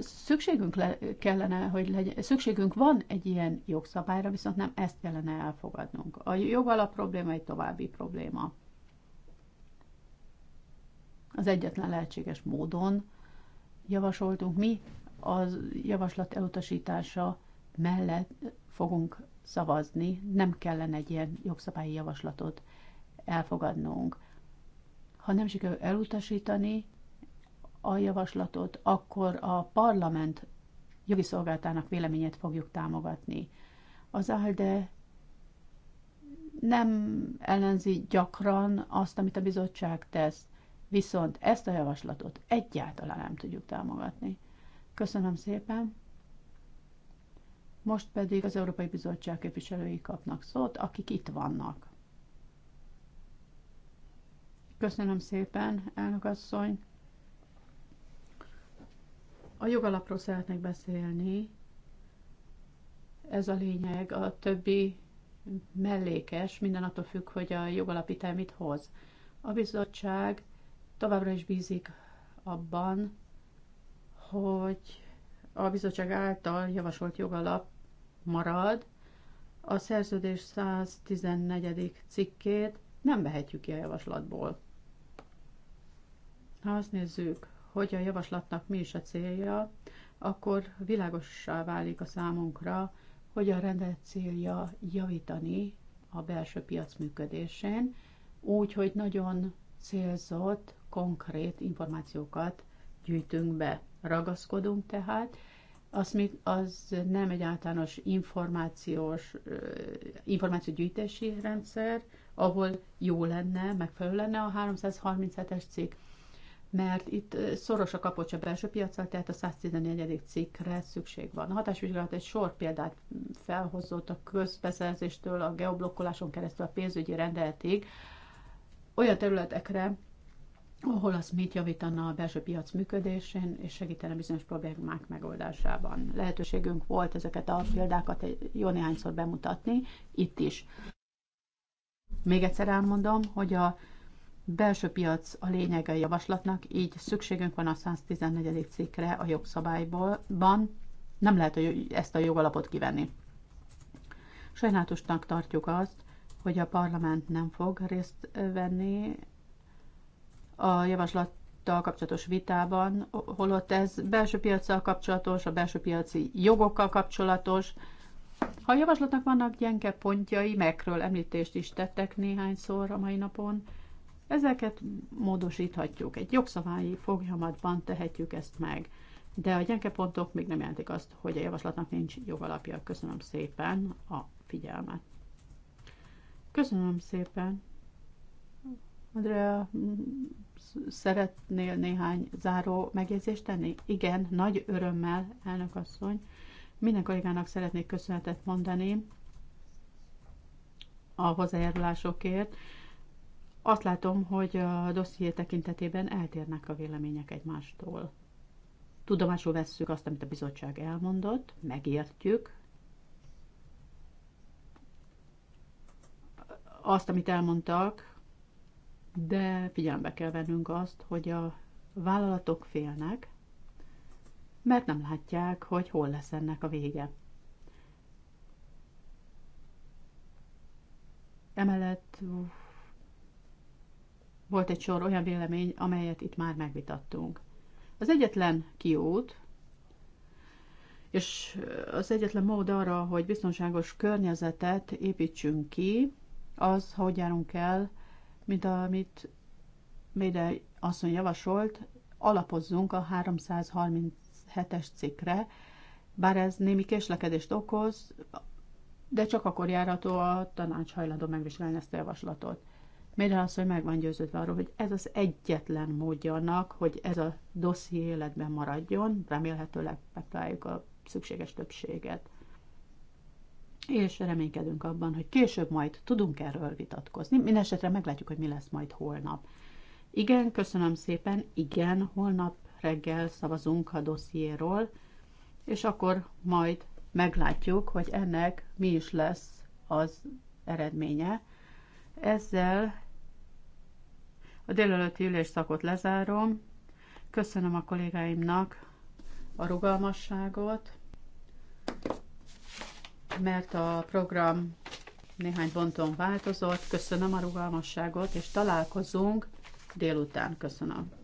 [SPEAKER 1] Szükségünk le, kellene, hogy legyen, szükségünk van egy ilyen jogszabályra, viszont nem ezt kellene elfogadnunk. A jogalap probléma egy további probléma. Az egyetlen lehetséges módon javasoltunk mi, az javaslat elutasítása mellett fogunk szavazni, nem kellene egy ilyen jogszabályi javaslatot elfogadnunk. Ha nem sikerül elutasítani a javaslatot, akkor a parlament jogi szolgáltának véleményét fogjuk támogatni. Az ALDE nem ellenzi gyakran azt, amit a bizottság tesz. Viszont ezt a javaslatot egyáltalán nem tudjuk támogatni. Köszönöm szépen! Most pedig az Európai Bizottság képviselői kapnak szót, akik itt vannak. Köszönöm szépen, elnök asszony! A jogalapról szeretnék beszélni. Ez a lényeg, a többi mellékes, minden attól függ, hogy a jogalapítály mit hoz. A bizottság továbbra is bízik abban, hogy a bizottság által javasolt jogalap marad, a szerződés 114. cikkét nem vehetjük ki a javaslatból. Ha azt nézzük, hogy a javaslatnak mi is a célja, akkor világossá válik a számunkra, hogy a rendelet célja javítani a belső piac működésén, úgy, hogy nagyon célzott, konkrét információkat gyűjtünk be. Ragaszkodunk tehát, az, még, az nem egy általános információs, információgyűjtési rendszer, ahol jó lenne, megfelelő lenne a 337-es cikk, mert itt szoros a kapocs a belső piacsal, tehát a 114. cikkre szükség van. A hatásvizsgálat egy sor példát felhozott a közbeszerzéstől, a geoblokkoláson keresztül a pénzügyi rendeletig, olyan területekre, ahol az mit javítana a belső piac működésén, és segítene bizonyos problémák megoldásában. Lehetőségünk volt ezeket a példákat jó néhányszor bemutatni, itt is. Még egyszer elmondom, hogy a belső piac a lényege a javaslatnak, így szükségünk van a 114. cikkre a jogszabályban, nem lehet hogy ezt a jogalapot kivenni. Sajnálatosnak tartjuk azt, hogy a parlament nem fog részt venni a javaslattal kapcsolatos vitában, holott ez belső piacsal kapcsolatos, a belső piaci jogokkal kapcsolatos. Ha a javaslatnak vannak gyenge pontjai, megről említést is tettek néhányszor a mai napon, ezeket módosíthatjuk. Egy jogszabályi folyamatban tehetjük ezt meg. De a gyenge pontok még nem jelentik azt, hogy a javaslatnak nincs jogalapja. Köszönöm szépen a figyelmet. Köszönöm szépen. Andrea, szeretnél néhány záró megjegyzést tenni? Igen, nagy örömmel, elnök asszony. Minden kollégának szeretnék köszönetet mondani a hozzájárulásokért. Azt látom, hogy a dosszié tekintetében eltérnek a vélemények egymástól. Tudomásul vesszük azt, amit a bizottság elmondott, megértjük, azt, amit elmondtak, de figyelembe kell vennünk azt, hogy a vállalatok félnek, mert nem látják, hogy hol lesz ennek a vége. Emellett volt egy sor olyan vélemény, amelyet itt már megvitattunk. Az egyetlen kiút, és az egyetlen mód arra, hogy biztonságos környezetet építsünk ki, az, hogy járunk el mint amit Méde asszony javasolt, alapozzunk a 337-es cikkre, bár ez némi késlekedést okoz, de csak akkor járható a tanács hajlandó megvizsgálni ezt a javaslatot. Méde asszony meg van győződve arról, hogy ez az egyetlen módja annak, hogy ez a dosszié életben maradjon, remélhetőleg megtaláljuk a szükséges többséget és reménykedünk abban, hogy később majd tudunk erről vitatkozni. Mindenesetre meglátjuk, hogy mi lesz majd holnap. Igen, köszönöm szépen, igen, holnap reggel szavazunk a dossziéról, és akkor majd meglátjuk, hogy ennek mi is lesz az eredménye. Ezzel a délelőtti ülés szakot lezárom. Köszönöm a kollégáimnak a rugalmasságot, mert a program néhány ponton változott. Köszönöm a rugalmasságot, és találkozunk délután. Köszönöm.